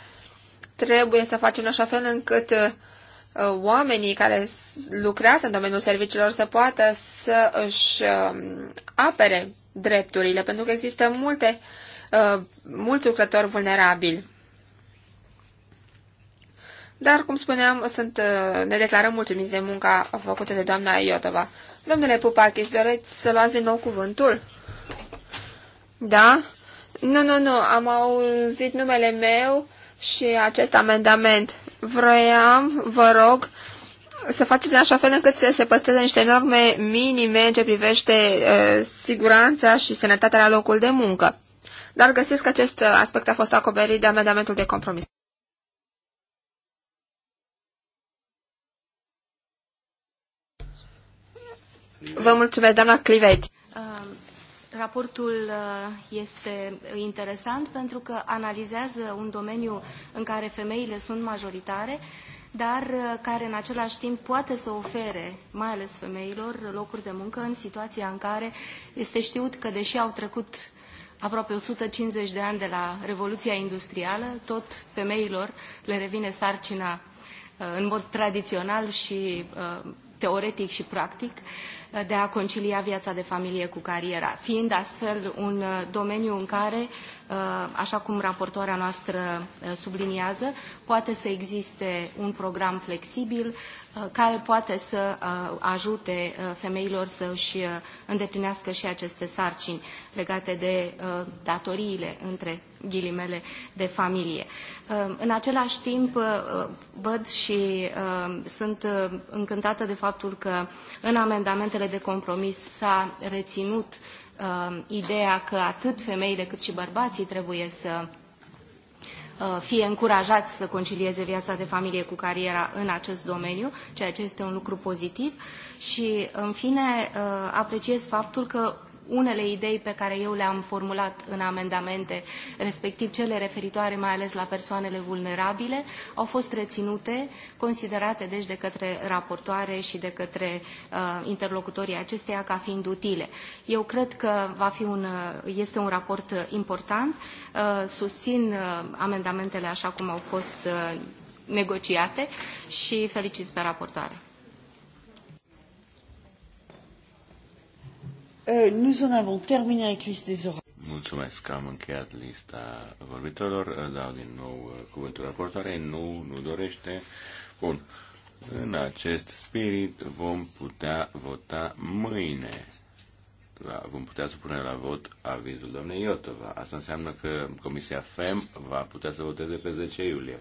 Trebuie să facem așa fel încât uh, oamenii care lucrează în domeniul serviciilor să poată să își um, apere drepturile, pentru că există multe, uh, mulți lucrători vulnerabili. Dar, cum spuneam, sunt, uh, ne declarăm mulțumiți de munca făcută de doamna Iotova. Domnule Pupachis, doreți să luați din nou cuvântul? Da? Nu, nu, nu, am auzit numele meu și acest amendament. Vroiam, vă rog, să faceți în așa fel încât să se păstreze niște norme minime în ce privește uh, siguranța și sănătatea la locul de muncă. Dar găsesc că acest aspect a fost acoperit de amendamentul de compromis. Vă mulțumesc, doamna Clivet. Um, raportul uh, este interesant pentru că analizează un domeniu în care femeile sunt majoritare, dar uh, care în același timp poate să ofere, mai ales femeilor, locuri de muncă în situația în care este știut că, deși au trecut aproape 150 de ani de la Revoluția Industrială, tot femeilor le revine sarcina uh, în mod tradițional și teoretic și practic de a concilia viața de familie cu cariera, fiind astfel un uh, domeniu în care Uh, așa cum raportoarea noastră uh, subliniază, poate să existe un program flexibil uh, care poate să ajute femeilor să își îndeplinească și aceste sarcini legate de datoriile între ghilimele de familie. În același timp, văd și sunt încântată de faptul că în amendamentele de compromis s-a reținut Um, ideea că atât femeile cât și bărbații trebuie să uh, fie încurajați să concilieze viața de familie cu cariera în acest domeniu, ceea ce este un lucru pozitiv. Și, în fine, uh, apreciez faptul că unele idei pe care eu le-am formulat în amendamente, respectiv cele referitoare mai ales la persoanele vulnerabile, au fost reținute, considerate deci de către raportoare și de către uh, interlocutorii acesteia ca fiind utile. Eu cred că va fi un, uh, este un raport uh, important. Uh, susțin uh, amendamentele așa cum au fost uh, negociate și felicit pe raportoare. Euh, nous en avons terminé avec liste des oraux. Mulțumesc, am încheiat lista vorbitorilor. Dau din nou uh, cuvântul raportoare. Nu, nu dorește. Bun. În acest spirit vom putea vota mâine. Da, vom putea supune la vot avizul doamnei Iotova. Asta înseamnă că Comisia FEM va putea să voteze pe 10 iulie.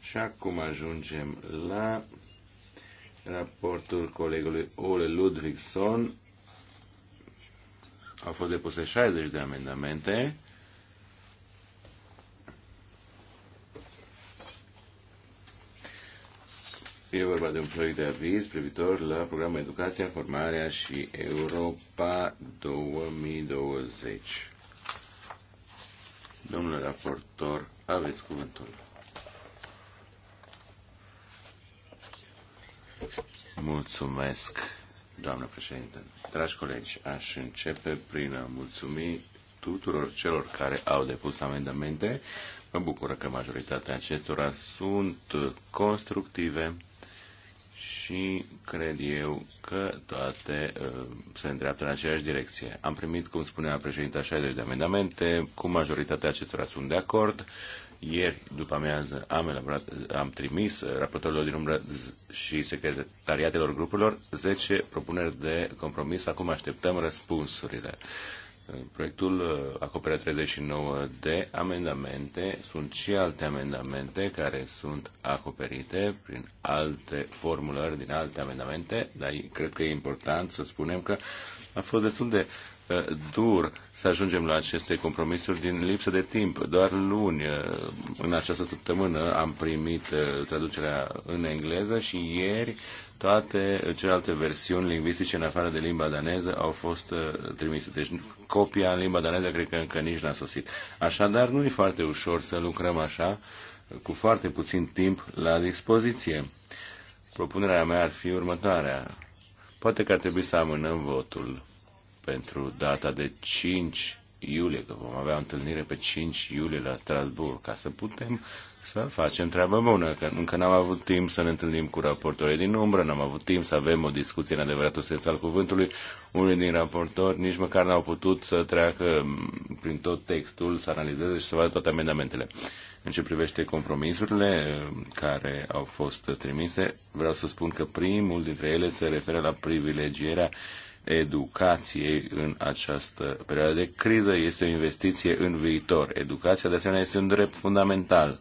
Și acum ajungem la raportul colegului Ole Ludvigson au fost depuse 60 de amendamente. E vorba de un proiect de aviz privitor la programul Educația, Formarea și Europa 2020. Domnule raportor, aveți cuvântul. Mulțumesc doamnă președinte. Dragi colegi, aș începe prin a mulțumi tuturor celor care au depus amendamente. Mă bucură că majoritatea acestora sunt constructive și cred eu că toate uh, se îndreaptă în aceeași direcție. Am primit, cum spunea președinta, 60 de amendamente, cu majoritatea acestora sunt de acord ieri după amiază am elaborat, am trimis raportorilor din umbră și secretariatelor grupurilor 10 propuneri de compromis. Acum așteptăm răspunsurile. Proiectul uh, acoperă 39 de amendamente. Sunt și alte amendamente care sunt acoperite prin alte formulări din alte amendamente, dar cred că e important să spunem că a fost destul de dur să ajungem la aceste compromisuri din lipsă de timp. Doar luni, în această săptămână, am primit traducerea în engleză și ieri toate celelalte versiuni lingvistice în afară de limba daneză au fost trimise. Deci copia în limba daneză cred că încă nici n-a sosit. Așadar, nu e foarte ușor să lucrăm așa, cu foarte puțin timp la dispoziție. Propunerea mea ar fi următoarea. Poate că ar trebui să amânăm votul pentru data de 5 iulie, că vom avea o întâlnire pe 5 iulie la Strasbourg, ca să putem să facem treabă bună, că încă n-am avut timp să ne întâlnim cu raportorii din umbră, n-am avut timp să avem o discuție în adevăratul sens al cuvântului. Unii din raportori nici măcar n-au putut să treacă prin tot textul, să analizeze și să vadă toate amendamentele. În ce privește compromisurile eh, care au fost trimise, vreau să spun că primul dintre ele se referă la privilegierea uh, educației în această perioadă de criză. Este o investiție în viitor. Educația, de asemenea, este un drept fundamental.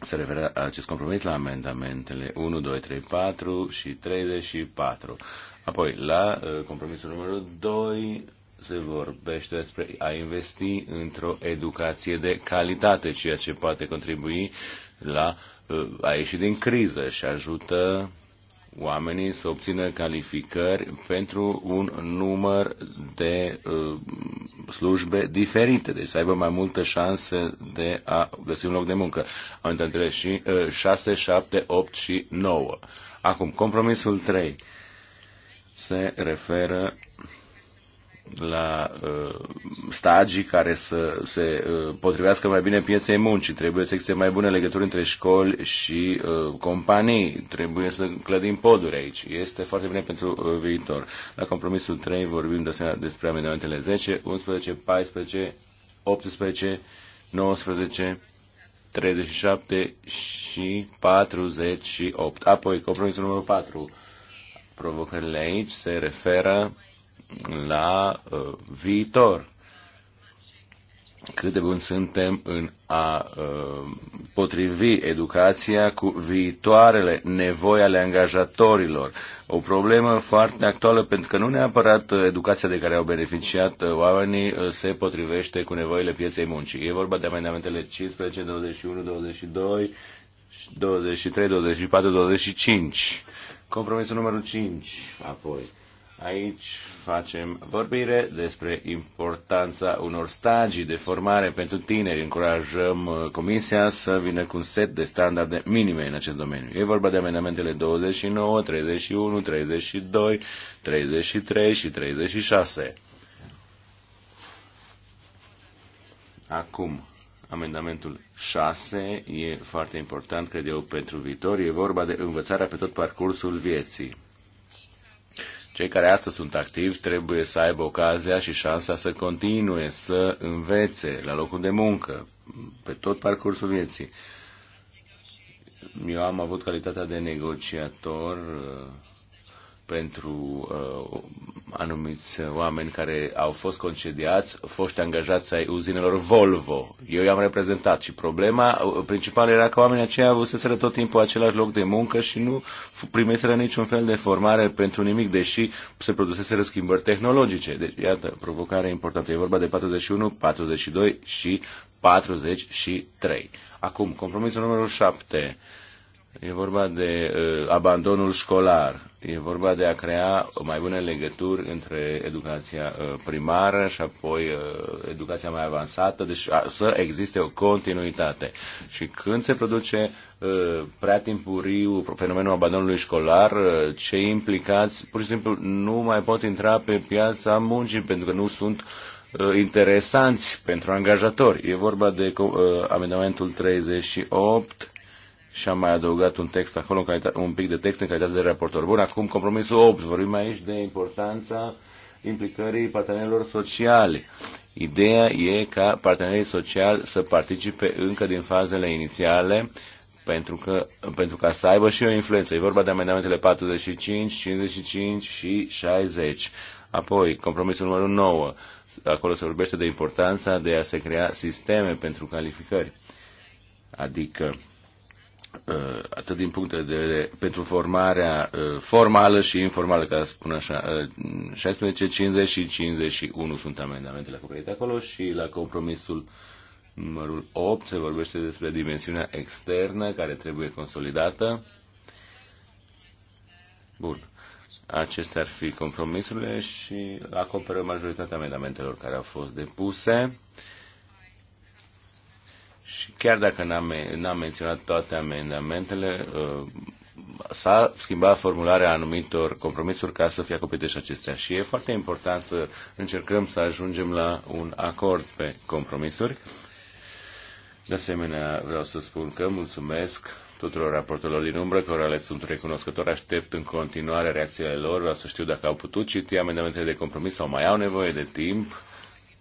Se referă acest compromis la amendamentele 1, 2, 3, 4 și 34. Apoi, la uh, compromisul numărul 2 se vorbește despre a investi într-o educație de calitate, ceea ce poate contribui la uh, a ieși din criză și ajută oamenii să obțină calificări pentru un număr de uh, slujbe diferite, deci să aibă mai multă șanse de a găsi un loc de muncă. Am intrat între și, uh, 6, 7, 8 și 9. Acum, compromisul 3 se referă la uh, stagii care să se uh, potrivească mai bine pieței muncii. Trebuie să existe mai bune legături între școli și uh, companii. Trebuie să clădim poduri aici. Este foarte bine pentru uh, viitor. La compromisul 3 vorbim de despre amendamentele 10, 11, 14, 18, 19, 37 și 48. Apoi, compromisul numărul 4. Provocările aici se referă la uh, viitor. Cât de bun suntem în a uh, potrivi educația cu viitoarele nevoi ale angajatorilor. O problemă foarte actuală pentru că nu neapărat uh, educația de care au beneficiat uh, oamenii uh, se potrivește cu nevoile pieței muncii. E vorba de amendamentele 15, 21, 22, 23, 24, 25. Compromisul numărul 5, apoi. Aici facem vorbire despre importanța unor stagii de formare pentru tineri. Încurajăm uh, Comisia să vină cu un set de standarde minime în acest domeniu. E vorba de amendamentele 29, 31, 32, 33 și 36. Acum, amendamentul 6 e foarte important, cred eu, pentru viitor. E vorba de învățarea pe tot parcursul vieții cei care astăzi sunt activi trebuie să aibă ocazia și șansa să continue să învețe la locul de muncă, pe tot parcursul vieții. Eu am avut calitatea de negociator uh, pentru uh, anumiți oameni care au fost concediați, foști angajați ai uzinelor Volvo. Eu i-am reprezentat și problema uh, principală era că oamenii aceia avuseseră tot timpul același loc de muncă și nu primeseră niciun fel de formare pentru nimic, deși se produseseră schimbări tehnologice. Deci, iată, provocarea importantă. E vorba de 41, 42 și 43. Acum, compromisul numărul 7 E vorba de uh, abandonul școlar, e vorba de a crea mai bune legături între educația uh, primară și apoi uh, educația mai avansată, deci a, să existe o continuitate. Și când se produce uh, prea timpuriu fenomenul abandonului școlar, uh, cei implicați pur și simplu nu mai pot intra pe piața muncii pentru că nu sunt uh, interesanți pentru angajatori. E vorba de uh, amendamentul 38 și am mai adăugat un text acolo, în calitate, un pic de text în calitate de raportor. Bun, acum compromisul 8. Vorbim aici de importanța implicării partenerilor sociale. Ideea e ca partenerii sociali să participe încă din fazele inițiale pentru, că, pentru ca să aibă și o influență. E vorba de amendamentele 45, 55 și 60. Apoi, compromisul numărul 9. Acolo se vorbește de importanța de a se crea sisteme pentru calificări. Adică Uh, atât din punct de vedere pentru formarea uh, formală și informală, ca spun așa, 16, uh, 50 și 51 sunt amendamentele acoperite acolo și la compromisul numărul 8 se vorbește despre dimensiunea externă care trebuie consolidată. Bun. Acestea ar fi compromisurile și acoperă majoritatea amendamentelor care au fost depuse. Și chiar dacă n-am, n-am menționat toate amendamentele, uh, s-a schimbat formularea anumitor compromisuri ca să fie acoperite și acestea. Și e foarte important să încercăm să ajungem la un acord pe compromisuri. De asemenea, vreau să spun că mulțumesc tuturor raportelor din umbră, care ales sunt recunoscători, aștept în continuare reacțiile lor, vreau să știu dacă au putut citi amendamentele de compromis sau mai au nevoie de timp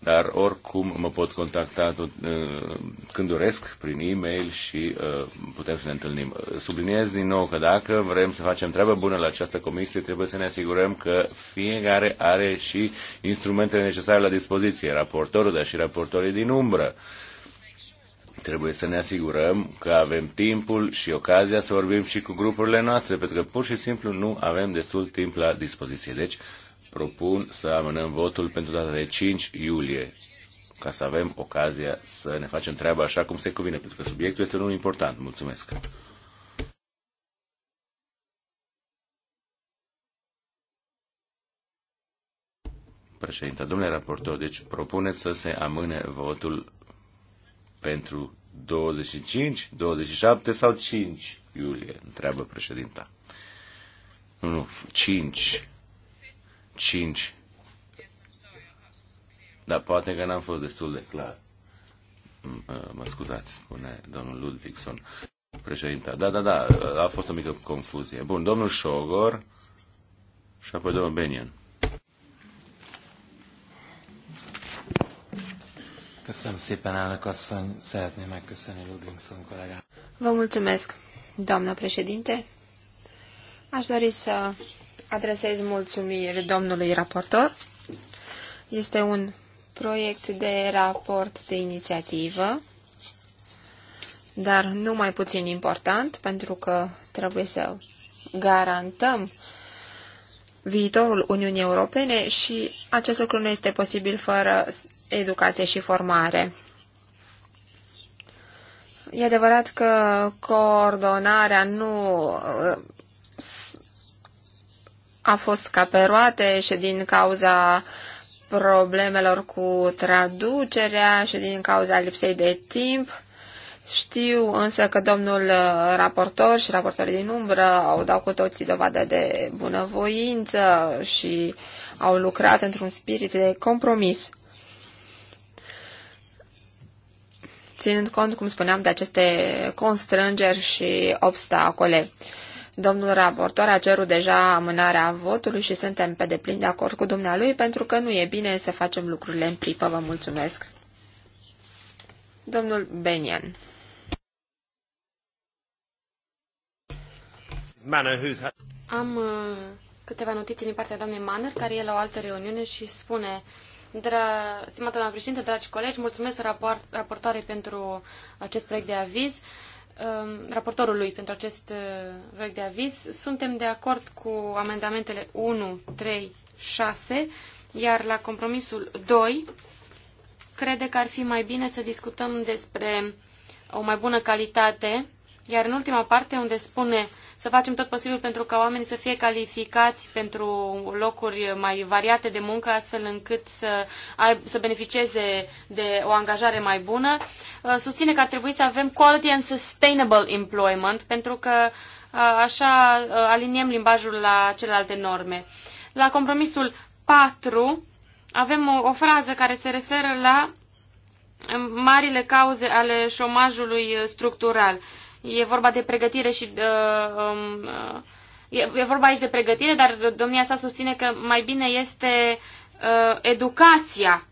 dar oricum mă pot contacta tot, uh, când doresc prin e-mail și uh, putem să ne întâlnim. Subliniez din nou că dacă vrem să facem treabă bună la această comisie, trebuie să ne asigurăm că fiecare are și instrumentele necesare la dispoziție, raportorul, dar și raportorii din umbră trebuie să ne asigurăm că avem timpul și ocazia să vorbim și cu grupurile noastre, pentru că pur și simplu nu avem destul timp la dispoziție. Deci, propun să amânăm votul pentru data de 5 iulie, ca să avem ocazia să ne facem treaba așa cum se cuvine, pentru că subiectul este unul important. Mulțumesc! Președinte, domnule raportor, deci propuneți să se amâne votul pentru 25, 27 sau 5 iulie, întreabă președinta. Nu, nu, 5 5. Dar poate că n-am fost destul de clar. Mm, mă scuzați, spune domnul Ludvigson, președinte. Da, da, da, a fost o mică confuzie. Bun, domnul Șogor și apoi domnul Benian. Köszönöm szépen, elnök asszony. Szeretném megköszönni Ludvigson kollégát. Vă mulțumesc, doamna președinte. Aș dori să adresez mulțumiri domnului raportor. Este un proiect de raport de inițiativă, dar nu mai puțin important, pentru că trebuie să garantăm viitorul Uniunii Europene și acest lucru nu este posibil fără educație și formare. E adevărat că coordonarea nu a fost ca pe roate și din cauza problemelor cu traducerea și din cauza lipsei de timp. Știu însă că domnul uh, raportor și raportorii din umbră au dat cu toții dovadă de bunăvoință și au lucrat într-un spirit de compromis. Ținând cont, cum spuneam, de aceste constrângeri și obstacole. Domnul raportor a cerut deja amânarea votului și suntem pe deplin de acord cu dumnealui pentru că nu e bine să facem lucrurile în pripă. Vă mulțumesc. Domnul Benian. Am uh, câteva notiții din partea doamnei Manner, care e la o altă reuniune și spune Dra... Stimată doamnă președinte, dragi colegi, mulțumesc raport raportoarei pentru acest proiect de aviz. Uh, Um, raportorului pentru acest proiect uh, de aviz. Suntem de acord cu amendamentele 1, 3, 6, iar la compromisul 2 crede că ar fi mai bine să discutăm despre o mai bună calitate, iar în ultima parte unde spune uh, să facem tot posibil pentru ca oamenii să fie calificați pentru locuri mai variate de muncă, astfel încât să, ai, să beneficieze de o angajare mai bună. Uh, susține că ar trebui să avem quality and sustainable employment, pentru că uh, așa uh, aliniem limbajul la celelalte norme. La compromisul 4 avem o, o frază care se referă la um, marile cauze ale șomajului structural. E vorba de pregătire și... Uh, um, uh, e, e vorba aici de pregătire, dar domnia sa susține că mai bine este uh, educația,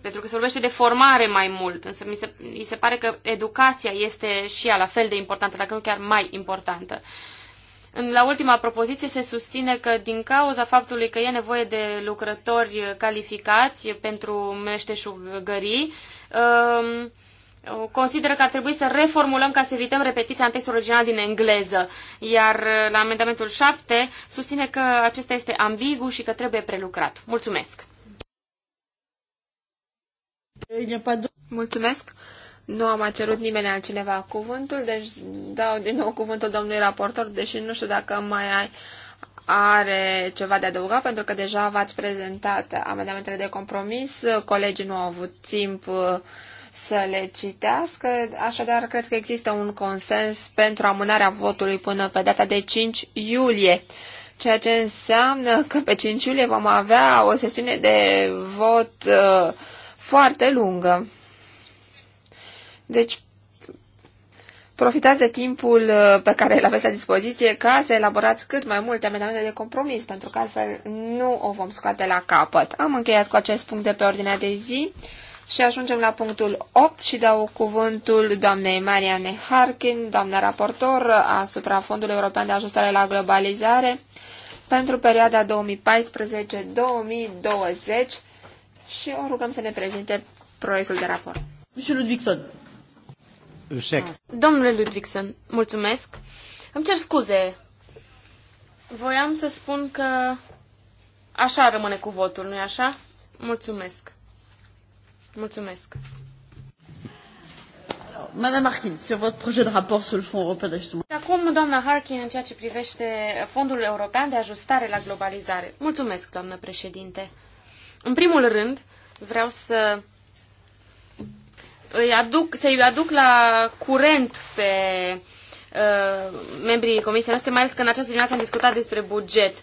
pentru că se vorbește de formare mai mult, însă mi se, mi se pare că educația este și ea la fel de importantă, dacă nu chiar mai importantă. În, la ultima propoziție se susține că din cauza faptului că e nevoie de lucrători calificați pentru meșteșugării, uh, consideră că ar trebui să reformulăm ca să evităm repetiția în textul original din engleză. Iar uh, la amendamentul 7 susține că acesta este ambigu și că trebuie prelucrat. Mulțumesc! Mulțumesc! Nu am mai cerut nimeni altcineva cuvântul, deci dau din nou cuvântul domnului raportor, deși nu știu dacă mai ai, are ceva de adăugat, pentru că deja v-ați prezentat amendamentele de compromis, colegii nu au avut timp uh, să le citească. Așadar, cred că există un consens pentru amânarea votului până pe data de 5 iulie, ceea ce înseamnă că pe 5 iulie vom avea o sesiune de vot uh, foarte lungă. Deci, profitați de timpul uh, pe care îl aveți la dispoziție ca să elaborați cât mai multe amendamente de compromis, pentru că altfel nu o vom scoate la capăt. Am încheiat cu acest punct de pe ordinea de zi. Și ajungem la punctul 8 și dau cuvântul doamnei Mariane Harkin, doamna raportor asupra Fondului European de Ajustare la Globalizare, pentru perioada 2014-2020 și o rugăm să ne prezinte proiectul de raport. Domnule Ludvigson. Domnule Ludvigson, mulțumesc. Îmi cer scuze. Voiam să spun că așa rămâne cu votul, nu-i așa? Mulțumesc. Mulțumesc. Madame Harkin, sur votre projet de raport sur le Fonds européen d'ajustement. Acum, doamna Harkin, în ceea ce privește Fondul European de Ajustare la Globalizare. Mulțumesc, doamnă președinte. În primul rând, vreau să îi aduc, să-i aduc la curent pe uh, membrii comisiei noastre, mai ales că în această dimineață am discutat despre buget.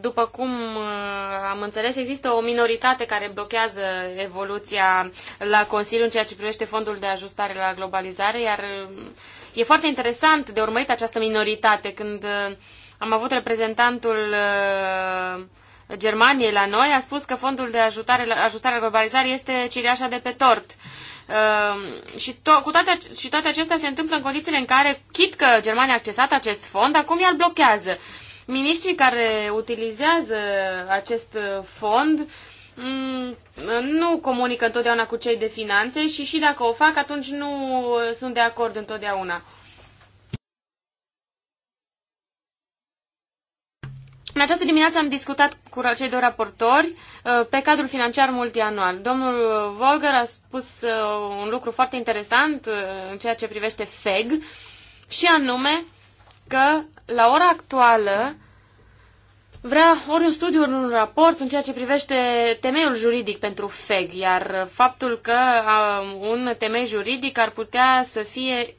După cum uh, am înțeles, există o minoritate care blochează evoluția la Consiliu în ceea ce privește fondul de ajustare la globalizare, iar uh, e foarte interesant de urmărit această minoritate. Când uh, am avut reprezentantul Germaniei la noi, a spus că fondul de ajutare, ajustare la globalizare este cireașa de pe tort. Uh, și, to- cu toate, și toate acestea se întâmplă în condițiile în care, chit că Germania a accesat acest fond, acum i ar blochează. Uh, Miniștrii care utilizează acest fond mm, nu comunică întotdeauna cu cei de finanțe și și dacă o fac, atunci nu sunt de acord întotdeauna. În această dimineață am discutat cu cei doi raportori uh, pe cadrul financiar multianual. Domnul Volger a spus uh, un lucru foarte interesant uh, în ceea ce privește FEG și anume că la ora actuală, vrea ori un studiu, ori un raport în ceea ce privește temeiul juridic pentru FEG, iar faptul că um, un temei juridic ar putea să fie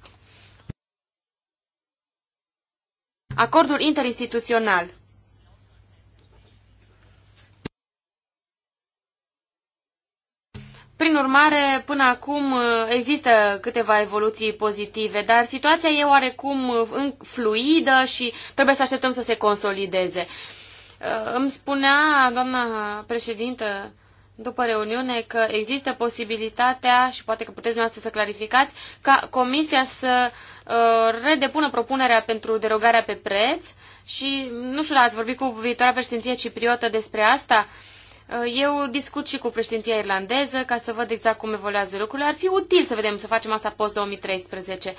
acordul interinstituțional. Prin urmare, până acum uh, există câteva evoluții pozitive, dar situația e oarecum uh, fluidă și trebuie să așteptăm să se consolideze. Uh, îmi spunea doamna președintă după reuniune că există posibilitatea, și poate că puteți dumneavoastră să clarificați, ca Comisia să redepună propunerea pentru derogarea pe preț și, nu știu, ați vorbit cu viitoarea președinție cipriotă despre asta? Uh, Eh, eu discut și cu președinția irlandeză ca să văd exact cum evoluează lucrurile. Ar fi util să vedem, să facem asta post-2013.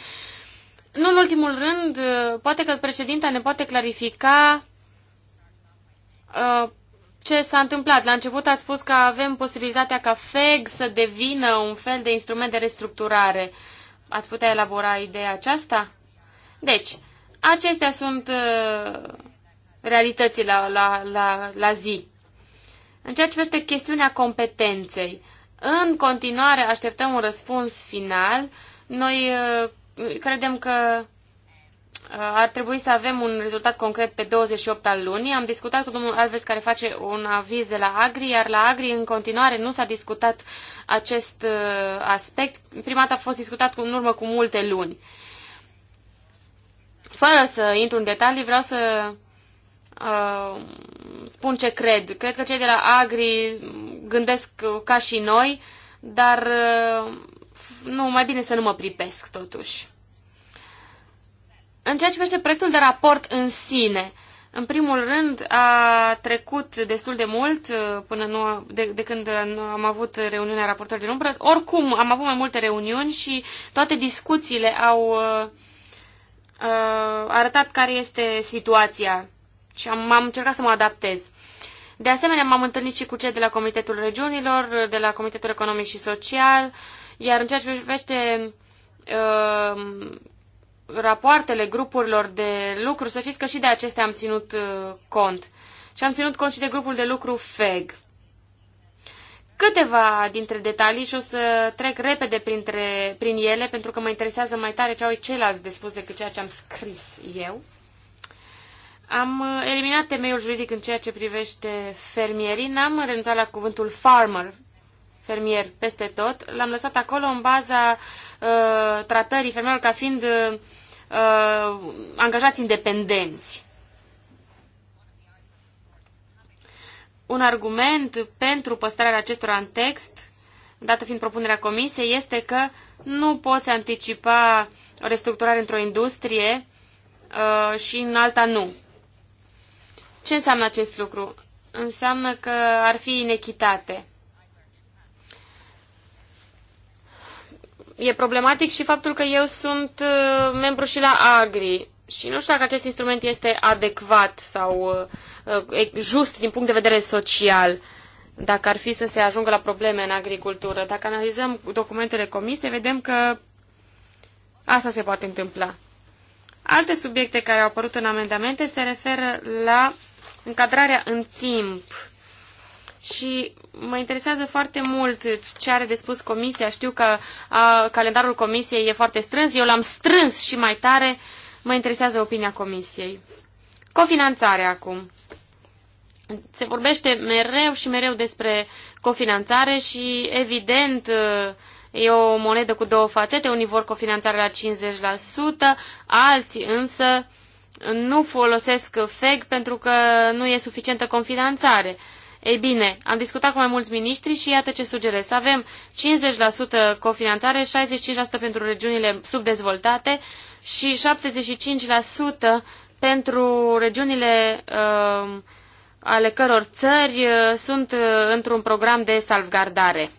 Nu în ultimul rând, eh, poate că președinta ne poate clarifica eh, ce s-a întâmplat. La început a spus că avem posibilitatea ca FEG să devină un fel de instrument de restructurare. Ați putea elabora ideea aceasta? Deci, acestea sunt realitățile la, la, la, la zi. În ceea ce vește chestiunea competenței, în continuare așteptăm un răspuns final. Noi uh, credem că uh, ar trebui să avem un rezultat concret pe 28 al lunii. Am discutat cu domnul Alves care face un aviz de la Agri, iar la Agri în continuare nu s-a discutat acest uh, aspect. Prima dată a fost discutat în urmă cu multe luni. Fără să intru în detalii, vreau să Uh, spun ce cred. Cred că cei de la Agri gândesc ca și noi, dar uh, nu, mai bine să nu mă pripesc totuși. În ceea ce privește proiectul de raport în sine, în primul rând a trecut destul de mult uh, până nu, de, de când nu am avut reuniunea raportorilor din umbră. Oricum, am avut mai multe reuniuni și toate discuțiile au uh, arătat care este situația și am, am încercat să mă adaptez. De asemenea, m-am întâlnit și cu cei de la Comitetul Regiunilor, de la Comitetul Economic și Social, iar în ceea ce privește uh, rapoartele grupurilor de lucru, să știți că și de acestea am ținut uh, cont. Și am ținut cont și de grupul de lucru FEG. Câteva dintre detalii și o să trec repede printre, prin ele, pentru că mă interesează mai tare ce au ceilalți de spus decât ceea ce am scris eu. Am uh, eliminat temeiul juridic în ceea ce privește fermierii, n-am renunțat la cuvântul farmer, fermier, peste tot. L-am lăsat acolo în baza uh, tratării fermierilor ca fiind uh, uh angajați independenți. Un argument pentru păstrarea acestora în text, dată fiind propunerea comisiei, este că nu poți anticipa restructurare într-o industrie uh, și în alta nu. Ce înseamnă acest lucru? Înseamnă că ar fi inechitate. E problematic și faptul că eu sunt uh, membru și la Agri și nu știu dacă acest instrument este adecvat sau uh, uh, just din punct de vedere social dacă ar fi să se ajungă la probleme în agricultură. Dacă analizăm documentele comise, vedem că asta se poate întâmpla. Alte subiecte care au apărut în amendamente se referă la încadrarea în timp. Și mă interesează foarte mult ce are de spus comisia. Știu că a, calendarul comisiei e foarte strâns, eu l-am strâns și mai tare. Mă interesează opinia comisiei. Cofinanțarea acum. Se vorbește mereu și mereu despre cofinanțare și, evident, e o monedă cu două fațete. Unii vor cofinanțare la 50%, alții însă nu folosesc FEG pentru că nu e suficientă confinanțare. Ei bine, am discutat cu mai mulți miniștri și iată ce sugerez. Să avem 50% cofinanțare, 65% pentru regiunile subdezvoltate și 75% pentru regiunile uh, ale căror țări uh, sunt uh, într-un program de salvgardare.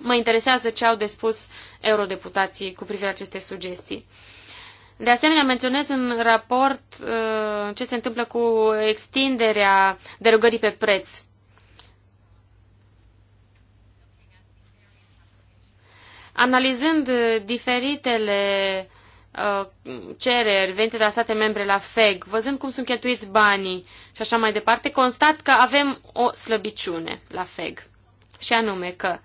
Mă interesează ce au de spus eurodeputații cu privire la aceste sugestii. De asemenea, menționez în raport uh, ce se întâmplă cu extinderea derogării pe preț. Analizând diferitele uh, cereri venite de la state membre la FEG, văzând cum sunt cheltuiți banii și așa mai departe, constat că avem o slăbiciune la FEG. Și anume că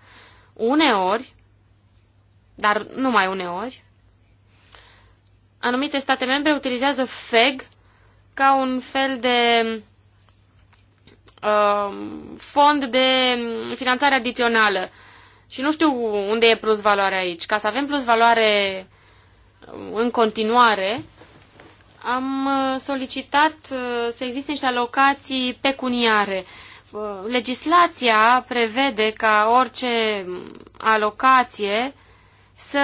uneori, dar numai uneori, anumite state membre utilizează FEG ca un fel de uh, fond de finanțare adițională. Și nu știu unde e plus valoare aici. Ca să avem plus valoare um, în continuare, am uh, solicitat uh, să existe niște alocații pecuniare. Uh, legislația prevede ca orice um, alocație să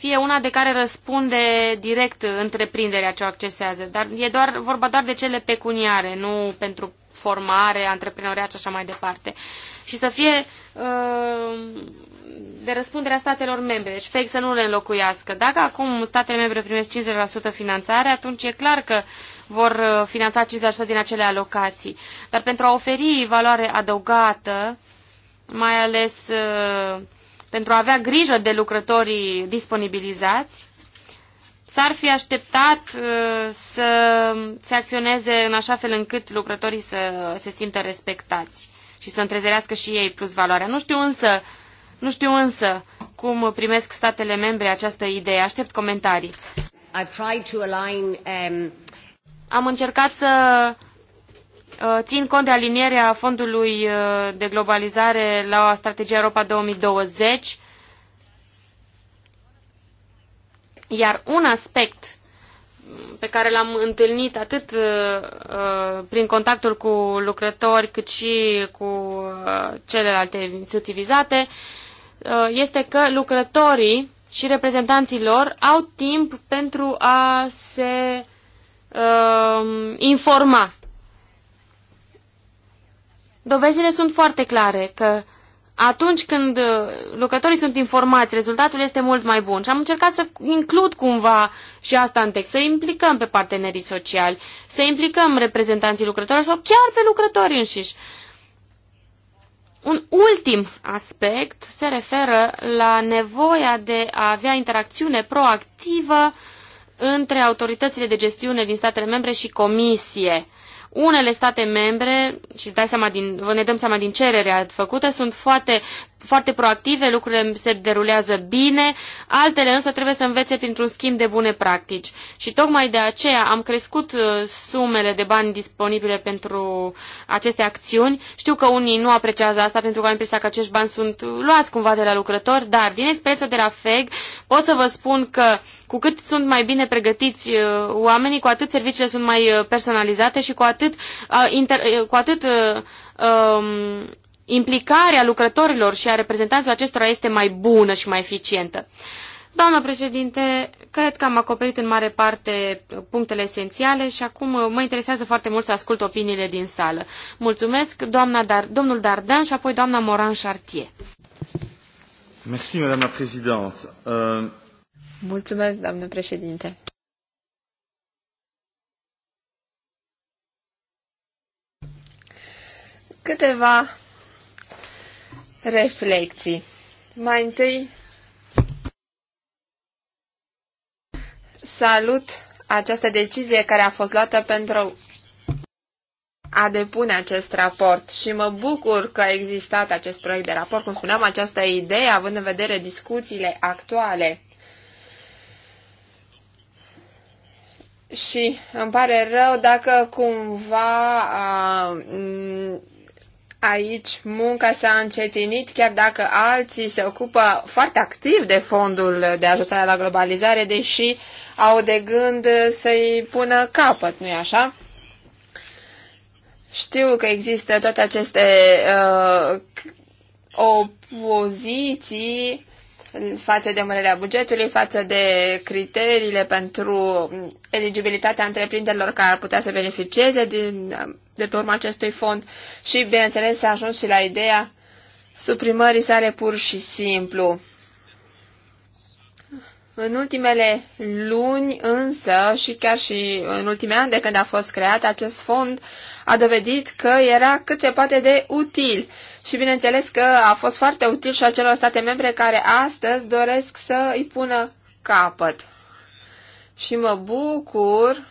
fie una de care răspunde direct întreprinderea ce o accesează, dar e doar, vorba doar de cele pecuniare, nu pentru formare, antreprenoriat și așa mai departe. Și să fie uh, de răspunderea statelor membre, deci fake să nu le înlocuiască. Dacă acum statele membre primesc 50% finanțare, atunci e clar că vor uh, finanța 50% din acele alocații. Dar pentru a oferi valoare adăugată, mai ales uh, pentru a avea grijă de lucrătorii disponibilizați, s-ar fi așteptat uh, să se acționeze în așa fel încât lucrătorii să se simtă respectați și să întrezerească și ei plus valoarea. Nu știu însă, nu știu însă cum primesc statele membre această idee. Aștept comentarii. I've tried to align, um... Am încercat să Uh, țin cont de alinierea fondului uh, de globalizare la strategia Europa 2020, iar un aspect pe care l-am întâlnit atât uh, uh, prin contactul cu lucrători cât și cu uh, celelalte instituții vizate, uh, este că lucrătorii și reprezentanții lor au timp pentru a se uh, informa Dovezile sunt foarte clare că atunci când uh, lucrătorii sunt informați, rezultatul este mult mai bun. Și am încercat să includ cumva și asta în text, să implicăm pe partenerii sociali, să implicăm reprezentanții lucrătorilor sau chiar pe lucrători înșiși. Un ultim aspect se referă la nevoia de a avea interacțiune proactivă între autoritățile de gestiune din statele membre și comisie. Unele state membre, și dai seama din, ne dăm seama din cererea făcută, sunt foarte foarte proactive, lucrurile se derulează bine, altele însă trebuie să învețe printr-un schimb de bune practici. Și tocmai de aceea am crescut uh, sumele de bani disponibile pentru aceste acțiuni. Știu că unii nu apreciază asta pentru că am impresia că acești bani sunt luați cumva de la lucrători, dar din experiența de la FEG pot să vă spun că cu cât sunt mai bine pregătiți uh, oamenii, cu atât serviciile sunt mai uh, personalizate și cu atât, uh, inter, cu atât uh, um, implicarea lucrătorilor și a reprezentanților acestora este mai bună și mai eficientă. Doamnă președinte, cred că am acoperit în mare parte punctele esențiale și acum uh, mă interesează foarte mult să ascult opiniile din sală. Mulțumesc, doamna Dar domnul Dardan și apoi doamna Moran Chartier. Merci, doamna președinte. Uh... Mulțumesc, doamnă președinte. Câteva Reflecții. Mai întâi, salut această decizie care a fost luată pentru a depune acest raport și mă bucur că a existat acest proiect de raport, cum spuneam, această idee, având în vedere discuțiile actuale. Și îmi pare rău dacă cumva a, aici munca s-a încetinit, chiar dacă alții se ocupă foarte activ de fondul de ajustare la globalizare, deși au de gând să-i pună capăt, nu-i așa? Știu că există toate aceste uh, opoziții față de mărirea bugetului, față de criteriile pentru eligibilitatea întreprinderilor care ar putea să beneficieze din, de pe urma acestui fond și, bineînțeles, să ajuns și la ideea suprimării sale pur și simplu. În ultimele luni însă și chiar și în ultimii ani de când a fost creat acest fond a dovedit că era cât se poate de util și bineînțeles că a fost foarte util și acelor state membre care astăzi doresc să îi pună capăt. Și mă bucur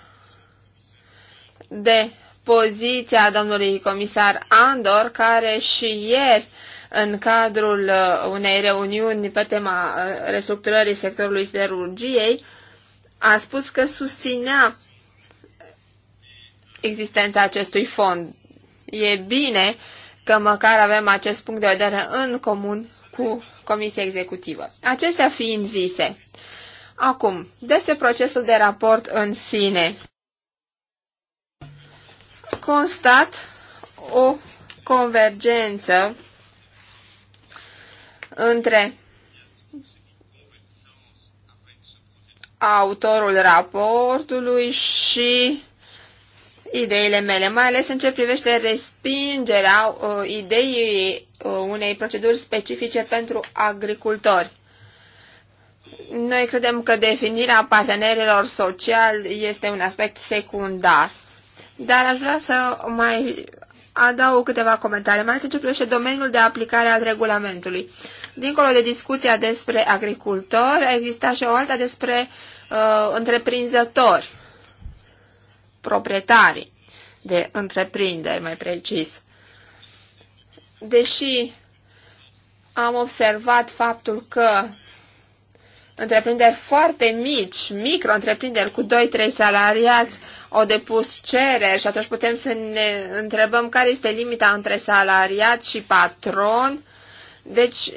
de poziția domnului comisar Andor care și ieri în cadrul uh, unei reuniuni pe tema uh, restructurării sectorului siderurgiei, a spus că susținea existența acestui fond. E bine că măcar avem acest punct de vedere în comun cu Comisia Executivă. Acestea fiind zise, acum, despre procesul de raport în sine. Constat o convergență între autorul raportului și ideile mele, mai ales în ce privește respingerea uh, ideii uh, unei proceduri specifice pentru agricultori. Noi credem că definirea partenerilor sociali este un aspect secundar, dar aș vrea să mai adaug câteva comentarii, mai ales în ce domeniul de aplicare al regulamentului. Dincolo de discuția despre agricultori, exista și o alta despre uh, întreprinzători, proprietari de întreprinderi, mai precis. Deși am observat faptul că întreprinderi foarte mici, micro-întreprinderi cu 2-3 salariați au depus cereri și atunci putem să ne întrebăm care este limita între salariat și patron. Deci,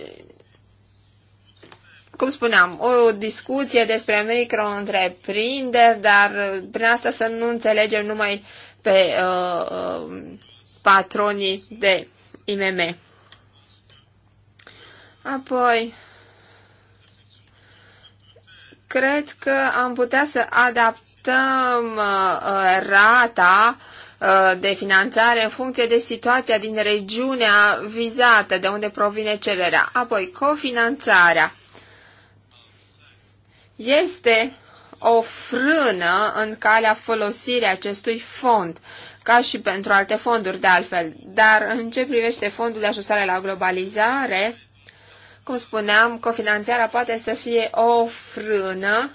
cum spuneam, o discuție despre micro-întreprinderi, dar prin asta să nu înțelegem numai pe uh, uh, patronii de IMM. Apoi, cred că am putea să adaptăm uh, uh, rata uh, de finanțare în funcție de situația din regiunea vizată, de unde provine cererea. Apoi, cofinanțarea este o frână în calea folosirii acestui fond, ca și pentru alte fonduri de altfel. Dar în ce privește fondul de ajustare la globalizare, cum spuneam, cofinanțarea poate să fie o frână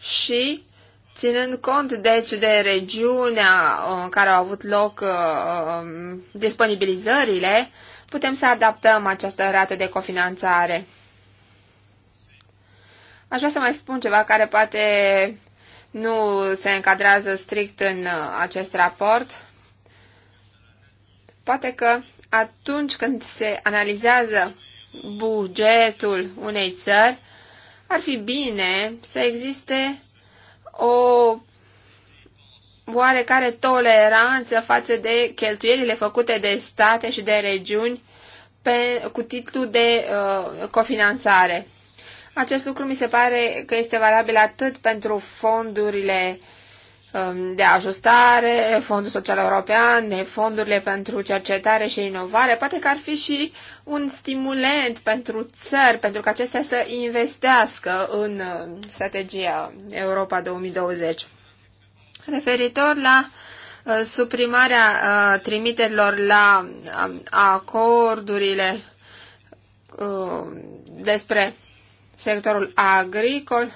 și Ținând cont, deci, de regiunea uh, în care au avut loc uh, um, disponibilizările, putem să adaptăm această rată de cofinanțare. Aș vrea să mai spun ceva care poate nu se încadrează strict în uh, acest raport. Poate că atunci când se analizează bugetul unei țări, ar fi bine să existe o oarecare toleranță față de cheltuielile făcute de state și de regiuni pe, cu titlu de uh, cofinanțare. Acest lucru mi se pare că este valabil atât pentru fondurile uh, Um, de ajustare, Fondul Social European, de fondurile pentru cercetare și inovare, poate că ar fi și un stimulent pentru țări, pentru că acestea să investească în uh, strategia Europa 2020. Referitor la uh, suprimarea uh, trimiterilor la um, acordurile despre sectorul agricol,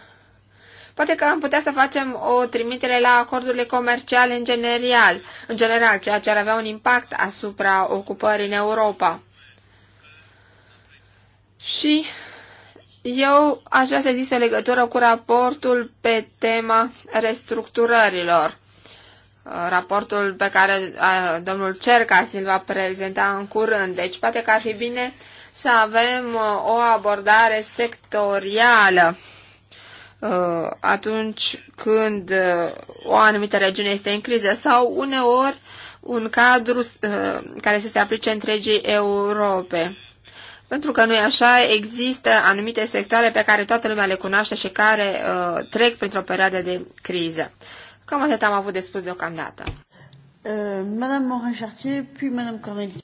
Poate că am putea să facem o trimitere la acordurile comerciale în general, în general, ceea ce ar avea un impact asupra ocupării în Europa. Și eu aș vrea să existe o legătură cu raportul pe tema restructurărilor. Raportul pe care domnul Cercas ne va prezenta în curând. Deci poate că ar fi bine să avem uh, o abordare sectorială Uh, atunci când uh, o anumită regiune este în criză sau uneori un cadru uh, care să se aplice întregii Europe. Pentru că nu e așa, există anumite sectoare pe care toată lumea le cunoaște și care uh, trec printr-o perioadă de criză. Cam atât am avut de spus deocamdată. Uh, Madame Morin-Chartier, puis Madame Cornelis.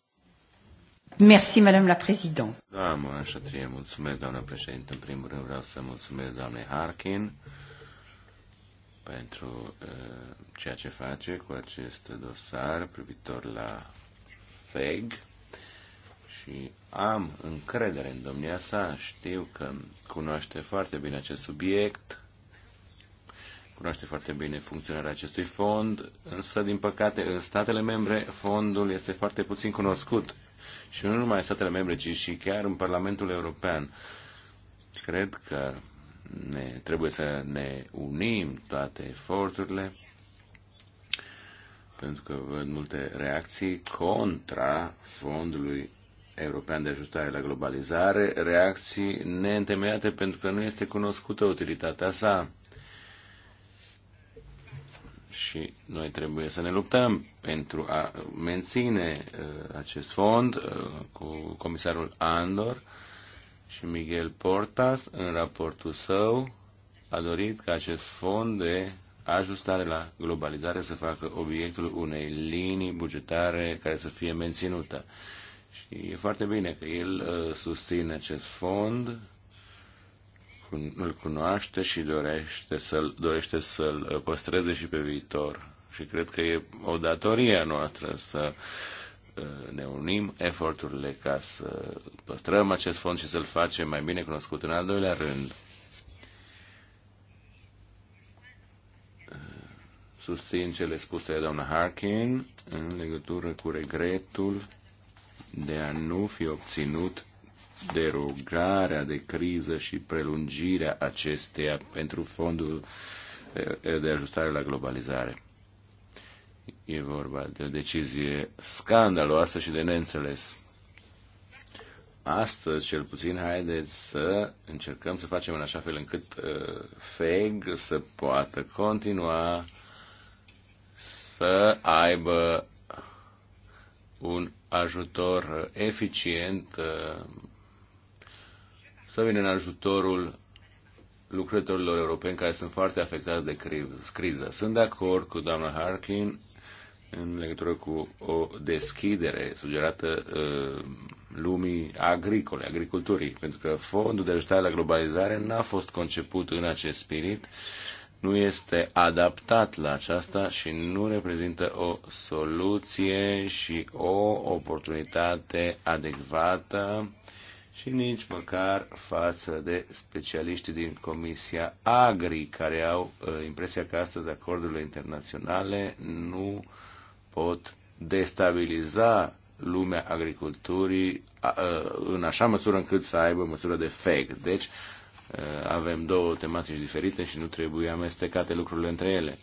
Merci, Madame la Présidente. Doamna mulțumesc, doamna președinte. În primul rând vreau să mulțumesc doamnei Harkin pentru uh, ceea ce face cu acest dosar privitor la FEG și am încredere în domnia sa, știu că cunoaște foarte bine acest subiect, cunoaște foarte bine funcționarea acestui fond, însă, din păcate, în statele membre, fondul este foarte puțin cunoscut și nu numai în statele membre, ci și chiar în Parlamentul European. Cred că ne, trebuie să ne unim toate eforturile pentru că văd multe reacții contra fondului european de ajustare la globalizare, reacții neîntemeiate pentru că nu este cunoscută utilitatea sa și noi trebuie să ne luptăm pentru a menține uh, acest fond uh, cu comisarul Andor și Miguel Portas în raportul său a dorit ca acest fond de ajustare la globalizare să facă obiectul unei linii bugetare care să fie menținută. Și e foarte bine că el uh, susține acest fond îl cunoaște și dorește să-l, dorește să-l păstreze și pe viitor. Și cred că e o datorie a noastră să uh, ne unim eforturile ca să păstrăm acest fond și să-l facem mai bine cunoscut. În al doilea rând, uh, susțin cele spuse de doamna Harkin în legătură cu regretul de a nu fi obținut derogarea de criză și prelungirea acesteia pentru fondul eh, de ajustare la globalizare. E vorba de o decizie scandaloasă și de neînțeles. Astăzi, cel puțin, haideți să încercăm să facem în așa fel încât uh, FEG să poată continua să aibă un ajutor eficient eh, să vină în ajutorul lucrătorilor europeni care sunt foarte afectați de criză. Sunt de acord cu doamna Harkin în legătură cu o deschidere sugerată uh, lumii agricole, agriculturii, pentru că fondul de ajutare la globalizare n-a fost conceput în acest spirit, nu este adaptat la aceasta și nu reprezintă o soluție și o oportunitate adecvată și nici măcar față de specialiștii din Comisia Agri, care au uh, impresia că astăzi acordurile internaționale nu pot destabiliza lumea agriculturii uh, în așa măsură încât să aibă măsură de fake. Deci uh, avem două tematici diferite și nu trebuie amestecate lucrurile între ele.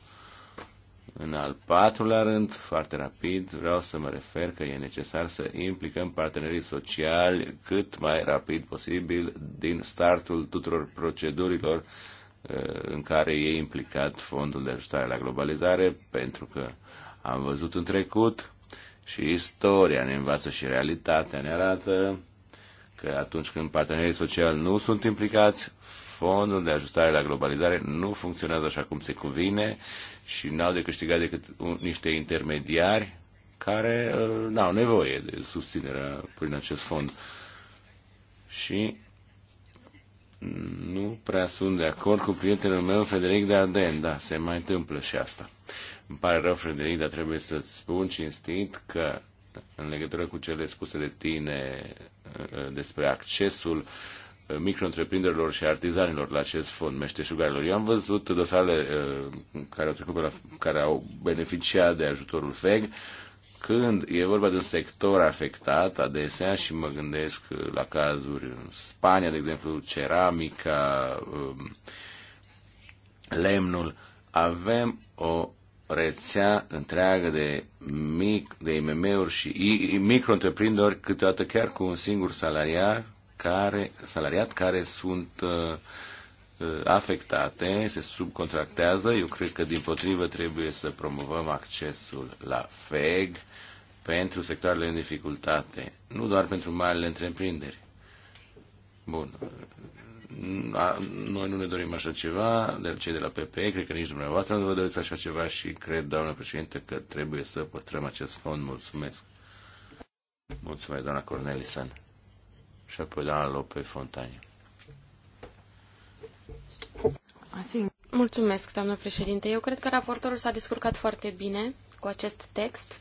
În al patrulea rând, foarte rapid, vreau să mă refer că e necesar să implicăm partenerii sociali cât mai rapid posibil din startul tuturor procedurilor eh, în care e implicat fondul de ajustare la globalizare, pentru că am văzut în trecut și istoria ne învață și realitatea ne arată că atunci când partenerii sociali nu sunt implicați, fondul de ajustare la globalizare nu funcționează așa cum se cuvine și n-au de câștigat decât niște intermediari care uh, n-au nevoie de susținerea prin acest fond. Și nu prea sunt de acord cu prietenul meu, Frederic Arden, Da, se mai întâmplă și asta. Îmi pare rău, Frederic, dar trebuie să-ți spun cinstit că în legătură cu cele spuse de tine uh, despre accesul uh, micro-întreprinderilor și artizanilor la acest fond meșteșugarilor. Eu am văzut dosarele uh, care au trecut pe la, care au beneficiat de ajutorul FEG când e vorba de un sector afectat adesea și mă gândesc uh, la cazuri în Spania, de exemplu, ceramica, um, lemnul, avem o rețea întreagă de, mic, de IMM-uri și micro-întreprinderi, câteodată chiar cu un singur salariar, care, salariat care sunt uh, uh, afectate, se subcontractează. Eu cred că, din potrivă, trebuie să promovăm accesul la FEG pentru sectoarele în dificultate, nu doar pentru marile întreprinderi. Bun. Noi nu ne dorim așa ceva, de cei de la PPE, cred că nici dumneavoastră nu vă doriți așa ceva și cred, doamnă președinte, că trebuie să păstrăm acest fond. Mulțumesc. Mulțumesc, doamna Cornelison și apoi la Lope Fontani. Mulțumesc, doamnă președinte. Eu cred că raportorul s-a descurcat foarte bine cu acest text.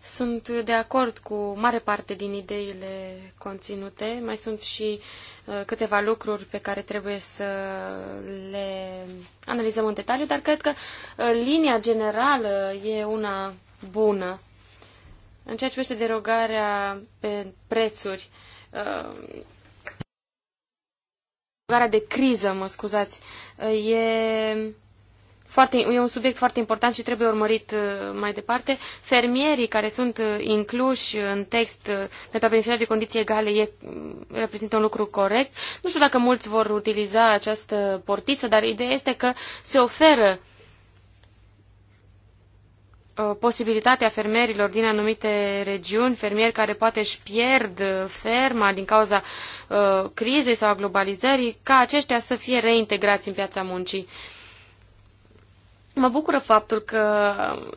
Sunt de acord cu mare parte din ideile conținute. Mai sunt și uh, câteva lucruri pe care trebuie să le analizăm în detaliu, dar cred că uh, linia generală e una bună. În ceea ce privește derogarea pe prețuri, uh, uh, de criză, mă scuzați, uh, e foarte, e un subiect foarte important și trebuie urmărit uh, mai departe. Fermierii care sunt uh, incluși în text uh, pentru a beneficia de condiții egale e, mm, reprezintă un lucru corect. Nu știu dacă mulți vor utiliza această portiță, dar ideea este că se oferă uh, Uh, posibilitatea fermierilor din anumite regiuni, fermieri care poate își pierd ferma din cauza uh, crizei sau a globalizării, ca aceștia să fie reintegrați în piața muncii. Mă bucură faptul că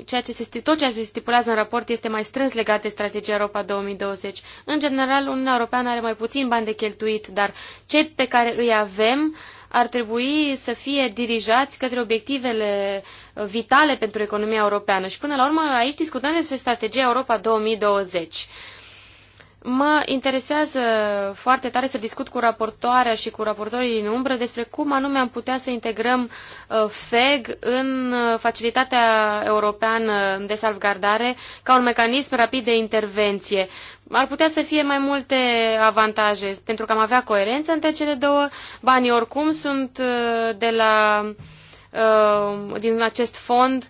ceea ce se, tot ceea ce se stipulează în raport este mai strâns legat de strategia Europa 2020. În general, Uniunea Europeană are mai puțin bani de cheltuit, dar cei pe care îi avem uh, ar trebui să fie dirijați către obiectivele vitale pentru economia europeană. Și până la urmă aici discutăm despre strategia Europa 2020. Mă interesează foarte tare să discut cu raportoarea și cu raportorii din umbră despre cum anume am putea să integrăm uh, FEG în uh, Facilitatea Europeană de Salvgardare ca un mecanism rapid de intervenție ar putea să fie mai multe avantaje, pentru că am avea coerență între cele două. Banii oricum sunt uh, de la, uh, din acest fond.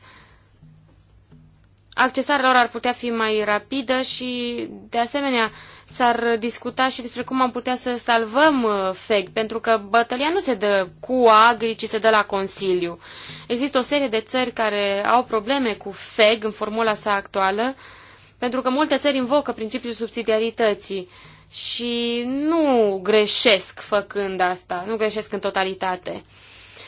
Accesarea lor ar putea fi mai rapidă și, de asemenea, s-ar discuta și despre cum am putea să salvăm uh, FEG, pentru că bătălia nu se dă cu agri, ci se dă la Consiliu. Există o serie de țări care au probleme cu FEG în formula sa actuală, pentru că multe țări invocă principiul subsidiarității și nu greșesc făcând asta, nu greșesc în totalitate.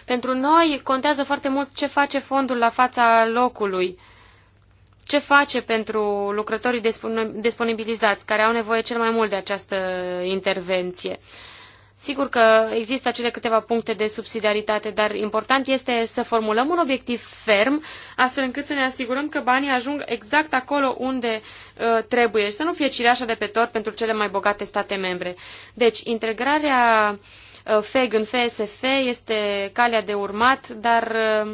Pentru noi contează foarte mult ce face fondul la fața locului, ce face pentru lucrătorii disponibilizați, care au nevoie cel mai mult de această intervenție. Uh, Sigur că există acele câteva puncte de subsidiaritate, dar important este să formulăm un obiectiv ferm, astfel încât să ne asigurăm că banii ajung exact acolo unde uh, trebuie și să nu fie cireașa de pe tort pentru cele mai bogate state membre. Deci, integrarea uh, FEG în FSF este calea de urmat, dar uh,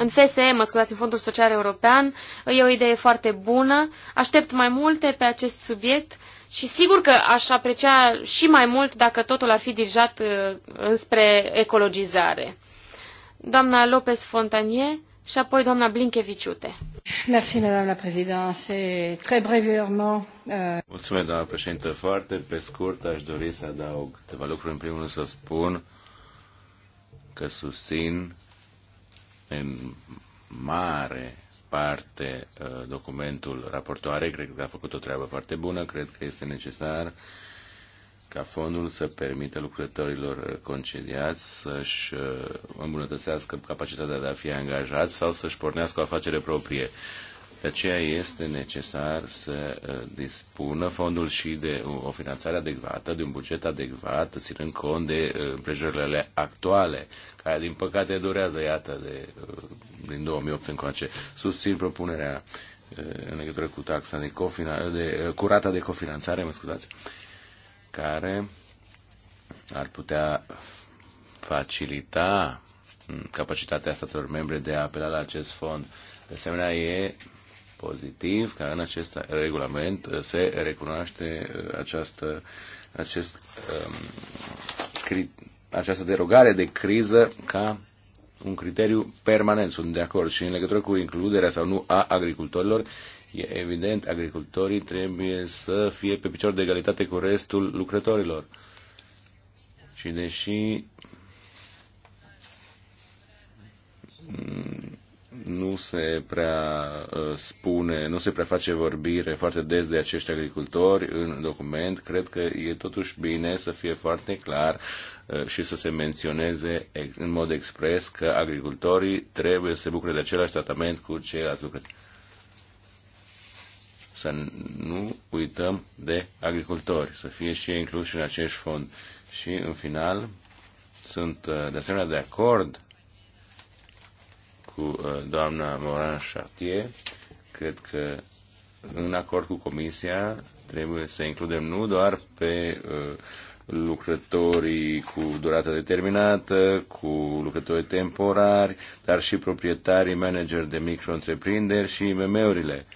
în FSE, mă scuzați, în Fondul Social European. E o idee foarte bună. Aștept mai multe pe acest subiect și sigur că aș aprecia și mai mult dacă totul ar fi dirijat uh, înspre ecologizare. Doamna Lopez Fontanie și apoi doamna Blinkeviciute. Merci, doamna euh, Mulțumesc, doamna președinte. Foarte pe scurt aș dori să adaug câteva lucruri. În primul rând să spun că susțin în mare parte uh, documentul raportoare. Cred că a făcut o treabă foarte bună. Cred că este necesar ca fondul să permită lucrătorilor uh, concediați să-și uh, îmbunătățească capacitatea de a fi angajați sau să-și pornească o afacere proprie. De aceea este necesar să uh, dispună fondul și de uh, o finanțare adecvată, de un buget adecvat, ținând cont de uh, împrejurările actuale, care din păcate durează, iată, de, din 2008 încoace. Susțin propunerea în legătură cu taxa de, cofina, de curata de cofinanțare, mă scuzați, care ar putea facilita mm, capacitatea statelor membre de a apela la acest fond. De asemenea, e pozitiv că în acest regulament uh, se recunoaște uh, această, acest, um, cri, această derogare de criză ca un criteriu permanent, sunt de acord. Și în legătură cu includerea sau nu a agricultorilor, e evident, agricultorii trebuie să fie pe picior de egalitate cu restul lucrătorilor. Și deși mm, nu se prea uh, spune, nu se prea face vorbire foarte des de acești agricultori în document. Cred că e totuși bine să fie foarte clar uh, și să se menționeze în mod expres că agricultorii trebuie să se bucure de același tratament cu ceilalți lucrători. Să nu uităm de agricultori, să fie și și în acest fond. Și, în final, sunt uh, de asemenea de acord cu uh, doamna Moran Chartier. Cred că în acord cu Comisia trebuie să includem nu doar pe uh, lucrătorii cu durată determinată, cu lucrători temporari, dar și proprietarii, manageri de micro-întreprinderi și IMM-urile.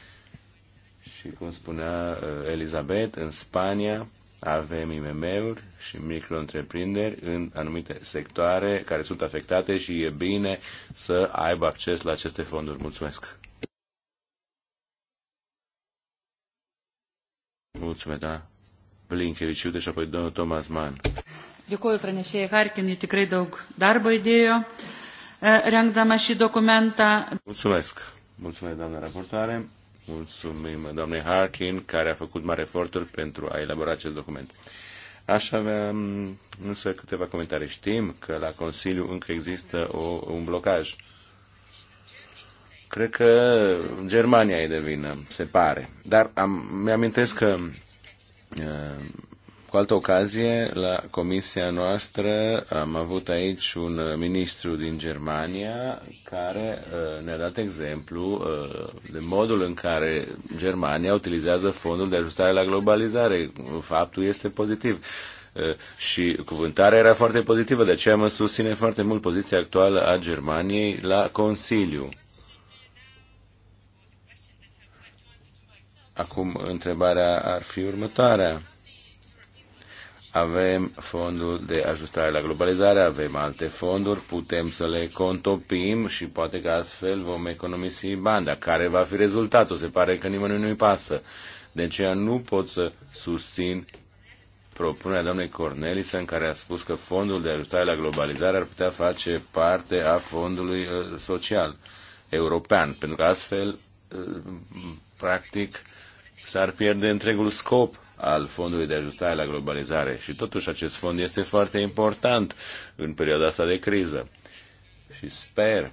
Și cum spunea uh, Elizabeth, în Spania avem IMM-uri și micro-întreprinderi în anumite sectoare care sunt afectate și e bine să aibă acces la aceste fonduri. Mulțumesc! Mulțumesc, da. Blinkevičiūtė și apoi domnul Thomas Mann. Dėkuoju pranešėjai te tikrai daug darbo įdėjo rengdama šį dokumentą. Mulțumesc. Mulțumesc, doamna raportare. Mulțumim doamnei Harkin, care a făcut mari eforturi pentru a elabora acest document. Aș avea mm, însă câteva comentarii. Știm că la Consiliu încă există o, un blocaj. Cred că Germania e de vină, se pare. Dar am, mi-amintesc că mm, cu altă ocazie, la comisia noastră am avut aici un ministru din Germania care uh, ne-a dat exemplu uh, de modul în care Germania utilizează fondul de ajustare la globalizare. Faptul este pozitiv uh, și cuvântarea era foarte pozitivă, de aceea mă susține foarte mult poziția actuală a Germaniei la Consiliu. Acum, întrebarea ar fi următoarea. Avem fondul de ajustare la globalizare, avem alte fonduri, putem să le contopim și poate că astfel vom economisi bani, dar care va fi rezultatul? Se pare că nimănui nu-i pasă. De aceea nu pot să susțin propunerea doamnei Cornelison care a spus că fondul de ajustare la globalizare ar putea face parte a fondului uh, social european, pentru că astfel, uh, practic, s-ar pierde întregul scop al Fondului de Ajustare la Globalizare. Și totuși acest fond este foarte important în perioada asta de criză. Și sper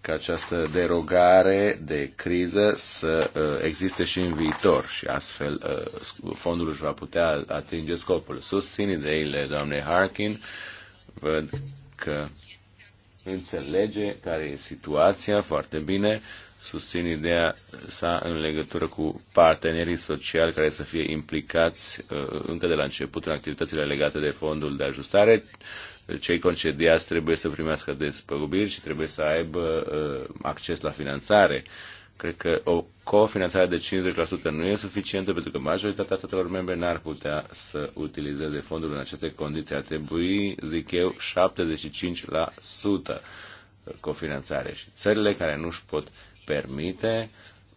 că această derogare de criză să uh, existe și în viitor și astfel uh, fondul își va putea atinge scopul. Susțin ideile doamnei Harkin, văd că înțelege care e situația foarte bine, susțin ideea sa în legătură cu partenerii sociali care să fie implicați uh, încă de la început în activitățile legate de fondul de ajustare. Cei concediați trebuie să primească despăgubiri și trebuie să aibă uh, acces la finanțare. Cred că o cofinanțare de 50% nu e suficientă pentru că majoritatea statelor membre n-ar putea să utilizeze fondul în aceste condiții. Ar trebui, zic eu, 75% cofinanțare și țările care nu își pot permite,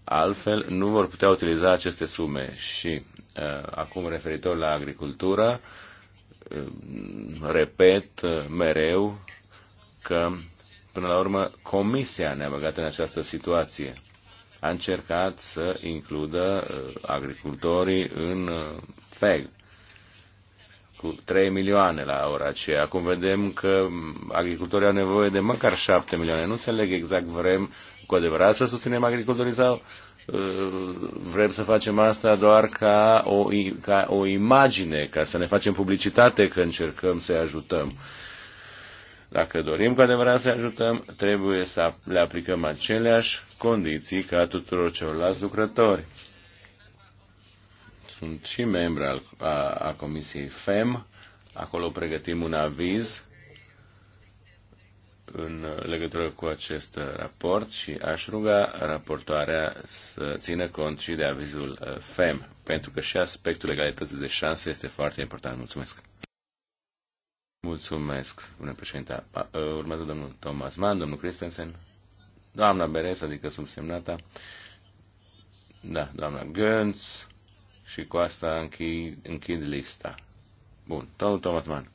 altfel nu vor putea utiliza aceste sume. Și uh, acum referitor la agricultură, uh, repet uh, mereu că până la urmă Comisia ne-a băgat în această situație. A încercat să includă agricultorii în FEG, cu 3 milioane la ora aceea. Acum vedem că agricultorii au nevoie de măcar 7 milioane. Nu înțeleg exact, vrem cu adevărat să susținem agricultorii sau uh, vrem să facem asta doar ca o, ca o imagine, ca să ne facem publicitate că încercăm să-i ajutăm. Dacă dorim cu adevărat să ajutăm, trebuie să le aplicăm aceleași condiții ca tuturor celorlalți lucrători sunt și membre al, a, a Comisiei FEM. Acolo pregătim un aviz în legătură cu acest raport și aș ruga raportoarea să țină cont și de avizul uh, FEM, pentru că și aspectul legalității de șanse este foarte important. Mulțumesc! Mulțumesc, domnule președinte. Uh, urmează domnul Thomas Mann, domnul Christensen, doamna Beres, adică subsemnata, da, doamna Gönz, și cu asta închid, închid lista. Bun, domnul Thomas Mann.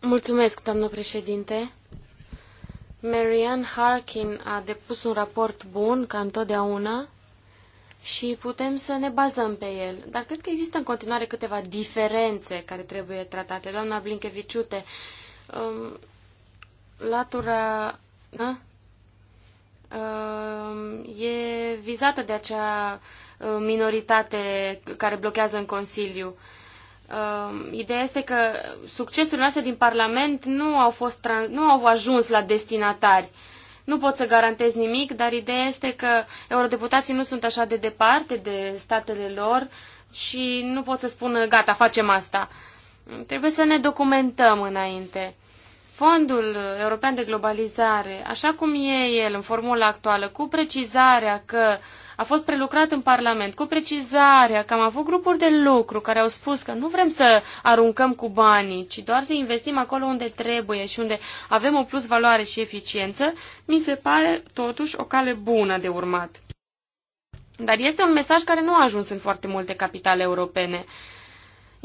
Mulțumesc, doamnă președinte. Marianne Harkin a depus un raport bun, ca întotdeauna, și putem să ne bazăm pe el. Dar cred că există în continuare câteva diferențe care trebuie tratate. Doamna Blinkeviciute, um, latura uh, um, e vizată de acea uh, Uh, minoritate care blochează în Consiliu. Um, ideea este că succesurile noastre din Parlament nu au, fost, nu au ajuns la destinatari. Nu pot să garantez nimic, dar ideea este că eurodeputații nu sunt așa de departe de statele lor și nu pot să spună gata, facem asta. Trebuie să ne documentăm înainte. Fondul European de Globalizare, așa cum e el în formula actuală, cu precizarea că a fost prelucrat în Parlament, cu precizarea că am avut grupuri de lucru care au spus că nu vrem să aruncăm cu banii, ci doar să investim acolo unde trebuie și unde avem o plus valoare și eficiență, mi se pare totuși o cale bună de urmat. Dar este un mesaj care nu a ajuns în foarte multe capitale europene.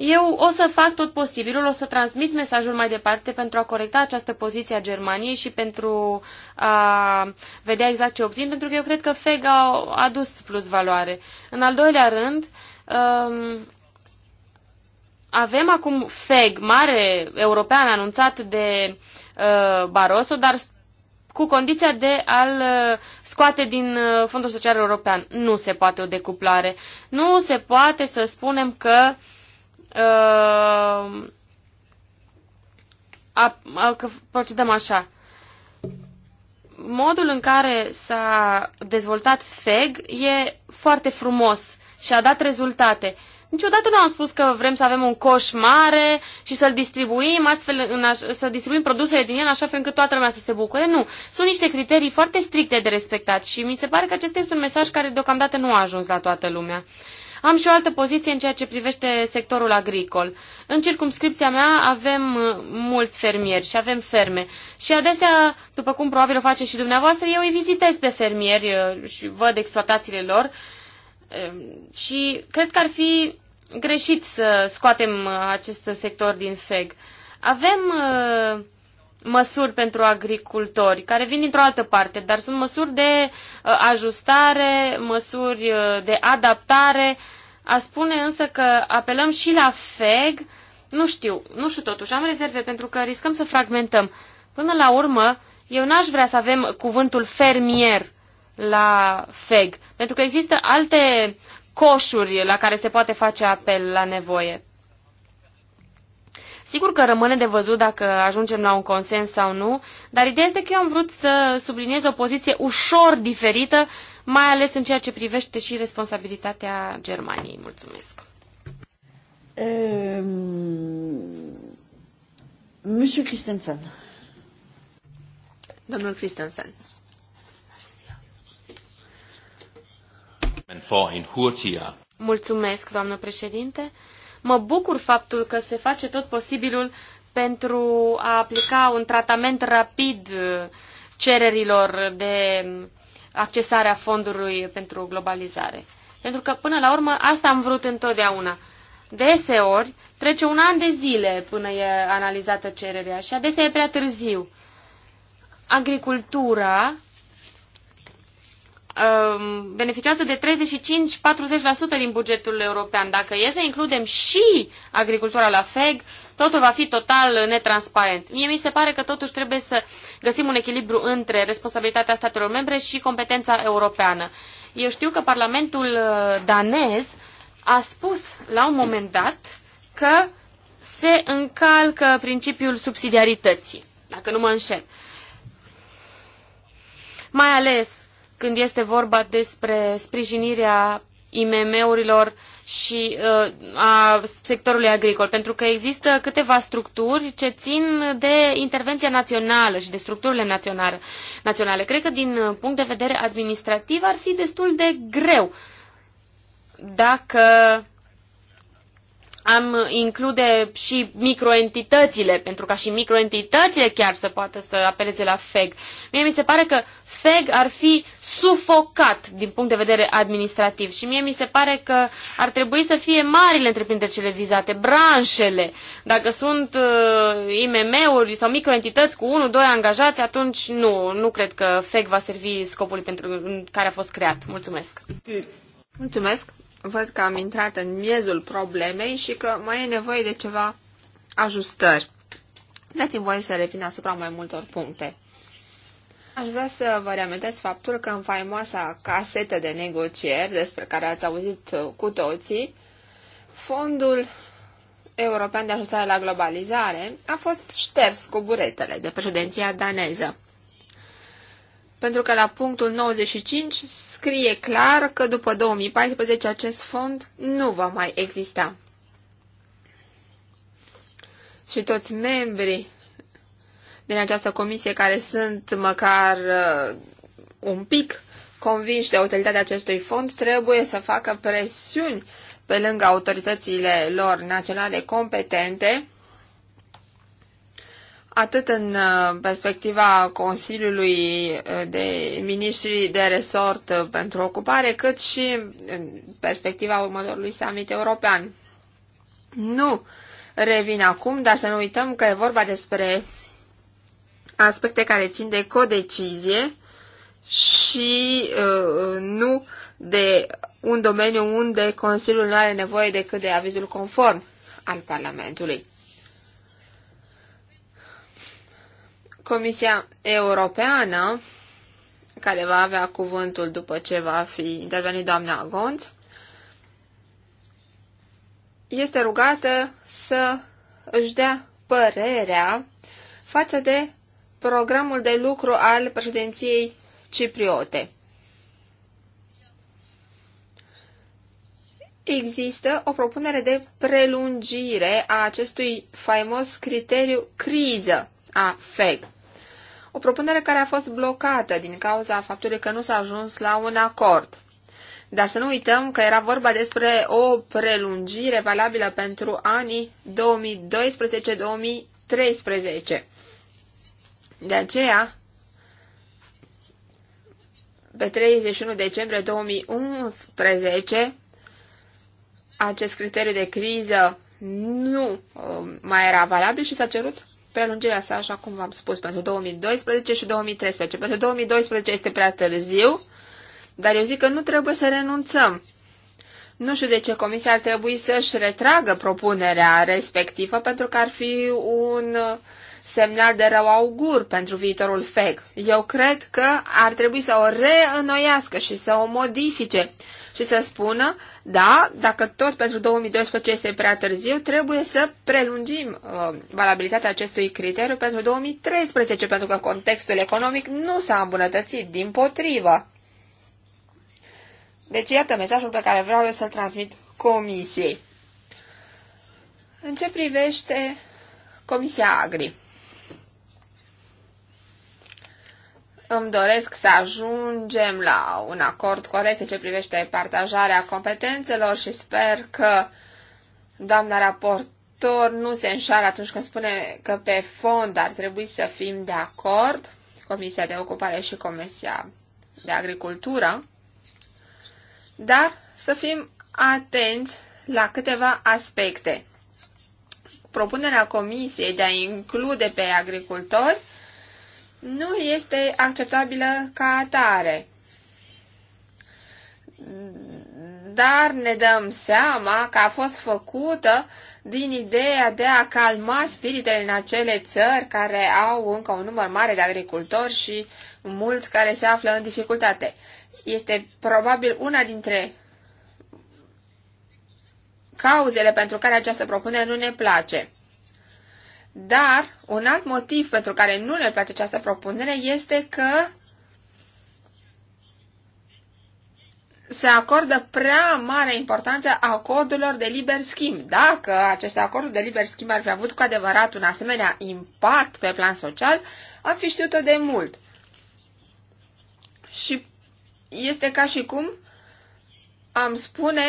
Eu o să fac tot posibilul, o să transmit mesajul mai departe pentru a corecta această poziție a Germaniei și pentru a vedea exact ce obțin, pentru că eu cred că FEG a adus plus valoare. În al doilea rând, um, avem acum FEG, mare european anunțat de uh, Barroso, dar cu condiția de a-l uh, scoate din uh, Fondul Social European. Nu se poate o decuplare. Nu se poate să spunem că uh, uh, a, a, că procedăm așa. Modul în care s-a dezvoltat FEG e foarte frumos și a dat rezultate. Niciodată nu am spus că vrem să avem un coș mare și să-l distribuim, astfel în aș, să distribuim produsele din el așa fel încât toată lumea să se bucure. Nu. Sunt niște criterii foarte stricte de respectat și mi se pare că acesta este un mesaj care deocamdată nu a ajuns la toată lumea. Uh, am și o altă poziție în ceea ce privește sectorul agricol. În circumscripția mea avem uh, mulți fermieri și avem ferme. Și adesea, după cum probabil o face și dumneavoastră, eu îi vizitez pe fermieri uh, și văd exploatațiile lor. Um, și cred că ar fi greșit să scoatem uh, acest sector din FEG. Avem măsuri pentru agricultori, care vin dintr-o altă parte, dar sunt măsuri de uh, ajustare, măsuri uh, de adaptare. A spune însă că apelăm și la FEG, nu știu, nu știu totuși, am rezerve pentru că riscăm să fragmentăm. Până la urmă, eu n-aș vrea să avem cuvântul fermier la FEG, pentru că există alte coșuri la care se poate face apel la nevoie. Sigur că rămâne de văzut dacă ajungem la un consens sau nu, dar ideea este că eu am vrut să subliniez o poziție ușor diferită, mai ales în ceea ce privește și responsabilitatea Germaniei. Mulțumesc. Ehm, Monsieur Christensen. Domnul Christensen. Mulțumesc, doamnă președinte. Mă bucur faptul că se face tot posibilul pentru a aplica un tratament rapid uh, cererilor de accesarea fondului pentru globalizare. Pentru că, până la urmă, asta am vrut întotdeauna. Deseori trece un an de zile până e analizată cererea și adesea e prea târziu. Agricultura Um, beneficiază de 35-40% din bugetul european. Dacă e să includem și agricultura la FEG, totul va fi total netransparent. Mie mi se pare că totuși trebuie să găsim un echilibru între responsabilitatea statelor membre și competența europeană. Eu știu că Parlamentul uh, danez a spus la un moment dat că se încalcă principiul subsidiarității, dacă nu mă înșel. Mai ales când este vorba despre sprijinirea IMM-urilor și uh, a sectorului agricol, pentru că există câteva structuri ce țin de intervenția națională și de structurile naționale. naționale. Cred că din punct de vedere administrativ ar fi destul de greu dacă am include și microentitățile, pentru ca și microentitățile chiar să poată să apeleze la FEG. Mie mi se pare că FEG ar fi sufocat din punct de vedere administrativ și mie mi se pare că ar trebui să fie marile întreprinderi cele vizate, branșele. Dacă sunt uh, IMM-uri sau microentități cu 1-2 angajați, atunci nu, nu cred că FEG va servi scopului pentru care a fost creat. Mulțumesc! Mulțumesc! văd că am intrat în miezul problemei și că mai e nevoie de ceva ajustări. Dați-mi voie să revin asupra mai multor puncte. Aș vrea să vă reamintesc faptul că în faimoasa casetă de negocieri, despre care ați auzit uh, cu toții, Fondul European de Ajustare la Globalizare a fost șters cu buretele de președinția daneză pentru că la punctul 95 scrie clar că după 2014 acest fond nu va mai exista. Și toți membrii din această comisie care sunt măcar uh, un pic convinși de utilitatea acestui fond trebuie să facă presiuni pe lângă autoritățile lor naționale competente atât în uh, perspectiva Consiliului uh, de Ministri de Resort uh, pentru Ocupare, cât și în perspectiva următorului summit european. Nu revin acum, dar să nu uităm că e vorba despre aspecte care țin de codecizie și uh, nu de un domeniu unde Consiliul nu are nevoie decât de avizul conform al Parlamentului. Comisia Europeană, care va avea cuvântul după ce va fi intervenit doamna Gonț, este rugată să își dea părerea față de programul de lucru al președinției cipriote. Există o propunere de prelungire a acestui faimos criteriu criză a FEG o propunere care a fost blocată din cauza faptului că nu s-a ajuns la un acord. Dar să nu uităm că era vorba despre o prelungire valabilă pentru anii 2012-2013. De aceea, pe 31 decembrie 2011, acest criteriu de criză nu uh, mai era valabil și s-a cerut prelungirea sa, așa cum v-am spus, pentru 2012 și 2013. Pentru 2012 este prea târziu, dar eu zic că nu trebuie să renunțăm. Nu știu de ce comisia ar trebui să-și retragă propunerea respectivă, pentru că ar fi un semnal de rău augur pentru viitorul FEG. Eu cred că ar trebui să o reînnoiască și să o modifice și să spună, da, dacă tot pentru 2012 este prea târziu, trebuie să prelungim uh, valabilitatea acestui criteriu pentru 2013, pentru că contextul economic nu s-a îmbunătățit, din potrivă. Deci iată mesajul pe care vreau eu să-l transmit comisiei. În ce privește Comisia Agri? Îmi doresc să ajungem la un acord corect în ce privește partajarea competențelor și sper că doamna raportor nu se înșală atunci când spune că pe fond ar trebui să fim de acord, Comisia de Ocupare și Comisia de Agricultură, dar să fim atenți la câteva aspecte. Propunerea Comisiei de a include pe agricultori nu este acceptabilă ca atare. Dar ne dăm seama că a fost făcută din ideea de a calma spiritele în acele țări care au încă un număr mare de agricultori și mulți care se află în dificultate. Este probabil una dintre cauzele pentru care această propunere nu ne place. Dar un alt motiv pentru care nu ne place această propunere este că se acordă prea mare importanță acordurilor de liber schimb. Dacă aceste acorduri de liber schimb ar fi avut cu adevărat un asemenea impact pe plan social, am fi știut-o de mult. Și este ca și cum am spune,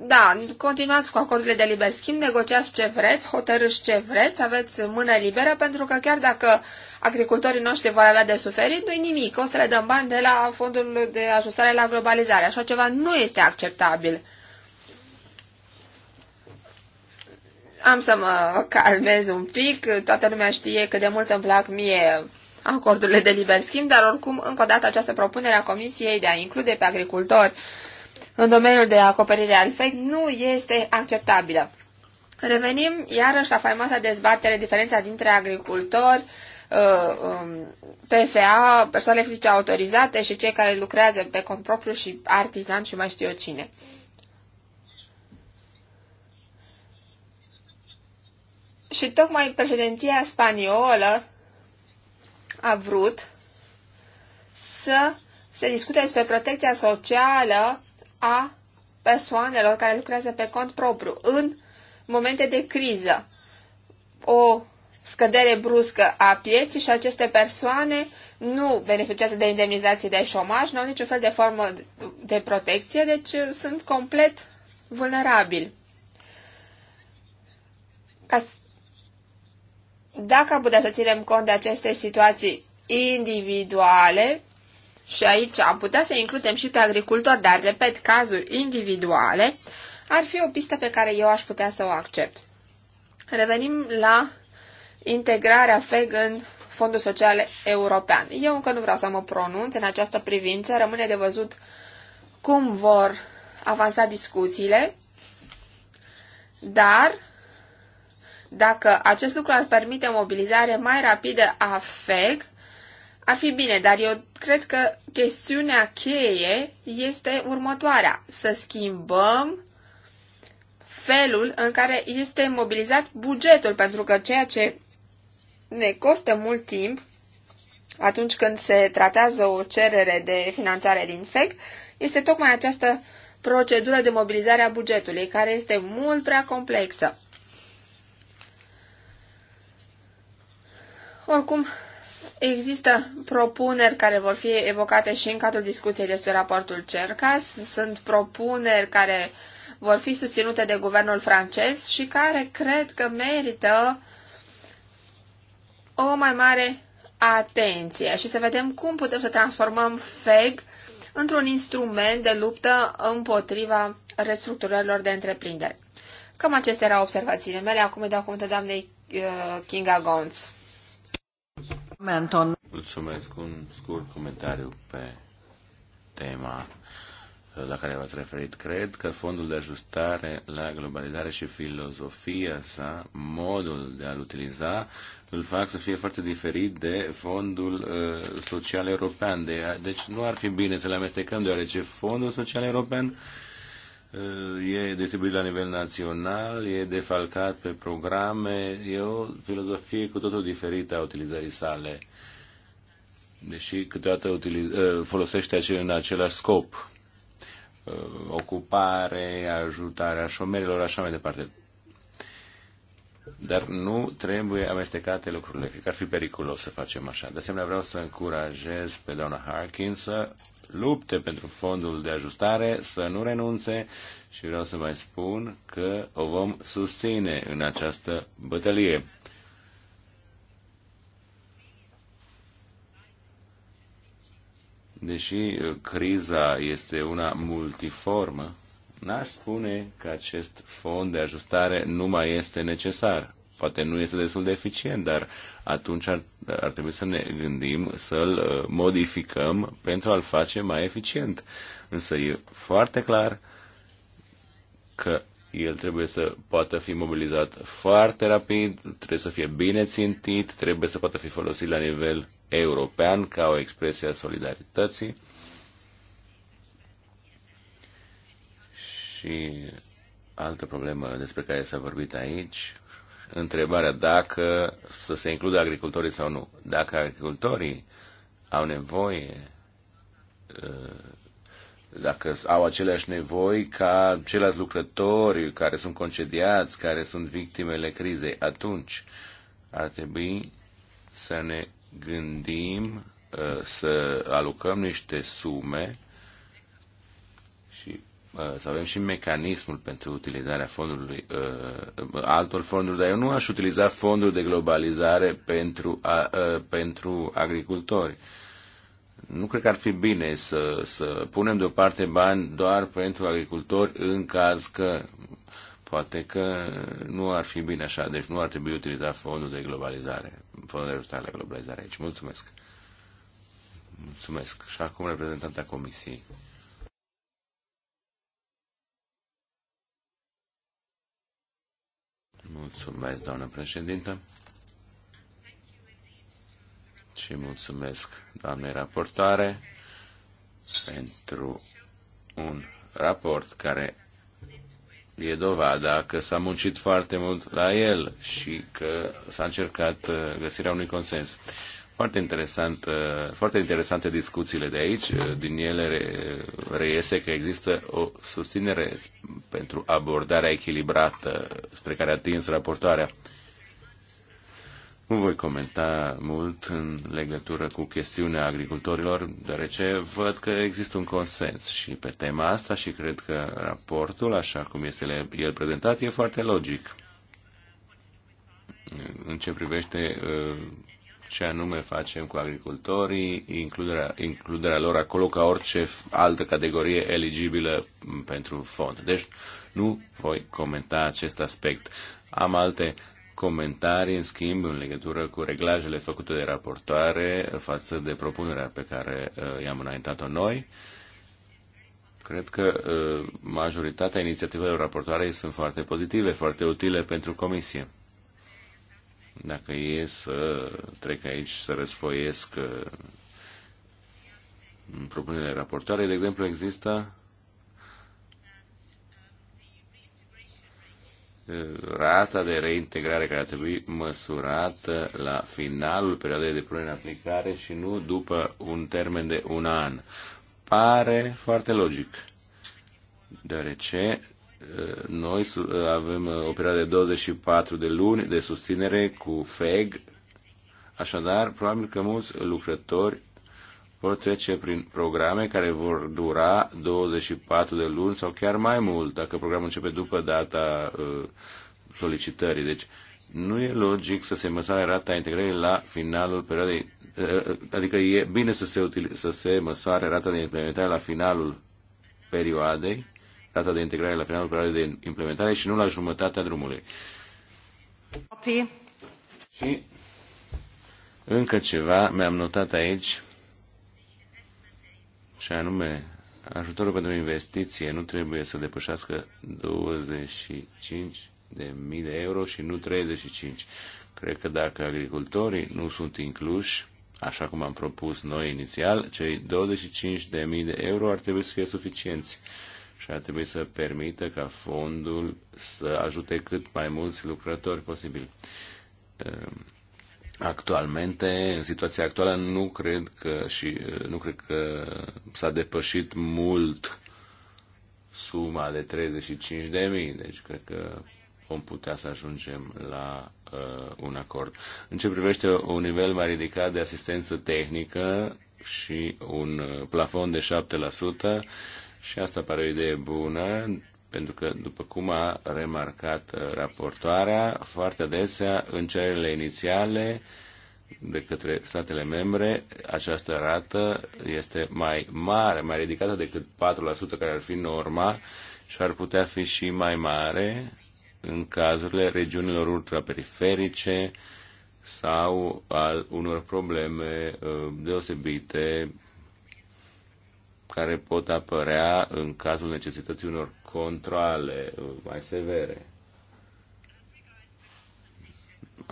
da, continuați cu acordurile de liber schimb, negociați ce vreți, hotărâți ce vreți, aveți mână liberă, pentru că chiar dacă agricultorii noștri vor avea de suferit, nu-i nimic, o să le dăm bani de la fondul de ajustare la globalizare. Așa ceva nu este acceptabil. Am să mă calmez un pic, toată lumea știe că de mult îmi plac mie acordurile de liber schimb, dar oricum, încă o dată, această propunere a Comisiei de a include pe agricultori în domeniul de acoperire al fake nu este acceptabilă. Revenim iarăși la faimoasa dezbatere, diferența dintre agricultori, uh, um, PFA, persoanele fizice autorizate și cei care lucrează pe cont propriu și artizan și mai știu eu cine. Și tocmai președinția spaniolă a vrut să se discute despre protecția socială a persoanelor care lucrează pe cont propriu în momente de criză. O scădere bruscă a pieții și aceste persoane nu beneficiază de indemnizații de șomaj, nu au niciun fel de formă de protecție, deci sunt complet vulnerabili. dacă am putea să ținem cont de aceste situații individuale, și aici am putea să includem și pe agricultori, dar, repet, cazuri individuale, ar fi o pistă pe care eu aș putea să o accept. Revenim la integrarea FEG în Fondul Social European. Eu încă nu vreau să mă pronunț în această privință, rămâne de văzut cum vor avansa discuțiile, dar dacă acest lucru ar permite o mobilizare mai rapidă a FEG, ar fi bine, dar eu cred că chestiunea cheie este următoarea. Să schimbăm felul în care este mobilizat bugetul, pentru că ceea ce ne costă mult timp atunci când se tratează o cerere de finanțare din FEC este tocmai această procedură de mobilizare a bugetului, care este mult prea complexă. Oricum, Există propuneri care vor fi evocate și în cadrul discuției despre raportul Cercas. Sunt propuneri care vor fi susținute de guvernul francez și care cred că merită o mai mare atenție și să vedem cum putem să transformăm FEG într-un instrument de luptă împotriva restructurărilor de întreprinderi. Cam acestea erau observațiile mele. Acum îi dau cuvântul doamnei uh, Kinga Gons. Mulțumesc. Un scurt comentariu pe tema la care v-ați referit. Cred că fondul de ajustare la globalizare și filozofia sa, modul de a-l utiliza, îl fac să fie foarte diferit de fondul uh, social european. De, deci nu ar fi bine să le amestecăm, deoarece fondul social european e distribuit la nivel național, e defalcat pe programe, e o filozofie cu totul diferită a utilizării sale, deși câteodată utiliz- folosește în același scop ocupare, ajutarea șomerilor, așa mai departe. Dar nu trebuie amestecate lucrurile. Cred că ar fi periculos să facem așa. De asemenea, vreau să încurajez pe doamna Harkin să lupte pentru fondul de ajustare, să nu renunțe și vreau să mai spun că o vom susține în această bătălie. Deși criza este una multiformă, n-aș spune că acest fond de ajustare nu mai este necesar. Poate nu este destul de eficient, dar atunci ar dar ar trebui să ne gândim să-l uh, modificăm pentru a-l face mai eficient. Însă e foarte clar că el trebuie să poată fi mobilizat foarte rapid, trebuie să fie bine țintit, trebuie să poată fi folosit la nivel european ca o expresie a solidarității. Și altă problemă despre care s-a vorbit aici întrebarea dacă să se includă agricultorii sau nu. Dacă agricultorii au nevoie, uh, dacă au aceleași nevoi ca ceilalți lucrători care sunt concediați, care sunt victimele crizei, atunci ar trebui să ne gândim uh, să alucăm niște sume Uh, să avem și mecanismul pentru utilizarea fondului, uh, uh, altor fonduri, dar eu nu aș utiliza fondul de globalizare pentru, pentru agricultori. Nu cred că ar fi bine să, să punem deoparte bani doar pentru agricultori în caz că poate că nu ar fi bine așa, deci nu ar trebui utilizat fondul de globalizare, fondul de ajustare la globalizare aici. Mulțumesc! Mulțumesc! Și acum reprezentanta Comisiei. Mulțumesc, doamnă președintă. Și mulțumesc, doamnei raportoare, pentru un raport care e dovada că s-a muncit foarte mult la el și că s-a încercat uh, găsirea unui consens. Foarte, interesant, uh, foarte interesante discuțiile de aici. Uh, din ele reiese că există o susținere pentru abordarea echilibrată spre care a atins raportoarea. Nu voi comenta mult în legătură cu chestiunea agricultorilor, deoarece văd că există un consens și pe tema asta și cred că raportul, așa cum este el prezentat, e foarte logic. În ce privește uh, ce anume facem cu agricultorii, includerea, includerea lor acolo ca orice altă categorie eligibilă pentru fond. Deci nu voi comenta acest aspect. Am alte comentarii, în schimb, în legătură cu reglajele făcute de raportoare față de propunerea pe care uh, i-am înaintat-o noi. Cred că uh, majoritatea inițiativelor raportoarei sunt foarte pozitive, foarte utile pentru comisie. Dacă e să trec aici să răsfoiesc uh, în propunerile raportoare, de exemplu, există uh, rata de reintegrare care ar trebui măsurată la finalul perioadei de punere în aplicare și nu după un termen de un an. Pare foarte logic, deoarece noi avem uh, o perioadă de 24 de luni de susținere cu FEG, așadar, probabil că mulți lucrători vor trece prin programe care vor dura 24 de luni sau chiar mai mult, dacă programul începe după data uh, solicitării. Deci, nu e logic să se măsoare rata integrării la finalul perioadei, uh, adică e bine să se, util, să se măsoare rata de implementare la finalul perioadei, data de integrare la finalul perioadei de implementare și nu la jumătatea drumului. Copii. Și încă ceva mi-am notat aici, și anume, ajutorul pentru investiție nu trebuie să depășească 25 de mii de euro și nu 35. Cred că dacă agricultorii nu sunt incluși, așa cum am propus noi inițial, cei 25 de mii de euro ar trebui să fie suficienți și ar trebui să permită ca fondul să ajute cât mai mulți lucrători posibil. Ehm, actualmente, în situația actuală, nu cred că și eh, nu cred că s-a depășit mult suma de 35 de mii, deci cred că vom putea să ajungem la uh, un acord. În ce privește un nivel mai ridicat de asistență tehnică și un eh, plafon de 7%, și asta pare o idee bună, pentru că, după cum a remarcat uh, raportoarea, foarte adesea în cererile inițiale de către statele membre, această rată este mai mare, mai ridicată decât 4% care ar fi norma și ar putea fi și mai mare în cazurile regiunilor ultraperiferice sau al unor probleme uh, deosebite care pot apărea în cazul necesității unor controle uh, mai severe.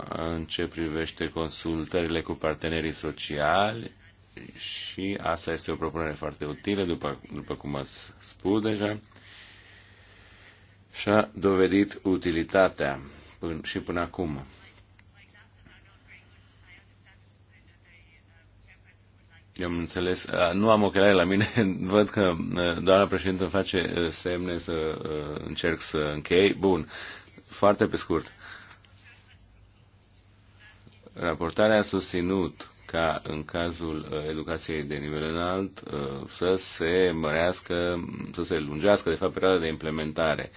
În ce privește consultările cu partenerii sociali, și asta este o propunere foarte utilă, după, după cum ați spus deja, și-a dovedit utilitatea până, și până acum. Eu am înțeles. Nu am ochelare la mine. Văd că doamna președintă îmi face semne să încerc să închei. Bun. Foarte pe scurt. Raportarea a susținut ca în cazul educației de nivel înalt să se mărească, să se lungească, de fapt, perioada de implementare.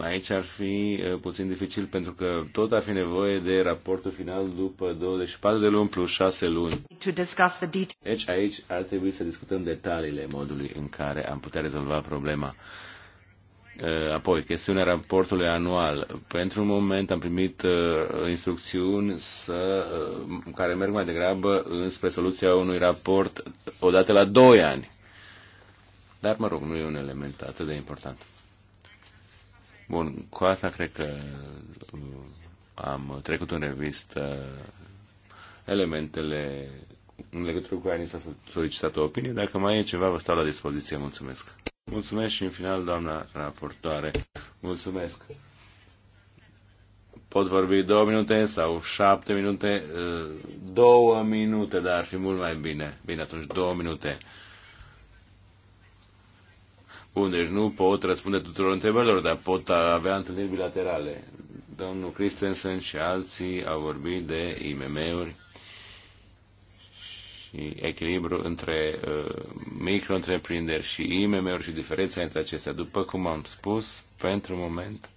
Aici ar fi uh, puțin dificil pentru că tot ar fi nevoie de raportul final după 24 de luni plus 6 luni. Deci aici ar trebui să discutăm detaliile modului în care am putea rezolva problema. Uh, apoi, chestiunea raportului anual. Pentru un moment am primit uh, instrucțiuni să, care merg mai degrabă înspre soluția unui raport odată la 2 ani. Dar, mă rog, nu e un element atât de important. Bun, cu asta cred că uh, am trecut în revistă elementele în legătură cu care ni s-a solicitat o opinie. Dacă mai e ceva, vă stau la dispoziție. Mulțumesc. Mulțumesc și în final, doamna raportoare. Mulțumesc. Pot vorbi două minute sau șapte minute? Uh, două minute, dar ar fi mult mai bine. Bine, atunci două minute. Bun, deci nu pot răspunde tuturor întrebărilor, dar pot avea întâlniri bilaterale. Domnul Christensen și alții au vorbit de IMM-uri și echilibru între uh, micro-întreprinderi și IMM-uri și diferența între acestea. După cum am spus, pentru moment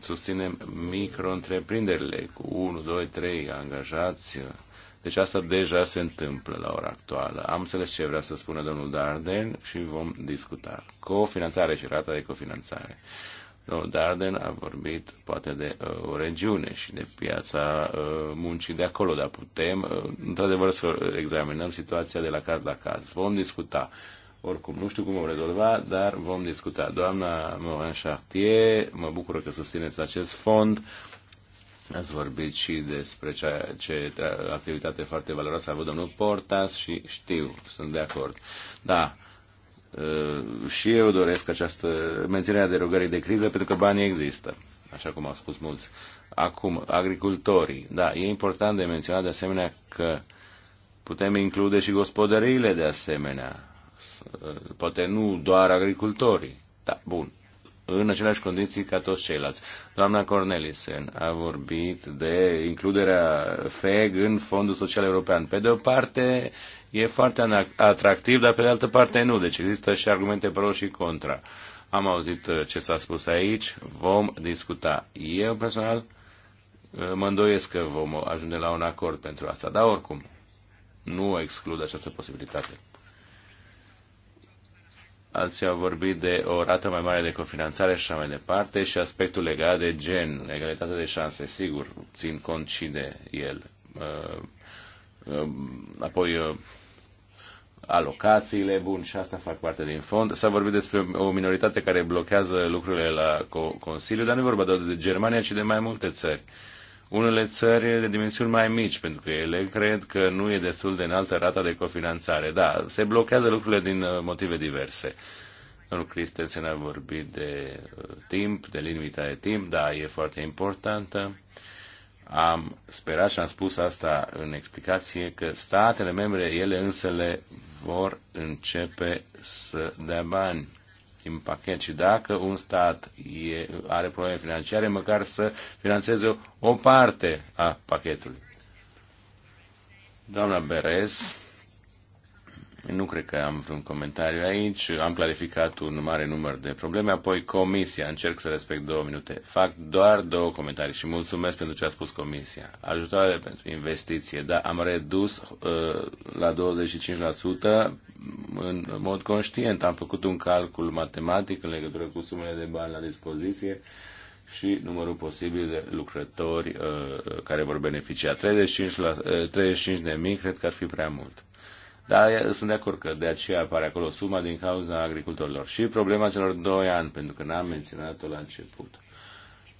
susținem micro-întreprinderile cu 1, 2, 3 angajați uh, deci asta deja se întâmplă la ora actuală. Am înțeles ce vrea să spună domnul Darden și vom discuta. Cofinanțare și rata de cofinanțare. Domnul Darden a vorbit poate de uh, o regiune și de piața uh, muncii de acolo, dar putem uh, într-adevăr să examinăm situația de la caz la caz. Vom discuta. Oricum, nu știu cum o rezolva, dar vom discuta. Doamna Morin Chartier, mă bucur că susțineți acest fond. Uh, Ați vorbit și despre cea, ce activitate foarte valoroasă a avut domnul Portas și știu, sunt de acord. Da, ă, și eu doresc această a derogării de criză pentru că banii există, așa cum au spus mulți. Acum, agricultorii, da, e important de menționat de asemenea că putem include și gospodăriile de asemenea, ă, poate nu doar agricultorii. Da, bun, în aceleași condiții ca toți ceilalți. Doamna Cornelisen a vorbit de includerea FEG în Fondul Social European. Pe de o parte e foarte atractiv, dar pe de altă parte nu. Deci există și argumente pro și contra. Am auzit uh, ce s-a spus aici, vom discuta. Eu personal uh, mă îndoiesc că vom ajunge la un acord pentru asta, dar oricum nu exclud această posibilitate alții au vorbit de o rată mai mare de cofinanțare și așa mai departe și aspectul legat de gen, egalitatea de șanse, sigur, țin cont și de el. Uh, uh, apoi uh, alocațiile, bun, și asta fac parte din fond. S-a vorbit despre o minoritate care blochează lucrurile la Consiliu, dar nu e vorba doar de Germania, ci de mai multe țări. Uh, unele țări de dimensiuni mai mici, pentru că ele cred că nu e destul de înaltă rata de cofinanțare. Da, se blochează lucrurile din uh, motive diverse. Domnul Cristensen a vorbit de uh, timp, de limita de timp, da, e foarte importantă. Am sperat și am spus asta în explicație că statele membre, ele însele, vor începe să dea bani din pachet și dacă un stat e, are probleme financiare, măcar să financeze o, parte a pachetului. Doamna Beres, nu cred că am vreun comentariu aici. Am clarificat un mare număr de probleme. Apoi comisia. Încerc să respect două minute. Fac doar două comentarii și mulțumesc pentru ce a spus comisia. Ajutoare pentru investiție. Da, am redus uh, la 25% în mod conștient. Am făcut un calcul matematic în legătură cu sumele de bani la dispoziție și numărul posibil de lucrători uh, care vor beneficia. 35, la, uh, 35 de mii cred că ar fi prea mult. Dar sunt de acord că de aceea apare acolo suma din cauza agricultorilor. Și problema celor doi ani, pentru că n-am menționat-o la început.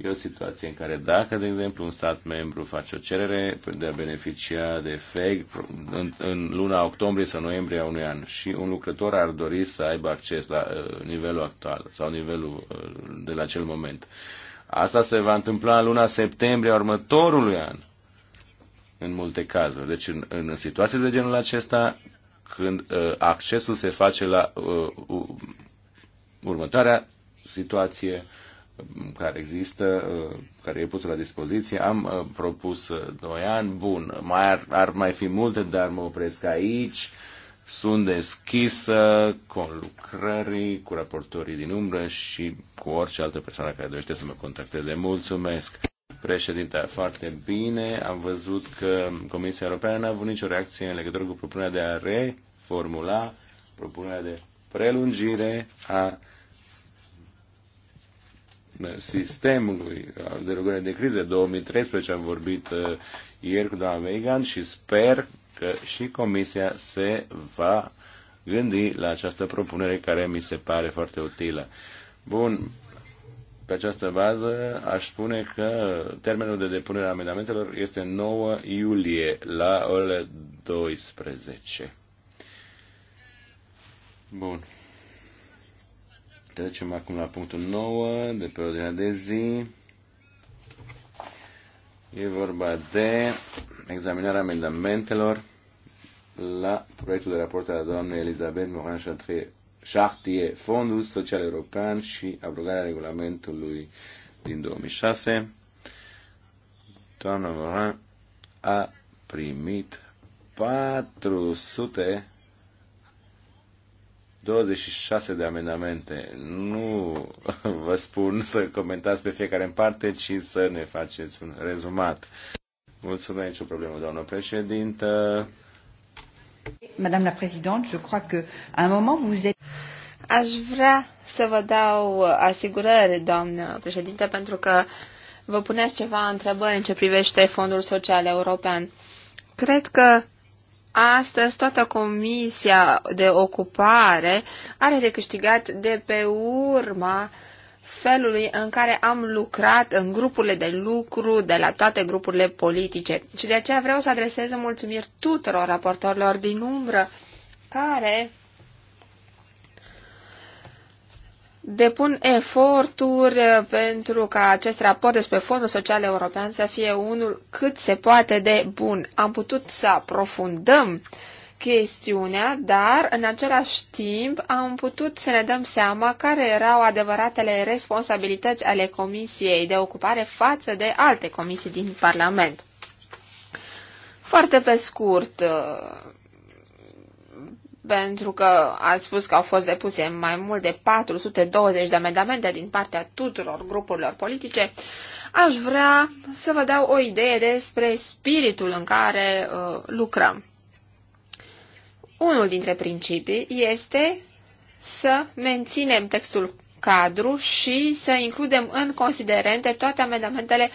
E o situație în care dacă, de exemplu, un stat membru face o cerere de a beneficia de FEG în, în luna octombrie sau noiembrie a unui an și un lucrător ar dori să aibă acces la uh, nivelul actual sau nivelul uh, de la acel moment, asta se va întâmpla în luna septembrie a următorului an, în multe cazuri. Deci, în, în situații de genul acesta, când uh, accesul se face la uh, uh, următoarea situație, uh, care există, uh, care e pus la dispoziție. Am uh, propus 2 uh, ani, bun, mai ar, ar mai fi multe, dar mă opresc aici. Sunt deschisă cu lucrării, cu raportorii din umbră și cu orice altă persoană care dorește să mă contacteze. Mulțumesc! Președinte, foarte bine. Am văzut că Comisia Europeană n-a avut nicio reacție în legătură cu propunerea de a reformula propunerea de prelungire a sistemului de rugări de criză. 2013 am vorbit uh, ieri cu doamna Megan și sper că și Comisia se va gândi la această propunere care mi se pare foarte utilă. Bun, pe această bază aș spune că termenul de depunere a amendamentelor este 9 iulie la orele 12. Bun. Trecem acum la punctul 9 de pe ordinea de zi. E vorba de examinarea amendamentelor la proiectul de raport al doamnei Elizabeth Morin Chartier, Fondul Social European și abrogarea regulamentului din 2006. Doamna Morin a primit 400 26 de amendamente. Nu vă spun să comentați pe fiecare în parte, ci să ne faceți un rezumat. Mulțumesc, nicio problemă, doamnă președintă. Madame la Présidente, je crois que à un moment vous êtes... Aș vrea să vă dau asigurări, doamnă președinte, pentru că vă puneți ceva întrebări în ce privește Fondul Social European. Cred că Astăzi toată comisia de ocupare are de câștigat de pe urma felului în care am lucrat în grupurile de lucru de la toate grupurile politice. Și de aceea vreau să adresez mulțumiri tuturor raportorilor din umbră care depun eforturi uh, pentru ca acest raport despre Fondul Social European să fie unul cât se poate de bun. Am putut să aprofundăm chestiunea, dar în același timp am putut să ne dăm seama care erau adevăratele responsabilități ale Comisiei de Ocupare față de alte comisii din Parlament. Foarte pe scurt, uh, pentru că ați spus că au fost depuse mai mult de 420 de amendamente din partea tuturor grupurilor politice, aș vrea să vă dau o idee despre spiritul în care uh, lucrăm. Unul dintre principii este să menținem textul cadru și să includem în considerente toate amendamentele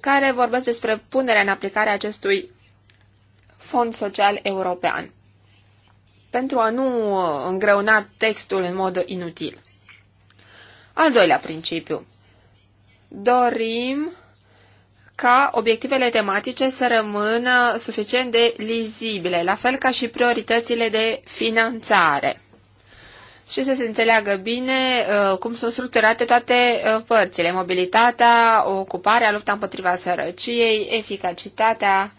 care vorbesc despre punerea în aplicare a acestui fond social european pentru a nu uh, îngreuna textul în mod inutil. Al doilea principiu. Dorim ca obiectivele tematice să rămână suficient de lizibile, la fel ca și prioritățile de finanțare. Și să se înțeleagă bine uh, cum sunt structurate toate uh, părțile, mobilitatea, ocuparea, lupta împotriva sărăciei, eficacitatea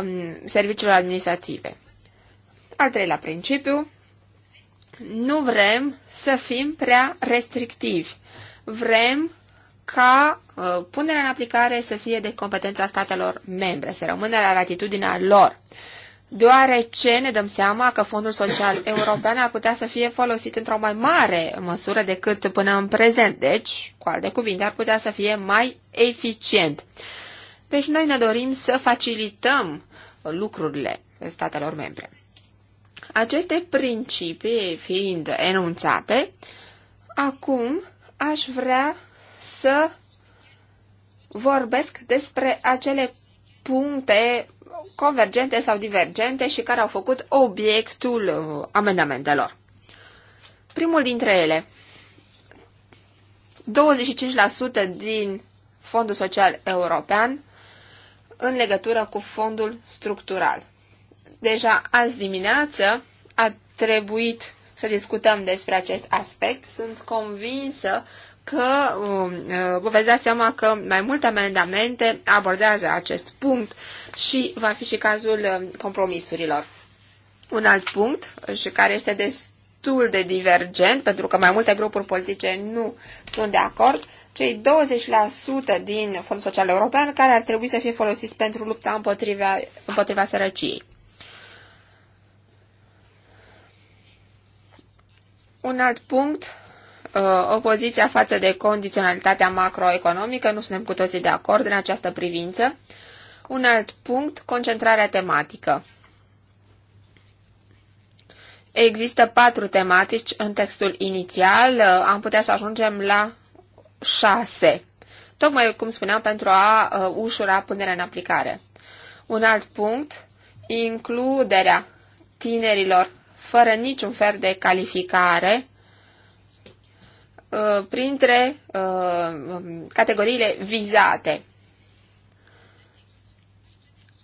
um, serviciilor administrative. Al treilea principiu, nu vrem să fim prea restrictivi. Vrem ca uh, punerea în aplicare să fie de competența statelor membre, să rămână la latitudinea lor, deoarece ne dăm seama că Fondul Social European ar putea să fie folosit într-o mai mare măsură decât până în prezent, deci, cu alte cuvinte, ar putea să fie mai eficient. Deci noi ne dorim să facilităm lucrurile statelor membre. Aceste principii fiind enunțate, acum aș vrea să vorbesc despre acele puncte convergente sau divergente și care au făcut obiectul uh, amendamentelor. Primul dintre ele, 25% din Fondul Social European în legătură cu fondul structural. Deja azi dimineață a trebuit să discutăm despre acest aspect. Sunt convinsă că um, uh, vă veți da seama că mai multe amendamente abordează acest punct și va fi și cazul um, compromisurilor. Un alt punct uh, și care este destul de divergent, pentru că mai multe grupuri politice nu sunt de acord, cei 20% din Fondul Social European care ar trebui să fie folosiți pentru lupta împotriva, împotriva sărăciei. Un alt punct, uh, opoziția față de condiționalitatea macroeconomică, nu suntem cu toții de acord în această privință. Un alt punct, concentrarea tematică. Există patru tematici în textul inițial, uh, am putea să ajungem la șase, tocmai cum spuneam, pentru a uh, ușura punerea în aplicare. Un alt punct, includerea tinerilor fără niciun fel de calificare, uh, printre uh, categoriile vizate.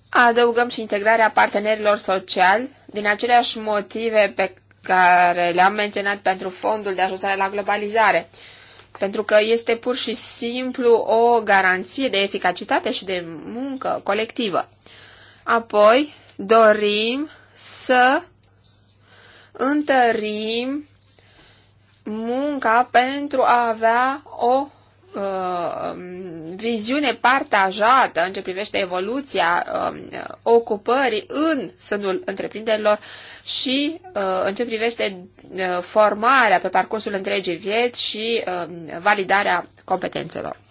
Adăugăm și integrarea partenerilor sociali din aceleași motive pe care le-am menționat pentru fondul de ajustare la globalizare, pentru că este pur și simplu o garanție de eficacitate și de muncă colectivă. Apoi dorim să întărim munca pentru a avea o uh, viziune partajată în ce privește evoluția uh, ocupării în sânul întreprinderilor și uh, în ce privește uh, formarea pe parcursul întregii vieți și um, validarea competențelor.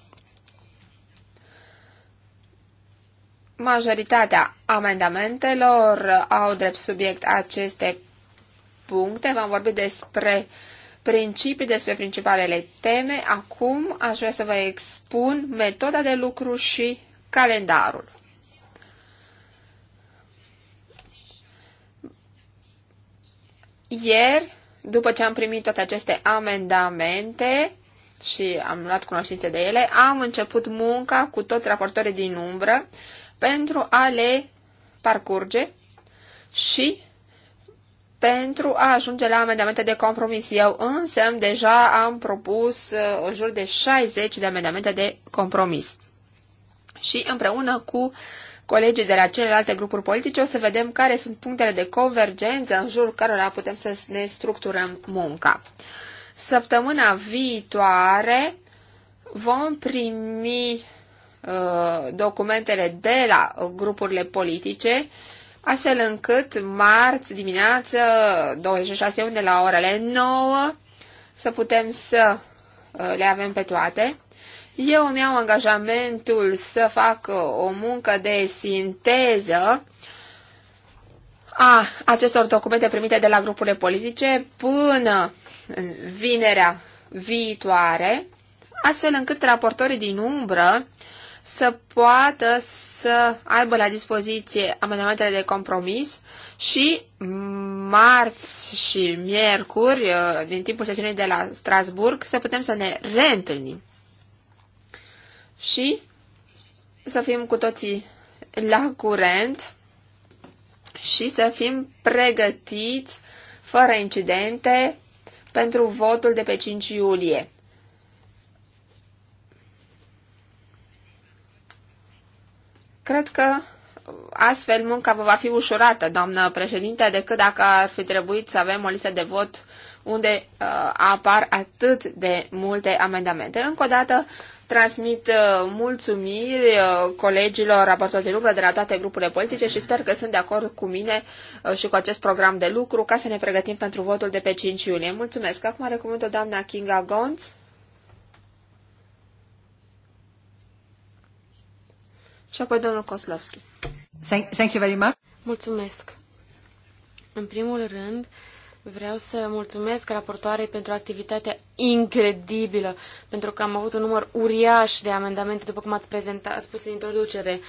Majoritatea amendamentelor au drept subiect aceste puncte, v-am vorbit despre principii, despre principalele teme. Acum aș vrea să vă expun metoda de lucru și calendarul. Ieri, după ce am primit toate aceste amendamente și am luat cunoștință de ele, am început munca cu toți raportorii din umbră pentru a le parcurge și pentru a ajunge la amendamente de compromis. Eu însă deja am propus uh, în jur de 60 de amendamente de compromis. Și împreună cu colegii de la celelalte grupuri politice o să vedem care sunt punctele de convergență în jurul cărora putem să ne structurăm munca. Săptămâna viitoare vom primi uh, documentele de la uh, grupurile politice uh, astfel încât marți dimineață, 26 iunie la orele 9, să putem să uh, le avem pe toate. Eu îmi iau angajamentul să fac uh, o muncă de sinteză a acestor documente primite de la grupurile politice până vinerea viitoare, astfel încât raportorii din umbră să poată să aibă la dispoziție amendamentele de compromis și marți și miercuri, uh, din timpul sesiunii de la Strasburg, să putem să ne reîntâlnim și să fim cu toții la curent și să fim pregătiți fără incidente pentru votul de pe 5 iulie. Cred că astfel munca vă va fi ușurată, doamnă președinte, decât dacă ar fi trebuit să avem o listă de vot unde uh, apar atât de multe amendamente. Încă o dată transmit uh, mulțumiri uh, colegilor raportori de lucru de la toate grupurile politice și sper că sunt de acord cu mine uh, și cu acest program de lucru ca să ne pregătim pentru votul de pe 5 iulie. Mulțumesc! Acum are cuvântul doamna Kinga Gonț. Și apoi domnul Koslovski. Thank you very much. Mulțumesc. În primul rând, vreau să mulțumesc raportoarei pentru activitatea incredibilă, pentru că am avut un număr uriaș de amendamente, după cum ați prezentat, spus în introducere. Uh,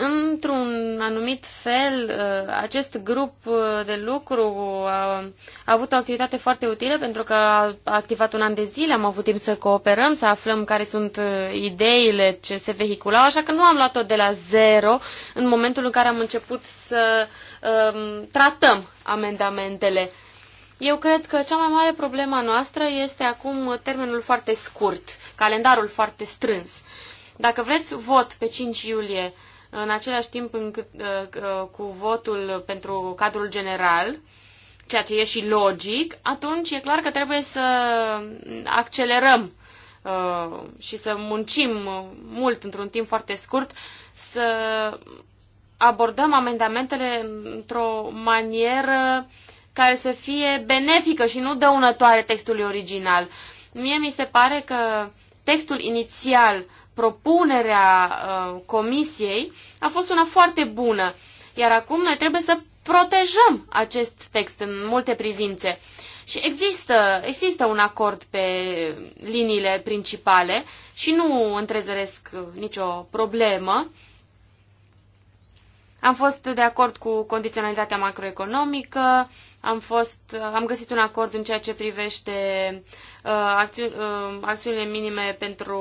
într-un anumit fel, uh, acest grup uh, de lucru uh, a avut o activitate foarte utilă pentru că a activat un an de zile, am avut timp să cooperăm, să aflăm care sunt ideile ce se vehiculau, așa că nu am luat-o de la zero în momentul în care am început să um, tratăm amendamentele. Eu cred că cea mai mare problemă noastră este acum termenul foarte scurt, calendarul foarte strâns. Dacă vreți vot pe 5 iulie, în același timp încât, uh, uh, cu votul pentru cadrul general, ceea ce e și logic, atunci e clar că trebuie să accelerăm uh, și să muncim mult într-un timp foarte scurt, să abordăm amendamentele într-o manieră care să fie benefică și nu dăunătoare textului original. Mie mi se pare că textul inițial uh, propunerea uh, comisiei a fost una foarte bună, iar acum noi trebuie să protejăm acest text în multe privințe. Și există, există un acord pe liniile principale și nu întrezăresc nicio problemă. Am fost de acord cu condiționalitatea macroeconomică, am, fost, am găsit un acord în ceea ce privește uh, acțiun, uh, acțiunile minime pentru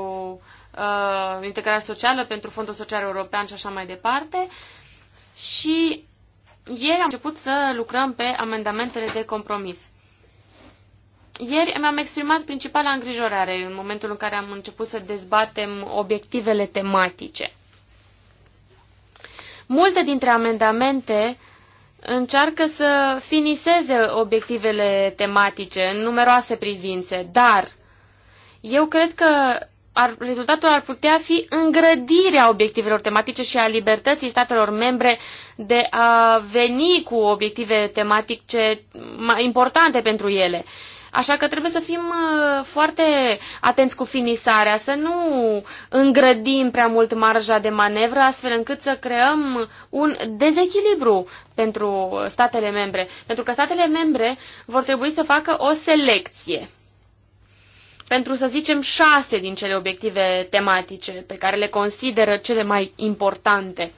uh, integrarea socială, pentru Fondul Social European și așa mai departe. Și ieri am început să lucrăm pe amendamentele de compromis. Ieri mi-am exprimat principala îngrijorare în momentul în care am început să dezbatem obiectivele tematice. Multe dintre amendamente încearcă să finiseze obiectivele tematice în numeroase privințe, dar eu cred că ar, rezultatul ar putea fi îngrădirea obiectivelor tematice și a libertății statelor membre de a veni cu obiective tematice mai importante pentru ele. Așa că trebuie să fim uh, foarte atenți cu finisarea, să nu îngrădim prea mult marja de manevră, astfel încât să creăm un dezechilibru pentru statele membre. Pentru că statele membre vor trebui să facă o selecție pentru, să zicem, șase din cele obiective tematice pe care le consideră cele mai importante.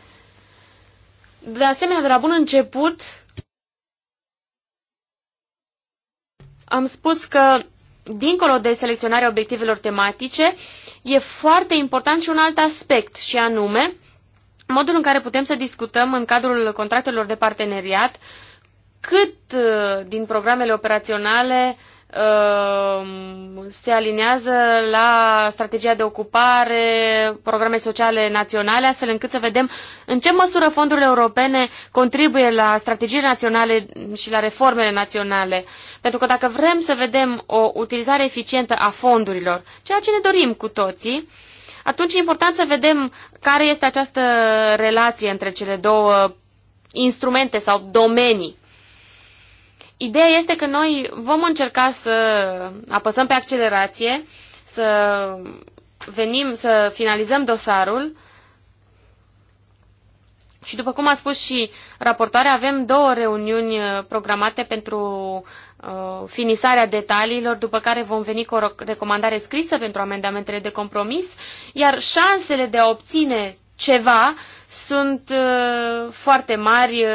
De asemenea, de la bun început, am spus că, dincolo de selecționarea obiectivelor tematice, e foarte important și un alt aspect, și anume, modul în care putem să discutăm în cadrul contractelor de parteneriat cât uh, din programele operaționale uh, Um, se alinează la strategia de ocupare, programe sociale naționale, astfel încât să vedem în ce măsură fondurile europene contribuie la strategiile naționale și la reformele naționale. Pentru că dacă vrem să vedem o utilizare eficientă a fondurilor, ceea ce ne dorim cu toții, atunci e important să vedem care este această relație între cele două instrumente sau domenii Ideea este că noi vom încerca să apăsăm pe accelerație, să venim, să finalizăm dosarul și după cum a spus și raportoarea, avem două reuniuni uh, programate pentru uh, finisarea detaliilor, după care vom veni cu o recomandare scrisă pentru amendamentele de compromis, iar șansele de a obține ceva sunt uh, foarte mari uh,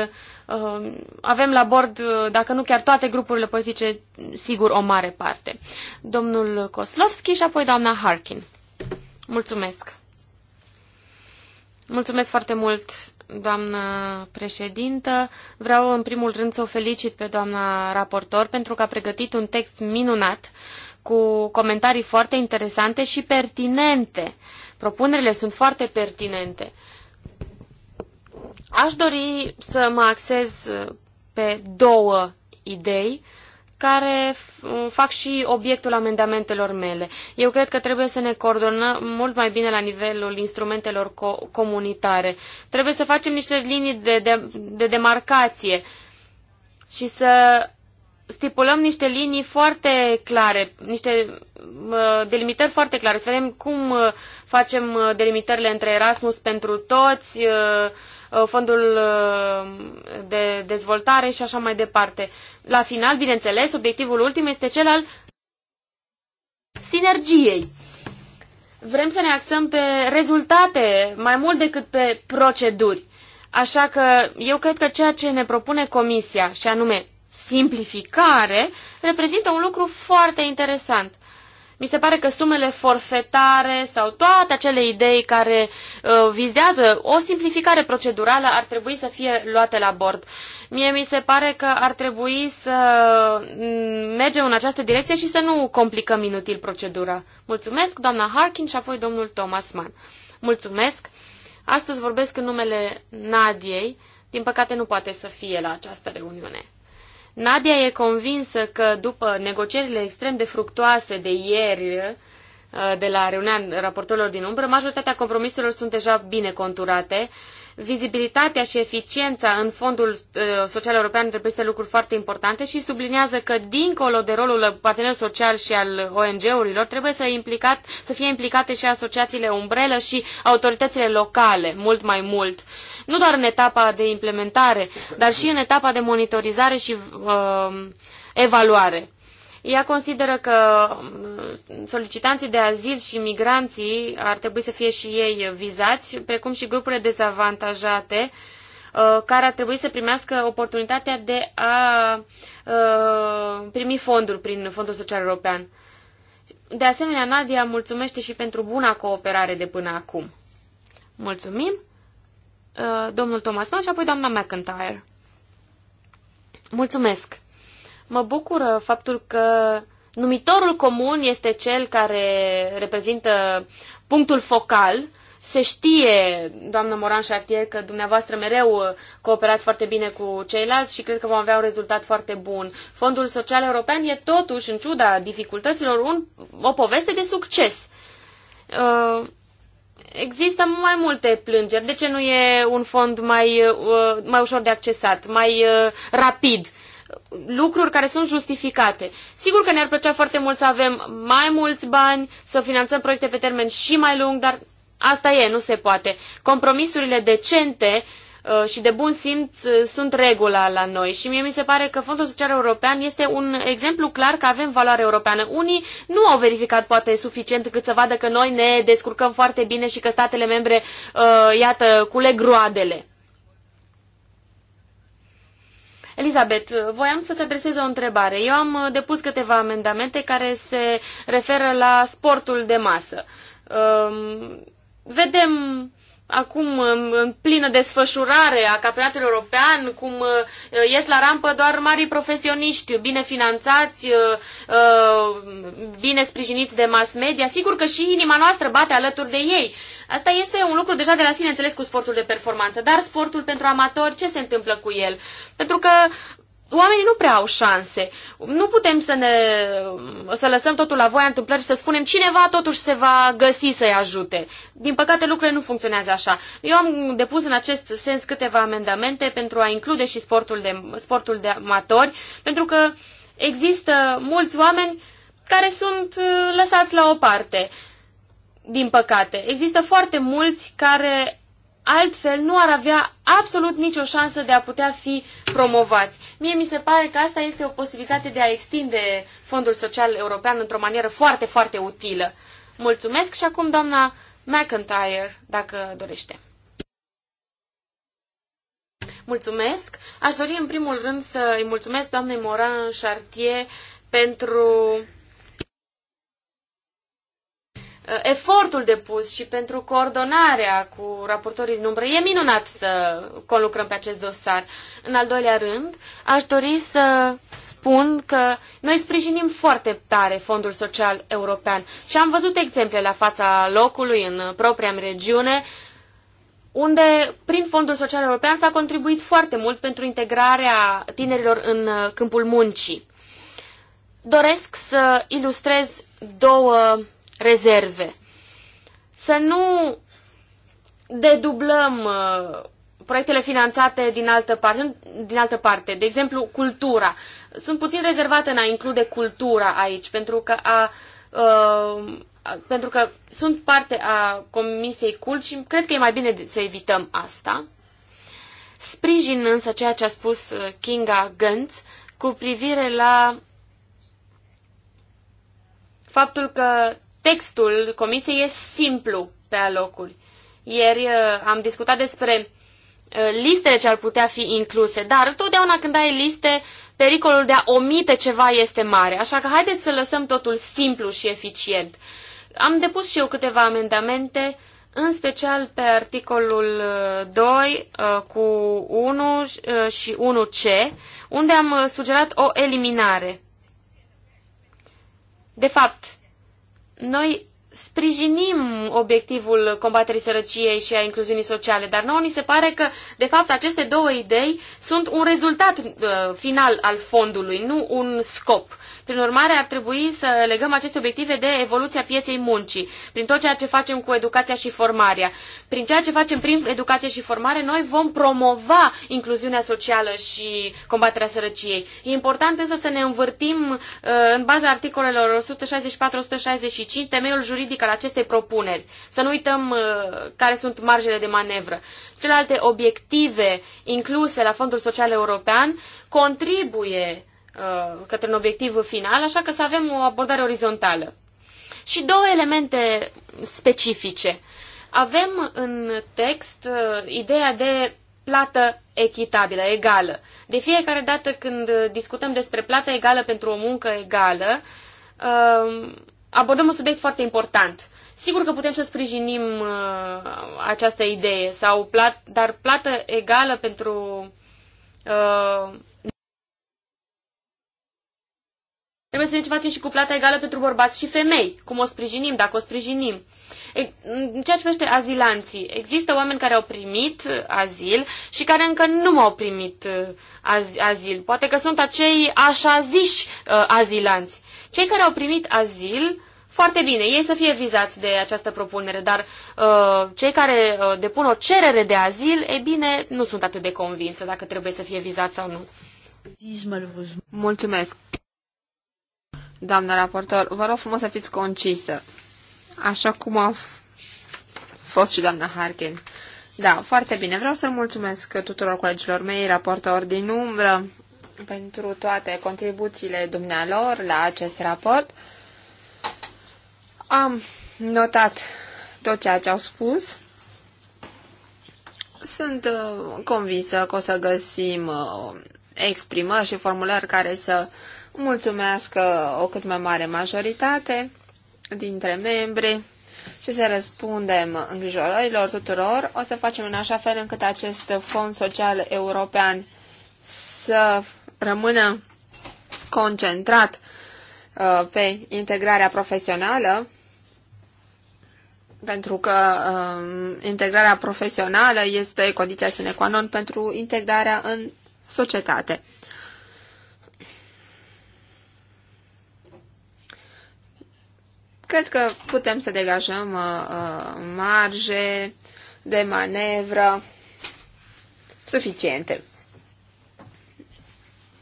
Uh, avem la bord, uh, dacă nu chiar toate grupurile politice, sigur o mare parte. Domnul Koslovski și apoi doamna Harkin. Mulțumesc! Mulțumesc foarte mult, doamnă președintă. Vreau în primul rând să o felicit pe doamna raportor pentru că a pregătit un text minunat cu comentarii foarte interesante și pertinente. Propunerile sunt foarte pertinente. Aș dori să mă axez uh, pe două idei care uh, fac și obiectul amendamentelor mele. Eu cred că trebuie să ne coordonăm mult mai bine la nivelul instrumentelor co comunitare. Trebuie să facem niște linii de, de, de demarcație și să stipulăm niște linii foarte clare, niște uh, delimitări foarte clare. Să vedem cum facem delimitările între Erasmus pentru toți, Uh, fondul uh, de dezvoltare și așa mai departe. La final, bineînțeles, obiectivul ultim este cel al sinergiei. Vrem să ne axăm pe rezultate mai mult decât pe proceduri. Așa că eu cred că ceea ce ne propune Comisia, și anume simplificare, reprezintă un lucru foarte interesant. Mi se pare că sumele forfetare sau toate acele idei care uh, vizează o simplificare procedurală ar trebui să fie luate la bord. Mie mi se pare că ar trebui să mm, mergem în această direcție și să nu complicăm inutil procedura. Mulțumesc, doamna Harkin și apoi domnul Thomas Mann. Mulțumesc. Astăzi vorbesc în numele Nadiei. Din păcate nu poate să fie la această reuniune. Nadia e convinsă că după negocierile extrem de fructoase de ieri, uh, de la reuniunea raportorilor din umbră, majoritatea compromisurilor sunt deja bine conturate vizibilitatea și eficiența în Fondul uh, Social European reprezintă lucruri foarte importante și subliniază că, dincolo de rolul partenerilor social și al ONG-urilor, trebuie să, implicat, să fie implicate și asociațiile umbrelă și autoritățile locale, mult mai mult. Nu doar în etapa de implementare, dar și în etapa de monitorizare și uh, evaluare. Ea consideră că mm, solicitanții de azil și migranții ar trebui să fie și ei vizați, precum și grupurile dezavantajate, uh, care ar trebui să primească oportunitatea de a uh, primi fonduri prin Fondul Social European. De asemenea, Nadia mulțumește și pentru buna cooperare de până acum. Mulțumim, uh, domnul Thomas Mann și apoi doamna McIntyre. Mulțumesc! Mă bucură faptul că numitorul comun este cel care reprezintă punctul focal. Se știe, doamnă Moran Chartier, că dumneavoastră mereu cooperați foarte bine cu ceilalți și cred că vom avea un rezultat foarte bun. Fondul Social European e totuși, în ciuda dificultăților, un, o poveste de succes. Uh, există mai multe plângeri. De ce nu e un fond mai, uh, mai ușor de accesat, mai uh, rapid? lucruri care sunt justificate. Sigur că ne-ar plăcea foarte mult să avem mai mulți bani, să finanțăm proiecte pe termen și mai lung, dar asta e, nu se poate. Compromisurile decente uh, și de bun simț uh, sunt regula la noi și mie mi se pare că Fondul Social European este un exemplu clar că avem valoare europeană. Unii nu au verificat poate suficient cât să vadă că noi ne descurcăm foarte bine și că statele membre, uh, iată, culeg roadele. Elizabeth, voiam să-ți adresez o întrebare. Eu am uh, depus câteva amendamente care se referă la sportul de masă. Um, vedem acum în plină desfășurare a campionatului european, cum uh, ies la rampă doar mari profesioniști, bine finanțați, uh, uh, bine sprijiniți de mass media. Sigur că și inima noastră bate alături de ei. Asta este un lucru deja de la sine înțeles cu sportul de performanță, dar sportul pentru amatori, ce se întâmplă cu el? Pentru că oamenii nu prea au șanse. Nu putem să ne să lăsăm totul la voia întâmplări și să spunem cineva totuși se va găsi să-i ajute. Din păcate lucrurile nu funcționează așa. Eu am depus în acest sens câteva amendamente pentru a include și sportul de, sportul de amatori, pentru că există mulți oameni care sunt uh, lăsați la o parte. Din păcate, există foarte mulți care altfel nu ar avea absolut nicio șansă de a putea fi promovați. Mie mi se pare că asta este o posibilitate de a extinde Fondul Social European într-o manieră foarte, foarte utilă. Mulțumesc și acum doamna McIntyre, dacă dorește. Mulțumesc. Aș dori în primul rând să îi mulțumesc doamnei Moran Chartier pentru Uh, efortul depus și pentru coordonarea cu raportorii din umbră. E minunat să conlucrăm pe acest dosar. În al doilea rând, aș dori să spun că noi sprijinim foarte tare Fondul Social European și am văzut exemple la fața locului în propria regiune unde prin Fondul Social European s-a contribuit foarte mult pentru integrarea tinerilor în câmpul muncii. Doresc să ilustrez două rezerve. Să nu dedublăm uh, proiectele finanțate din altă parte, din altă parte. de exemplu, cultura. Sunt puțin rezervată în a include cultura aici, pentru că a, uh, a pentru că sunt parte a Comisiei Cult și cred că e mai bine să evităm asta. Sprijin însă ceea ce a spus uh, Kinga Gantz cu privire la faptul că textul comisiei e simplu pe alocuri. Ieri uh, am discutat despre uh, listele ce ar putea fi incluse, dar totdeauna când ai liste, pericolul de a omite ceva este mare, așa că haideți să lăsăm totul simplu și eficient. Am depus și eu câteva amendamente, în special pe articolul 2 uh, cu 1 și 1C, unde am sugerat o eliminare. De fapt, noi sprijinim obiectivul combaterii sărăciei și a incluziunii sociale, dar nouă ni se pare că, de fapt, aceste două idei sunt un rezultat uh, final al fondului, nu un scop. Prin urmare, ar trebui să legăm aceste obiective de evoluția pieței muncii, prin tot ceea ce facem cu educația și formarea. Prin ceea ce facem prin educație și formare, noi vom promova incluziunea socială și combaterea sărăciei. E important însă să ne învârtim uh, în baza articolelor 164-165 temeiul juridic al acestei propuneri. Să nu uităm uh, care sunt marjele de manevră. Celelalte obiective incluse la Fondul Social European contribuie Uh, către un obiectiv final, așa că să avem o abordare orizontală. Și două elemente specifice. Avem în text uh, ideea de plată echitabilă, egală. De fiecare dată când discutăm despre plată egală pentru o muncă egală, uh, abordăm un subiect foarte important. Sigur că putem să sprijinim această idee, sau plat, dar plată egală pentru Trebuie să ne facem și cu plata egală pentru bărbați și femei. Cum o sprijinim, dacă o sprijinim. În ceea ce privește azilanții, există oameni care au primit uh, azil și care încă nu au primit uh, az- azil. Poate că sunt acei așa ziși uh, azilanți. Cei care au primit azil, foarte bine, ei să fie vizați de această propunere, dar uh, cei care uh, depun o cerere de azil, e bine, nu sunt atât de convinsă dacă trebuie să fie vizați sau nu. Mulțumesc doamnă raportor. Vă rog frumos să fiți concisă, așa cum a fost și doamna Harkin. Da, foarte bine. Vreau să mulțumesc tuturor colegilor mei, raportori din umbră, pentru toate contribuțiile dumnealor la acest raport. Am notat tot ceea ce au spus. Sunt uh, convinsă că o să găsim uh, exprimări și formulări care să mulțumească o cât mai mare majoritate dintre membri și să răspundem îngrijorărilor tuturor, o să facem în așa fel încât acest fond social european să rămână concentrat uh, pe integrarea profesională, pentru că um, integrarea profesională este condiția sine qua non pentru integrarea în societate. Cred că putem să degajăm uh, uh marge de manevră suficiente.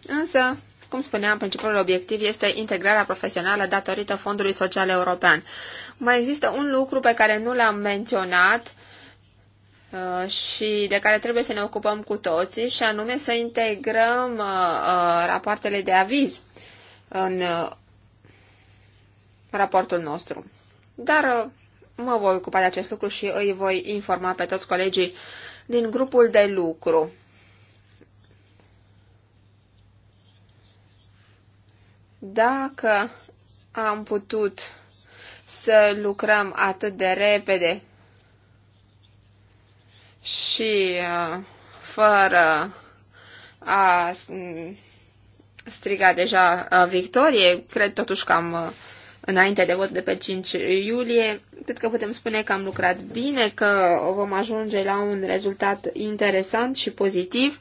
Însă, cum spuneam, principalul obiectiv este integrarea profesională datorită Fondului Social European. Mai există un lucru pe care nu l-am menționat uh, și de care trebuie să ne ocupăm cu toții, și anume să integrăm uh, rapoartele de aviz în raportul nostru. Dar uh, mă voi ocupa de acest lucru și îi voi informa pe toți colegii din grupul de lucru. Dacă am putut să lucrăm atât de repede și uh, fără a striga deja uh, victorie, cred totuși că am înainte de vot de pe 5 iulie. Cred că putem spune că am lucrat bine, că vom ajunge la un rezultat interesant și pozitiv.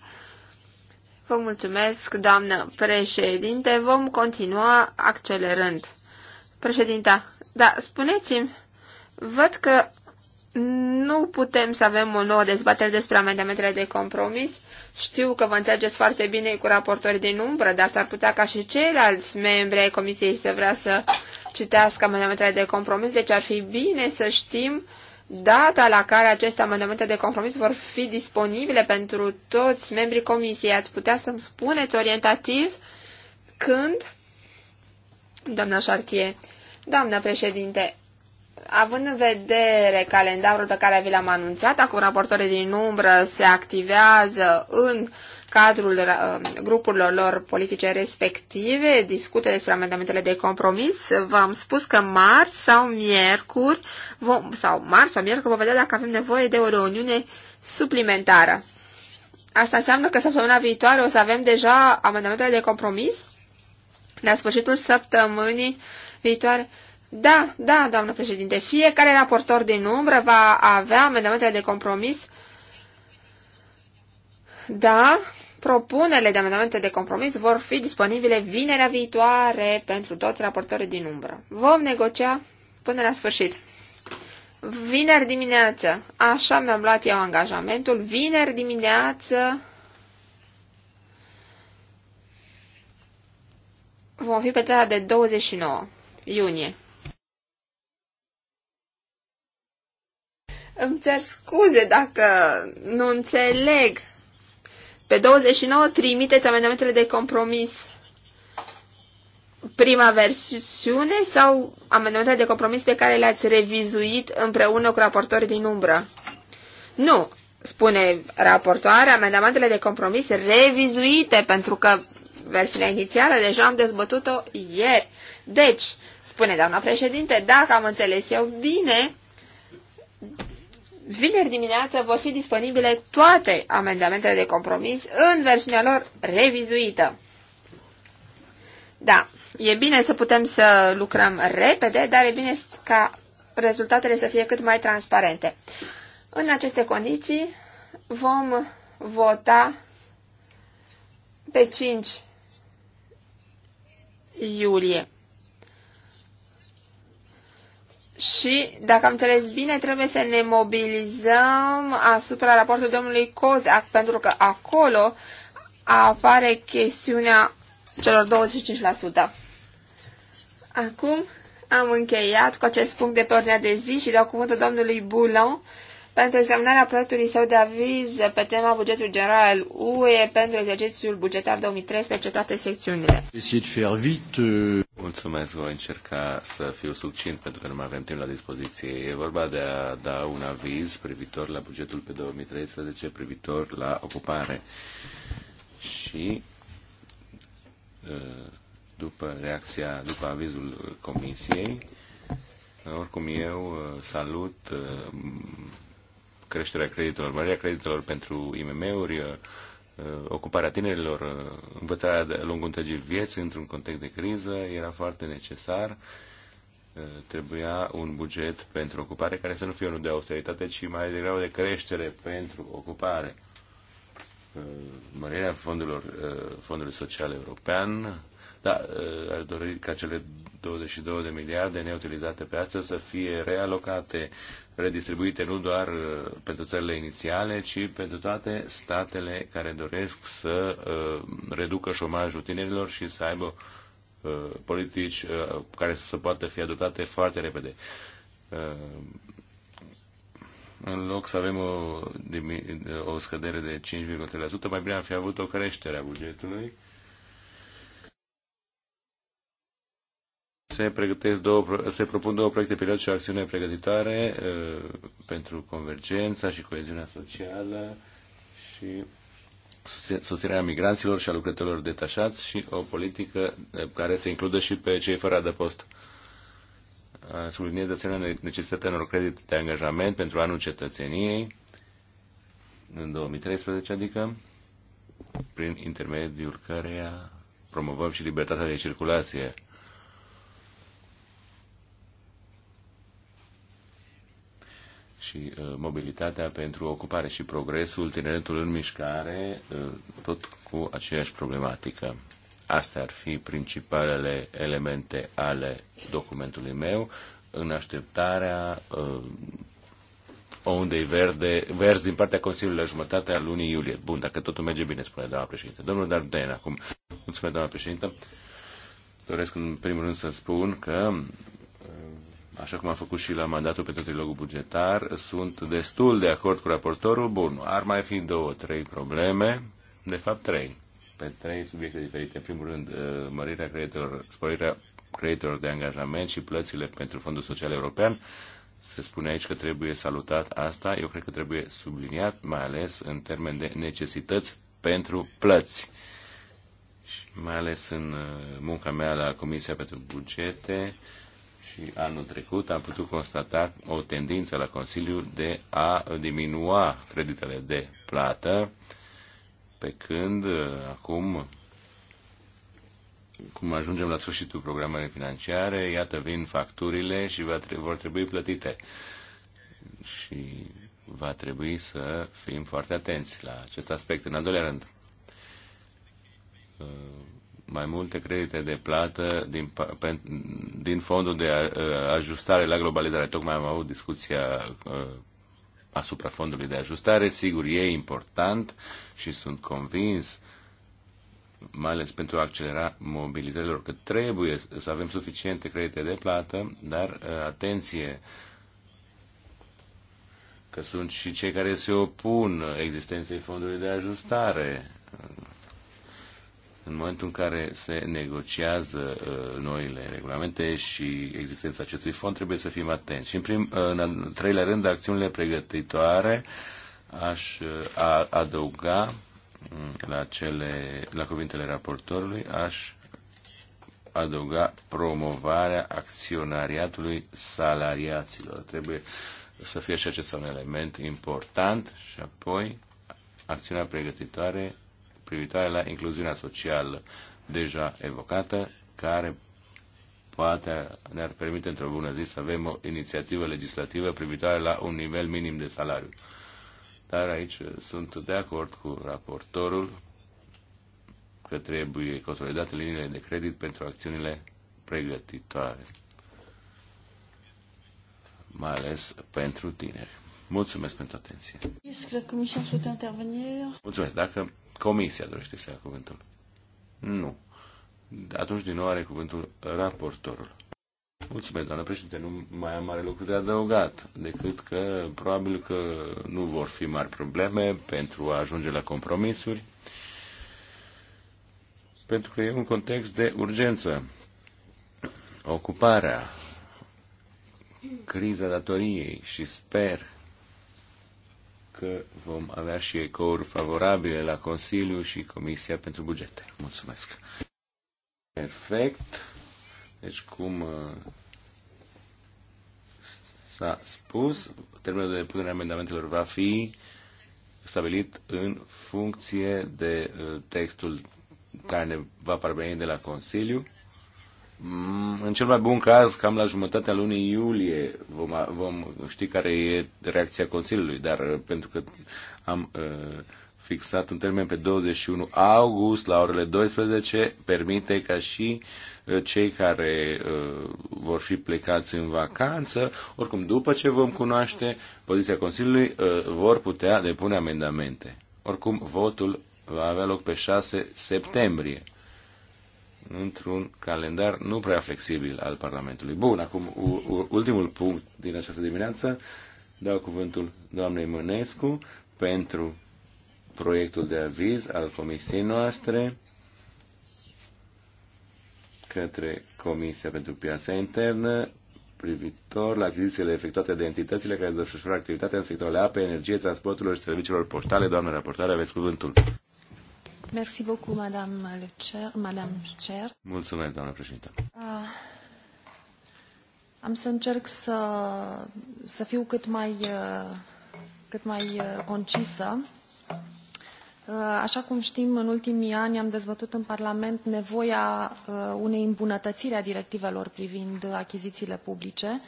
Vă mulțumesc, doamnă președinte. Vom continua accelerând. Președinta, da, spuneți-mi, văd că nu putem să avem o nouă dezbatere despre amendamentele de compromis. Știu că vă înțelegeți foarte bine cu raportorii din umbră, dar s-ar putea ca și ceilalți membri ai comisiei să vrea să citească amendamentele de compromis, deci ar fi bine să știm data la care aceste amendamente de compromis vor fi disponibile pentru toți membrii comisiei. Ați putea să-mi spuneți orientativ când, doamna Șartie, doamna președinte, având în vedere calendarul pe care vi l-am anunțat, acum raportorii din umbră se activează în cadrul uh, grupurilor lor politice respective, discute despre amendamentele de compromis. V-am spus că marți sau miercuri, vom, sau marți sau miercuri, vom vedea dacă avem nevoie de o reuniune suplimentară. Asta înseamnă că săptămâna viitoare o să avem deja amendamentele de compromis la sfârșitul săptămânii viitoare. Da, da, doamnă președinte, fiecare raportor din umbră va avea amendamentele de compromis. Da, Propunerile de amendamente de compromis vor fi disponibile vinerea viitoare pentru toți raportorii din umbră. Vom negocia până la sfârșit. Vineri dimineață, așa mi-am luat eu angajamentul, vineri dimineață vom fi pe data de 29 iunie. Îmi cer scuze dacă nu înțeleg pe 29 trimiteți amendamentele de compromis prima versiune sau amendamentele de compromis pe care le-ați revizuit împreună cu raportorii din umbră? Nu, spune raportoarea, amendamentele de compromis revizuite, pentru că versiunea inițială deja am dezbătut-o ieri. Deci, spune doamna președinte, dacă am înțeles eu bine, vineri dimineață vor fi disponibile toate amendamentele de compromis în versiunea lor revizuită. Da, e bine să putem să lucrăm repede, dar e bine ca rezultatele să fie cât mai transparente. În aceste condiții vom vota pe 5 iulie. Și, dacă am înțeles bine, trebuie să ne mobilizăm asupra raportului domnului Cozac, pentru că acolo apare chestiunea celor 25%. Acum am încheiat cu acest punct de pe ordinea de zi și dau cuvântul domnului Boulon pentru examinarea proiectului său de aviz pe tema bugetului general UE pentru exercițiul bugetar 2013, toate secțiunile. Uh, Mulțumesc, voi încerca să fiu succint pentru că nu mai avem timp la dispoziție. E vorba de a da un aviz privitor la bugetul pe 2013, privitor la ocupare. Și uh, după reacția, după avizul comisiei, oricum eu uh, salut creșterea creditelor, mărirea creditelor pentru IMM-uri, uh, ocuparea tinerilor, uh, învățarea de lungul întregii vieți într-un context de criză era foarte necesar. Uh, trebuia un buget pentru ocupare care să nu fie unul de austeritate, ci mai degrabă de creștere pentru ocupare. Mărirea fondurilor, fondului social european, da, eh, aș dori ca cele 22 de miliarde neutilizate pe astăzi să fie realocate, redistribuite nu doar eh, pentru țările inițiale, ci pentru toate statele care doresc să eh, reducă șomajul tinerilor și să aibă politici care să poată fi adoptate foarte repede în loc să avem o, o scădere de 5,3%, mai bine am fi avut o creștere a bugetului Se, pregătesc două, se propun două proiecte pilot și o acțiune pregătitoare uh, pentru convergența și coeziunea socială și susținerea migranților și a lucrătorilor detașați și o politică uh, care să includă și pe cei fără adăpost. Uh, subliniez de asemenea necesitatea unor credit de angajament pentru anul cetățeniei în 2013, adică prin intermediul căreia promovăm și libertatea de circulație și uh, mobilitatea pentru ocupare și progresul, tineretul în mișcare, uh, tot cu aceeași problematică. Astea ar fi principalele elemente ale documentului meu în așteptarea uh, ondei verde, verzi din partea Consiliului la jumătatea lunii iulie. Bun, dacă totul merge bine, spune doamna președinte. Domnul Darden, acum, mulțumesc, doamna președinte. Doresc în primul rând să spun că așa cum am făcut și la mandatul pentru trilogul bugetar, sunt destul de acord cu raportorul. Bun, ar mai fi două, trei probleme, de fapt trei, pe trei subiecte diferite. În primul rând, uh, mărirea creditor, sporirea creditor de angajament și plățile pentru Fondul Social European. Se spune aici că trebuie salutat asta. Eu cred că trebuie subliniat, mai ales în termen de necesități pentru plăți. Și mai ales în uh, munca mea la Comisia pentru Bugete, uh, și anul trecut am putut constata o tendință la Consiliu de a diminua creditele de plată, pe când uh, acum, cum ajungem la sfârșitul programării financiare, iată vin facturile și vor trebui plătite. Și va trebui să fim foarte atenți la acest aspect. În al doilea rând, uh, mai multe credite de plată din, din fondul de uh, ajustare la globalizare. Tocmai am avut discuția uh, asupra fondului de ajustare. Sigur, e important și sunt convins, mai ales pentru a accelera mobilizărilor, că trebuie să avem suficiente credite de plată, dar uh, atenție, că sunt și cei care se opun existenței fondului de ajustare în momentul în care se negociază uh, noile regulamente și existența acestui fond, trebuie să fim atenți. Și în, prim, uh, în treilea rând, acțiunile pregătitoare aș uh, a, adăuga uh, la, cele, la cuvintele raportorului, aș adăuga promovarea acționariatului salariaților. Trebuie să fie și acesta un element important și apoi acțiunea pregătitoare privitoare la incluziunea socială deja evocată, care poate ne-ar permite într-o bună zi să avem o inițiativă legislativă privitoare la un nivel minim de salariu. Dar aici uh, sunt de acord cu raportorul că trebuie consolidate liniile de credit pentru acțiunile pregătitoare, mai ales pentru tineri. Mulțumesc pentru atenție. Mulțumesc. Dacă Comisia dorește să ia cuvântul. Nu. Atunci din nou are cuvântul raportorul. Mulțumesc, doamnă președinte. Nu mai am mare lucru de adăugat, decât că probabil că nu vor fi mari probleme pentru a ajunge la compromisuri, pentru că e un context de urgență. Ocuparea, criza datoriei și sper că vom avea și ecouri favorabile la Consiliu și Comisia pentru Bugete. Mulțumesc! Perfect! Deci cum uh, s-a spus, termenul de depunere a amendamentelor va fi stabilit în funcție de uh, textul care ne va parveni de la Consiliu Mm, în cel mai bun caz, cam la jumătatea lunii iulie vom, vom ști care e reacția Consiliului, dar uh, pentru că am uh, fixat un termen pe 21 august la orele 12, permite ca și uh, cei care uh, vor fi plecați în vacanță, oricum după ce vom cunoaște poziția Consiliului, uh, vor putea depune amendamente. Oricum, votul va avea loc pe 6 septembrie într-un calendar nu prea flexibil al Parlamentului. Bun, acum ultimul punct din această dimineață, dau cuvântul doamnei Mănescu pentru proiectul de aviz al comisiei noastre către Comisia pentru Piața Internă privitor la achizițiile efectuate de entitățile care desfășoară activitatea în sectoarele apei, energie, transporturilor și serviciilor poștale. Doamne raportare, aveți cuvântul. Merci beaucoup, Madame le Madame Mulțumesc, doamnă președintă. Uh, ah, am să încerc să, să fiu cât mai, uh, cât mai uh, concisă. Uh, așa cum știm, în ultimii ani am dezbătut în Parlament nevoia unei îmbunătățiri a directivelor privind achizițiile publice,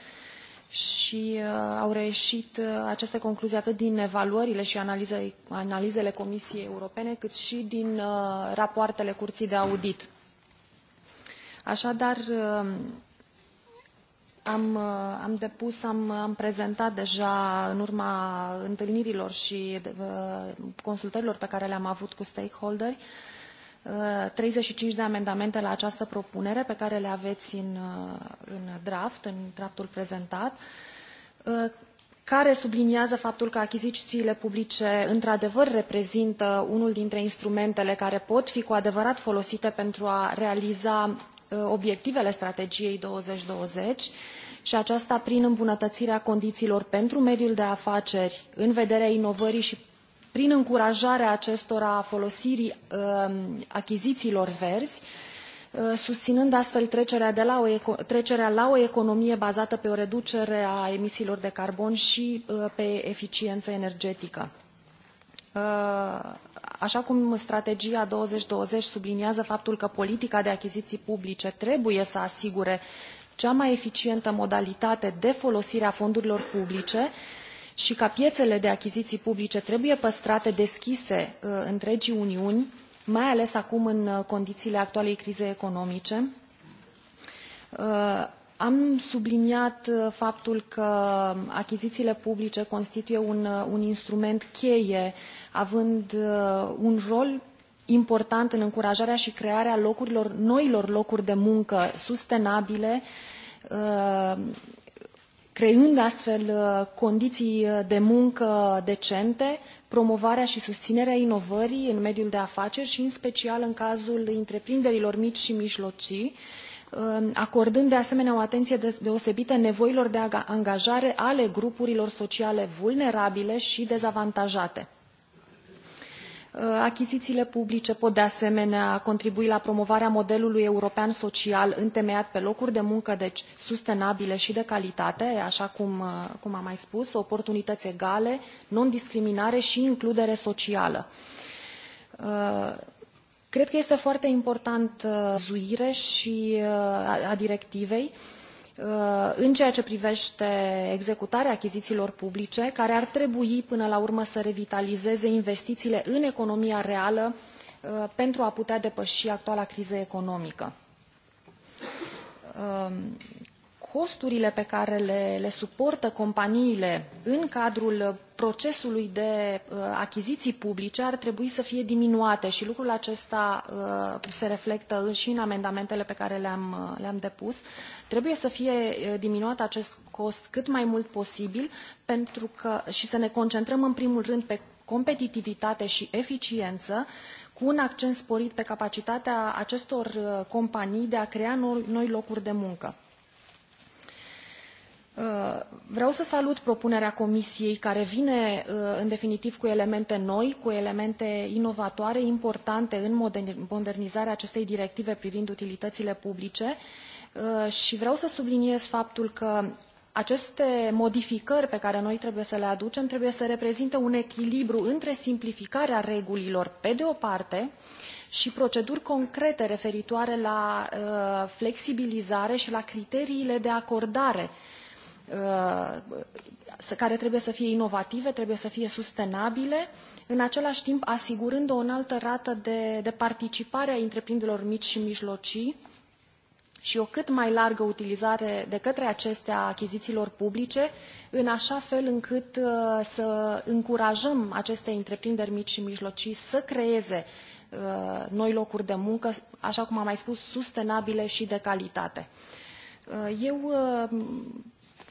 și uh, au reieșit uh, aceste concluzii atât din evaluările și analizele Comisiei Europene, cât și din uh, rapoartele Curții de Audit. Așadar, am, am depus, am, am prezentat deja în urma întâlnirilor și consultărilor pe care le-am avut cu stakeholderi, uh, 35 uh, de amendamente la această propunere pe care le aveți în, uh, în draft, în draftul prezentat, uh, care subliniază faptul că achizițiile publice într-adevăr reprezintă unul dintre instrumentele care pot fi cu adevărat folosite pentru a realiza obiectivele strategiei 2020 și aceasta prin îmbunătățirea condițiilor pentru mediul de afaceri în vederea inovării și prin încurajarea acestora a folosirii um, achizițiilor verzi, uh, susținând astfel trecerea, de la o, trecerea la o economie bazată pe o reducere a emisiilor de carbon și uh, pe eficiență energetică. Uh, așa cum strategia 2020 subliniază faptul că politica de achiziții publice trebuie să asigure cea mai eficientă modalitate de folosire a fondurilor publice, și ca piețele de achiziții publice trebuie păstrate deschise uh, întregii Uniuni, mai ales acum în uh, condițiile actualei crize economice. Uh, am subliniat faptul că achizițiile publice constituie un, un instrument cheie, având un rol important în încurajarea și crearea locurilor, noilor locuri de muncă sustenabile, creând astfel uh, condiții uh, de muncă decente, promovarea și susținerea inovării în mediul de afaceri și în special în cazul întreprinderilor mici și mijlocii, uh, acordând de asemenea o atenție deosebită nevoilor de angajare ale grupurilor sociale vulnerabile și dezavantajate. Uh, achizițiile publice pot de asemenea contribui la promovarea modelului european social întemeiat pe locuri de muncă, deci sustenabile și de calitate, așa cum, uh, cum am mai spus, oportunități egale, non-discriminare și includere socială. Uh, cred că este foarte important zuire și a directivei în ceea ce privește executarea achizițiilor publice, care ar trebui până la urmă să revitalizeze investițiile în economia reală uh, pentru a putea depăși actuala criză economică. Um, costurile pe care le, le suportă companiile în cadrul procesului de uh, achiziții publice ar trebui să fie diminuate și lucrul acesta uh, se reflectă și în amendamentele pe care le-am uh, le depus. Trebuie să fie diminuat acest cost cât mai mult posibil pentru că, și să ne concentrăm în primul rând pe competitivitate și eficiență, cu un accent sporit pe capacitatea acestor companii de a crea noi locuri de muncă. Uh, vreau să salut propunerea Comisiei care vine uh, în definitiv cu elemente noi, cu elemente inovatoare, importante în modernizarea acestei directive privind utilitățile publice uh, și vreau să subliniez faptul că aceste modificări pe care noi trebuie să le aducem trebuie să reprezinte un echilibru între simplificarea regulilor pe de o parte și proceduri concrete referitoare la flexibilizare și la criteriile de acordare Uh, care trebuie să fie inovative, trebuie să fie sustenabile, în același timp asigurând o înaltă rată de, de participare a întreprinderilor mici și mijlocii și o cât mai largă utilizare de către acestea achizițiilor publice, în așa fel încât uh, să încurajăm aceste întreprinderi mici și mijlocii să creeze uh, noi locuri de muncă, așa cum am mai spus, sustenabile și de calitate. Eu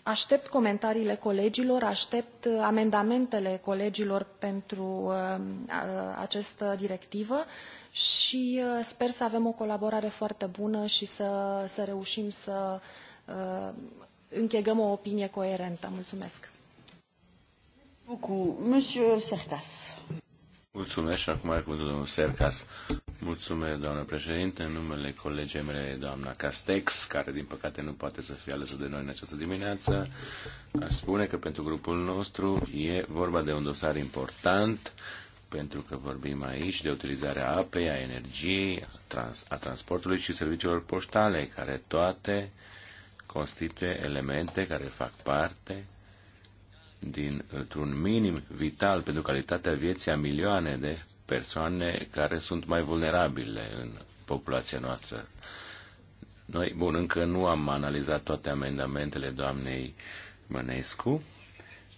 Aștept comentariile colegilor, aștept uh, amendamentele colegilor pentru uh, această directivă și uh, sper să avem o colaborare foarte bună și să, să reușim să închegăm o opinie coerentă. Mulțumesc! Mulțumesc și acum are cuvântul domnul Sercas. Mulțumesc, doamnă președinte, în numele colegei mele, doamna Castex, care din păcate nu poate să fie alături de noi în această dimineață, aș spune că pentru grupul nostru e vorba de un dosar important, pentru că vorbim aici de utilizarea apei, a energiei, a, trans- a transportului și serviciilor poștale, care toate constituie elemente care fac parte dintr-un minim vital pentru calitatea vieții a milioane de persoane care sunt mai vulnerabile în populația noastră. Noi, bun, încă nu am analizat toate amendamentele doamnei Mănescu,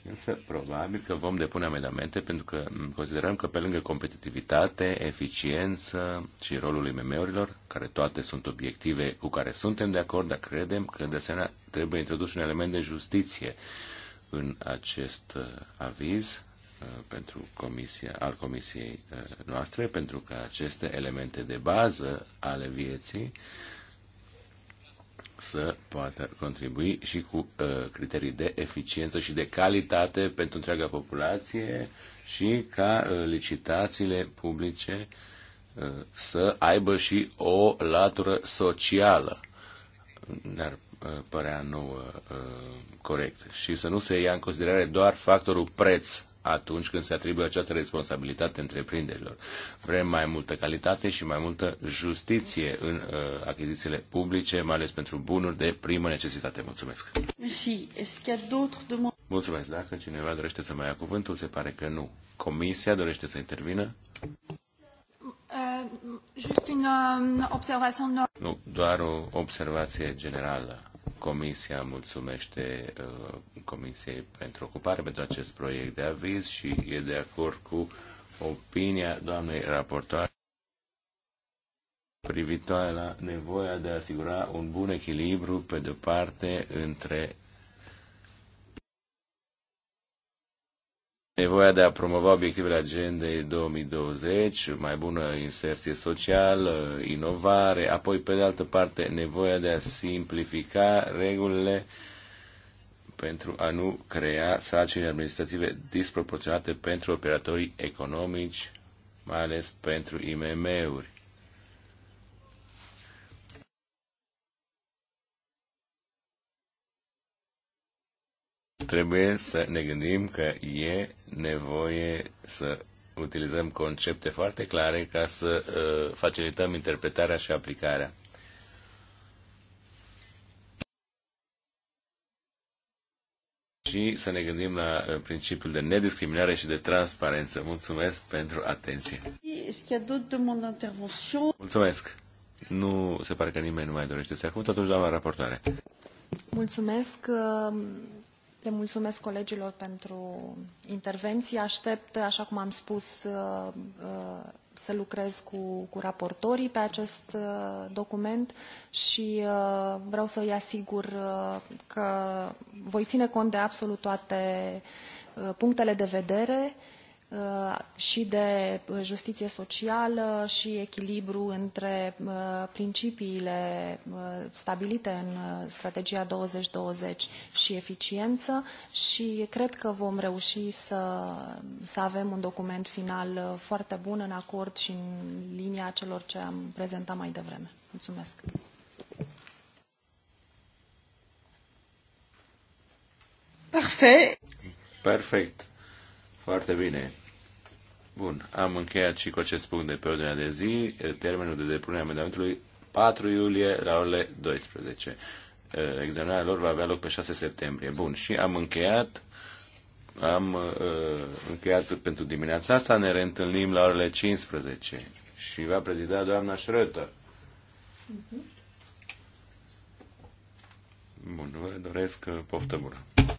însă probabil că vom depune amendamente pentru că considerăm că pe lângă competitivitate, eficiență și rolul IMM-urilor, care toate sunt obiective cu care suntem de acord, dar credem că de asemenea trebuie introdus un element de justiție în acest uh, aviz, Uh, pentru comisia, al comisiei uh, noastre, pentru că aceste elemente de bază ale vieții să poată contribui și cu uh, criterii de eficiență și de calitate pentru întreaga populație și ca licitațiile publice să aibă și o latură socială. Ne-ar părea nouă corect și să nu se ia în considerare doar factorul preț atunci când se atribuie această responsabilitate întreprinderilor. Vrem mai multă calitate și mai multă justiție în uh, achizițiile publice, mai ales pentru bunuri de primă necesitate. Mulțumesc! Mulțumesc! Dacă cineva dorește să mai ia cuvântul, se pare că nu. Comisia dorește să intervină? Uh, just une, um, observation... Nu, doar o observație generală Comisia mulțumește uh, Comisiei pentru ocupare pentru acest proiect de aviz și e de acord cu opinia doamnei raportoare privitoare la nevoia de a asigura un bun echilibru, pe de-o parte, între nevoia de a promova obiectivele agendei 2020, mai bună inserție socială, inovare, apoi, pe de altă parte, nevoia de a simplifica regulile pentru a nu crea sarcini administrative disproporționate pentru operatorii economici, mai ales pentru IMM-uri. trebuie să ne gândim că e nevoie să utilizăm concepte foarte clare ca să uh, facilităm interpretarea și aplicarea. Și să ne gândim la uh, principiul de nediscriminare și de transparență. Mulțumesc pentru atenție. Mulțumesc. Nu se pare că nimeni nu mai dorește să acum, totuși doamna raportoare. Mulțumesc. Le mulțumesc colegilor pentru intervenții. Aștept, așa cum am spus, uh, uh, să lucrez cu, cu raportorii pe acest uh, document și vreau să îi asigur că voi ține cont de absolut toate punctele de vedere uh, Uh, și de uh, justiție socială și echilibru între uh, principiile stabilite în strategia 2020 și eficiență și cred că vom reuși să, să avem un document final foarte bun în acord și în linia celor ce am prezentat mai devreme. Mulțumesc! Perfect! Perfect! Foarte bine. Bun, am încheiat și cu acest punct de pe ordinea de zi. Termenul de depunere a amendamentului 4 iulie la orele 12. Examinarea lor va avea loc pe 6 septembrie. Bun, și am încheiat am uh, încheiat pentru dimineața asta, ne reîntâlnim la orele 15 și va prezida doamna Schröter. Uh-huh. Bun, vă doresc poftă bună.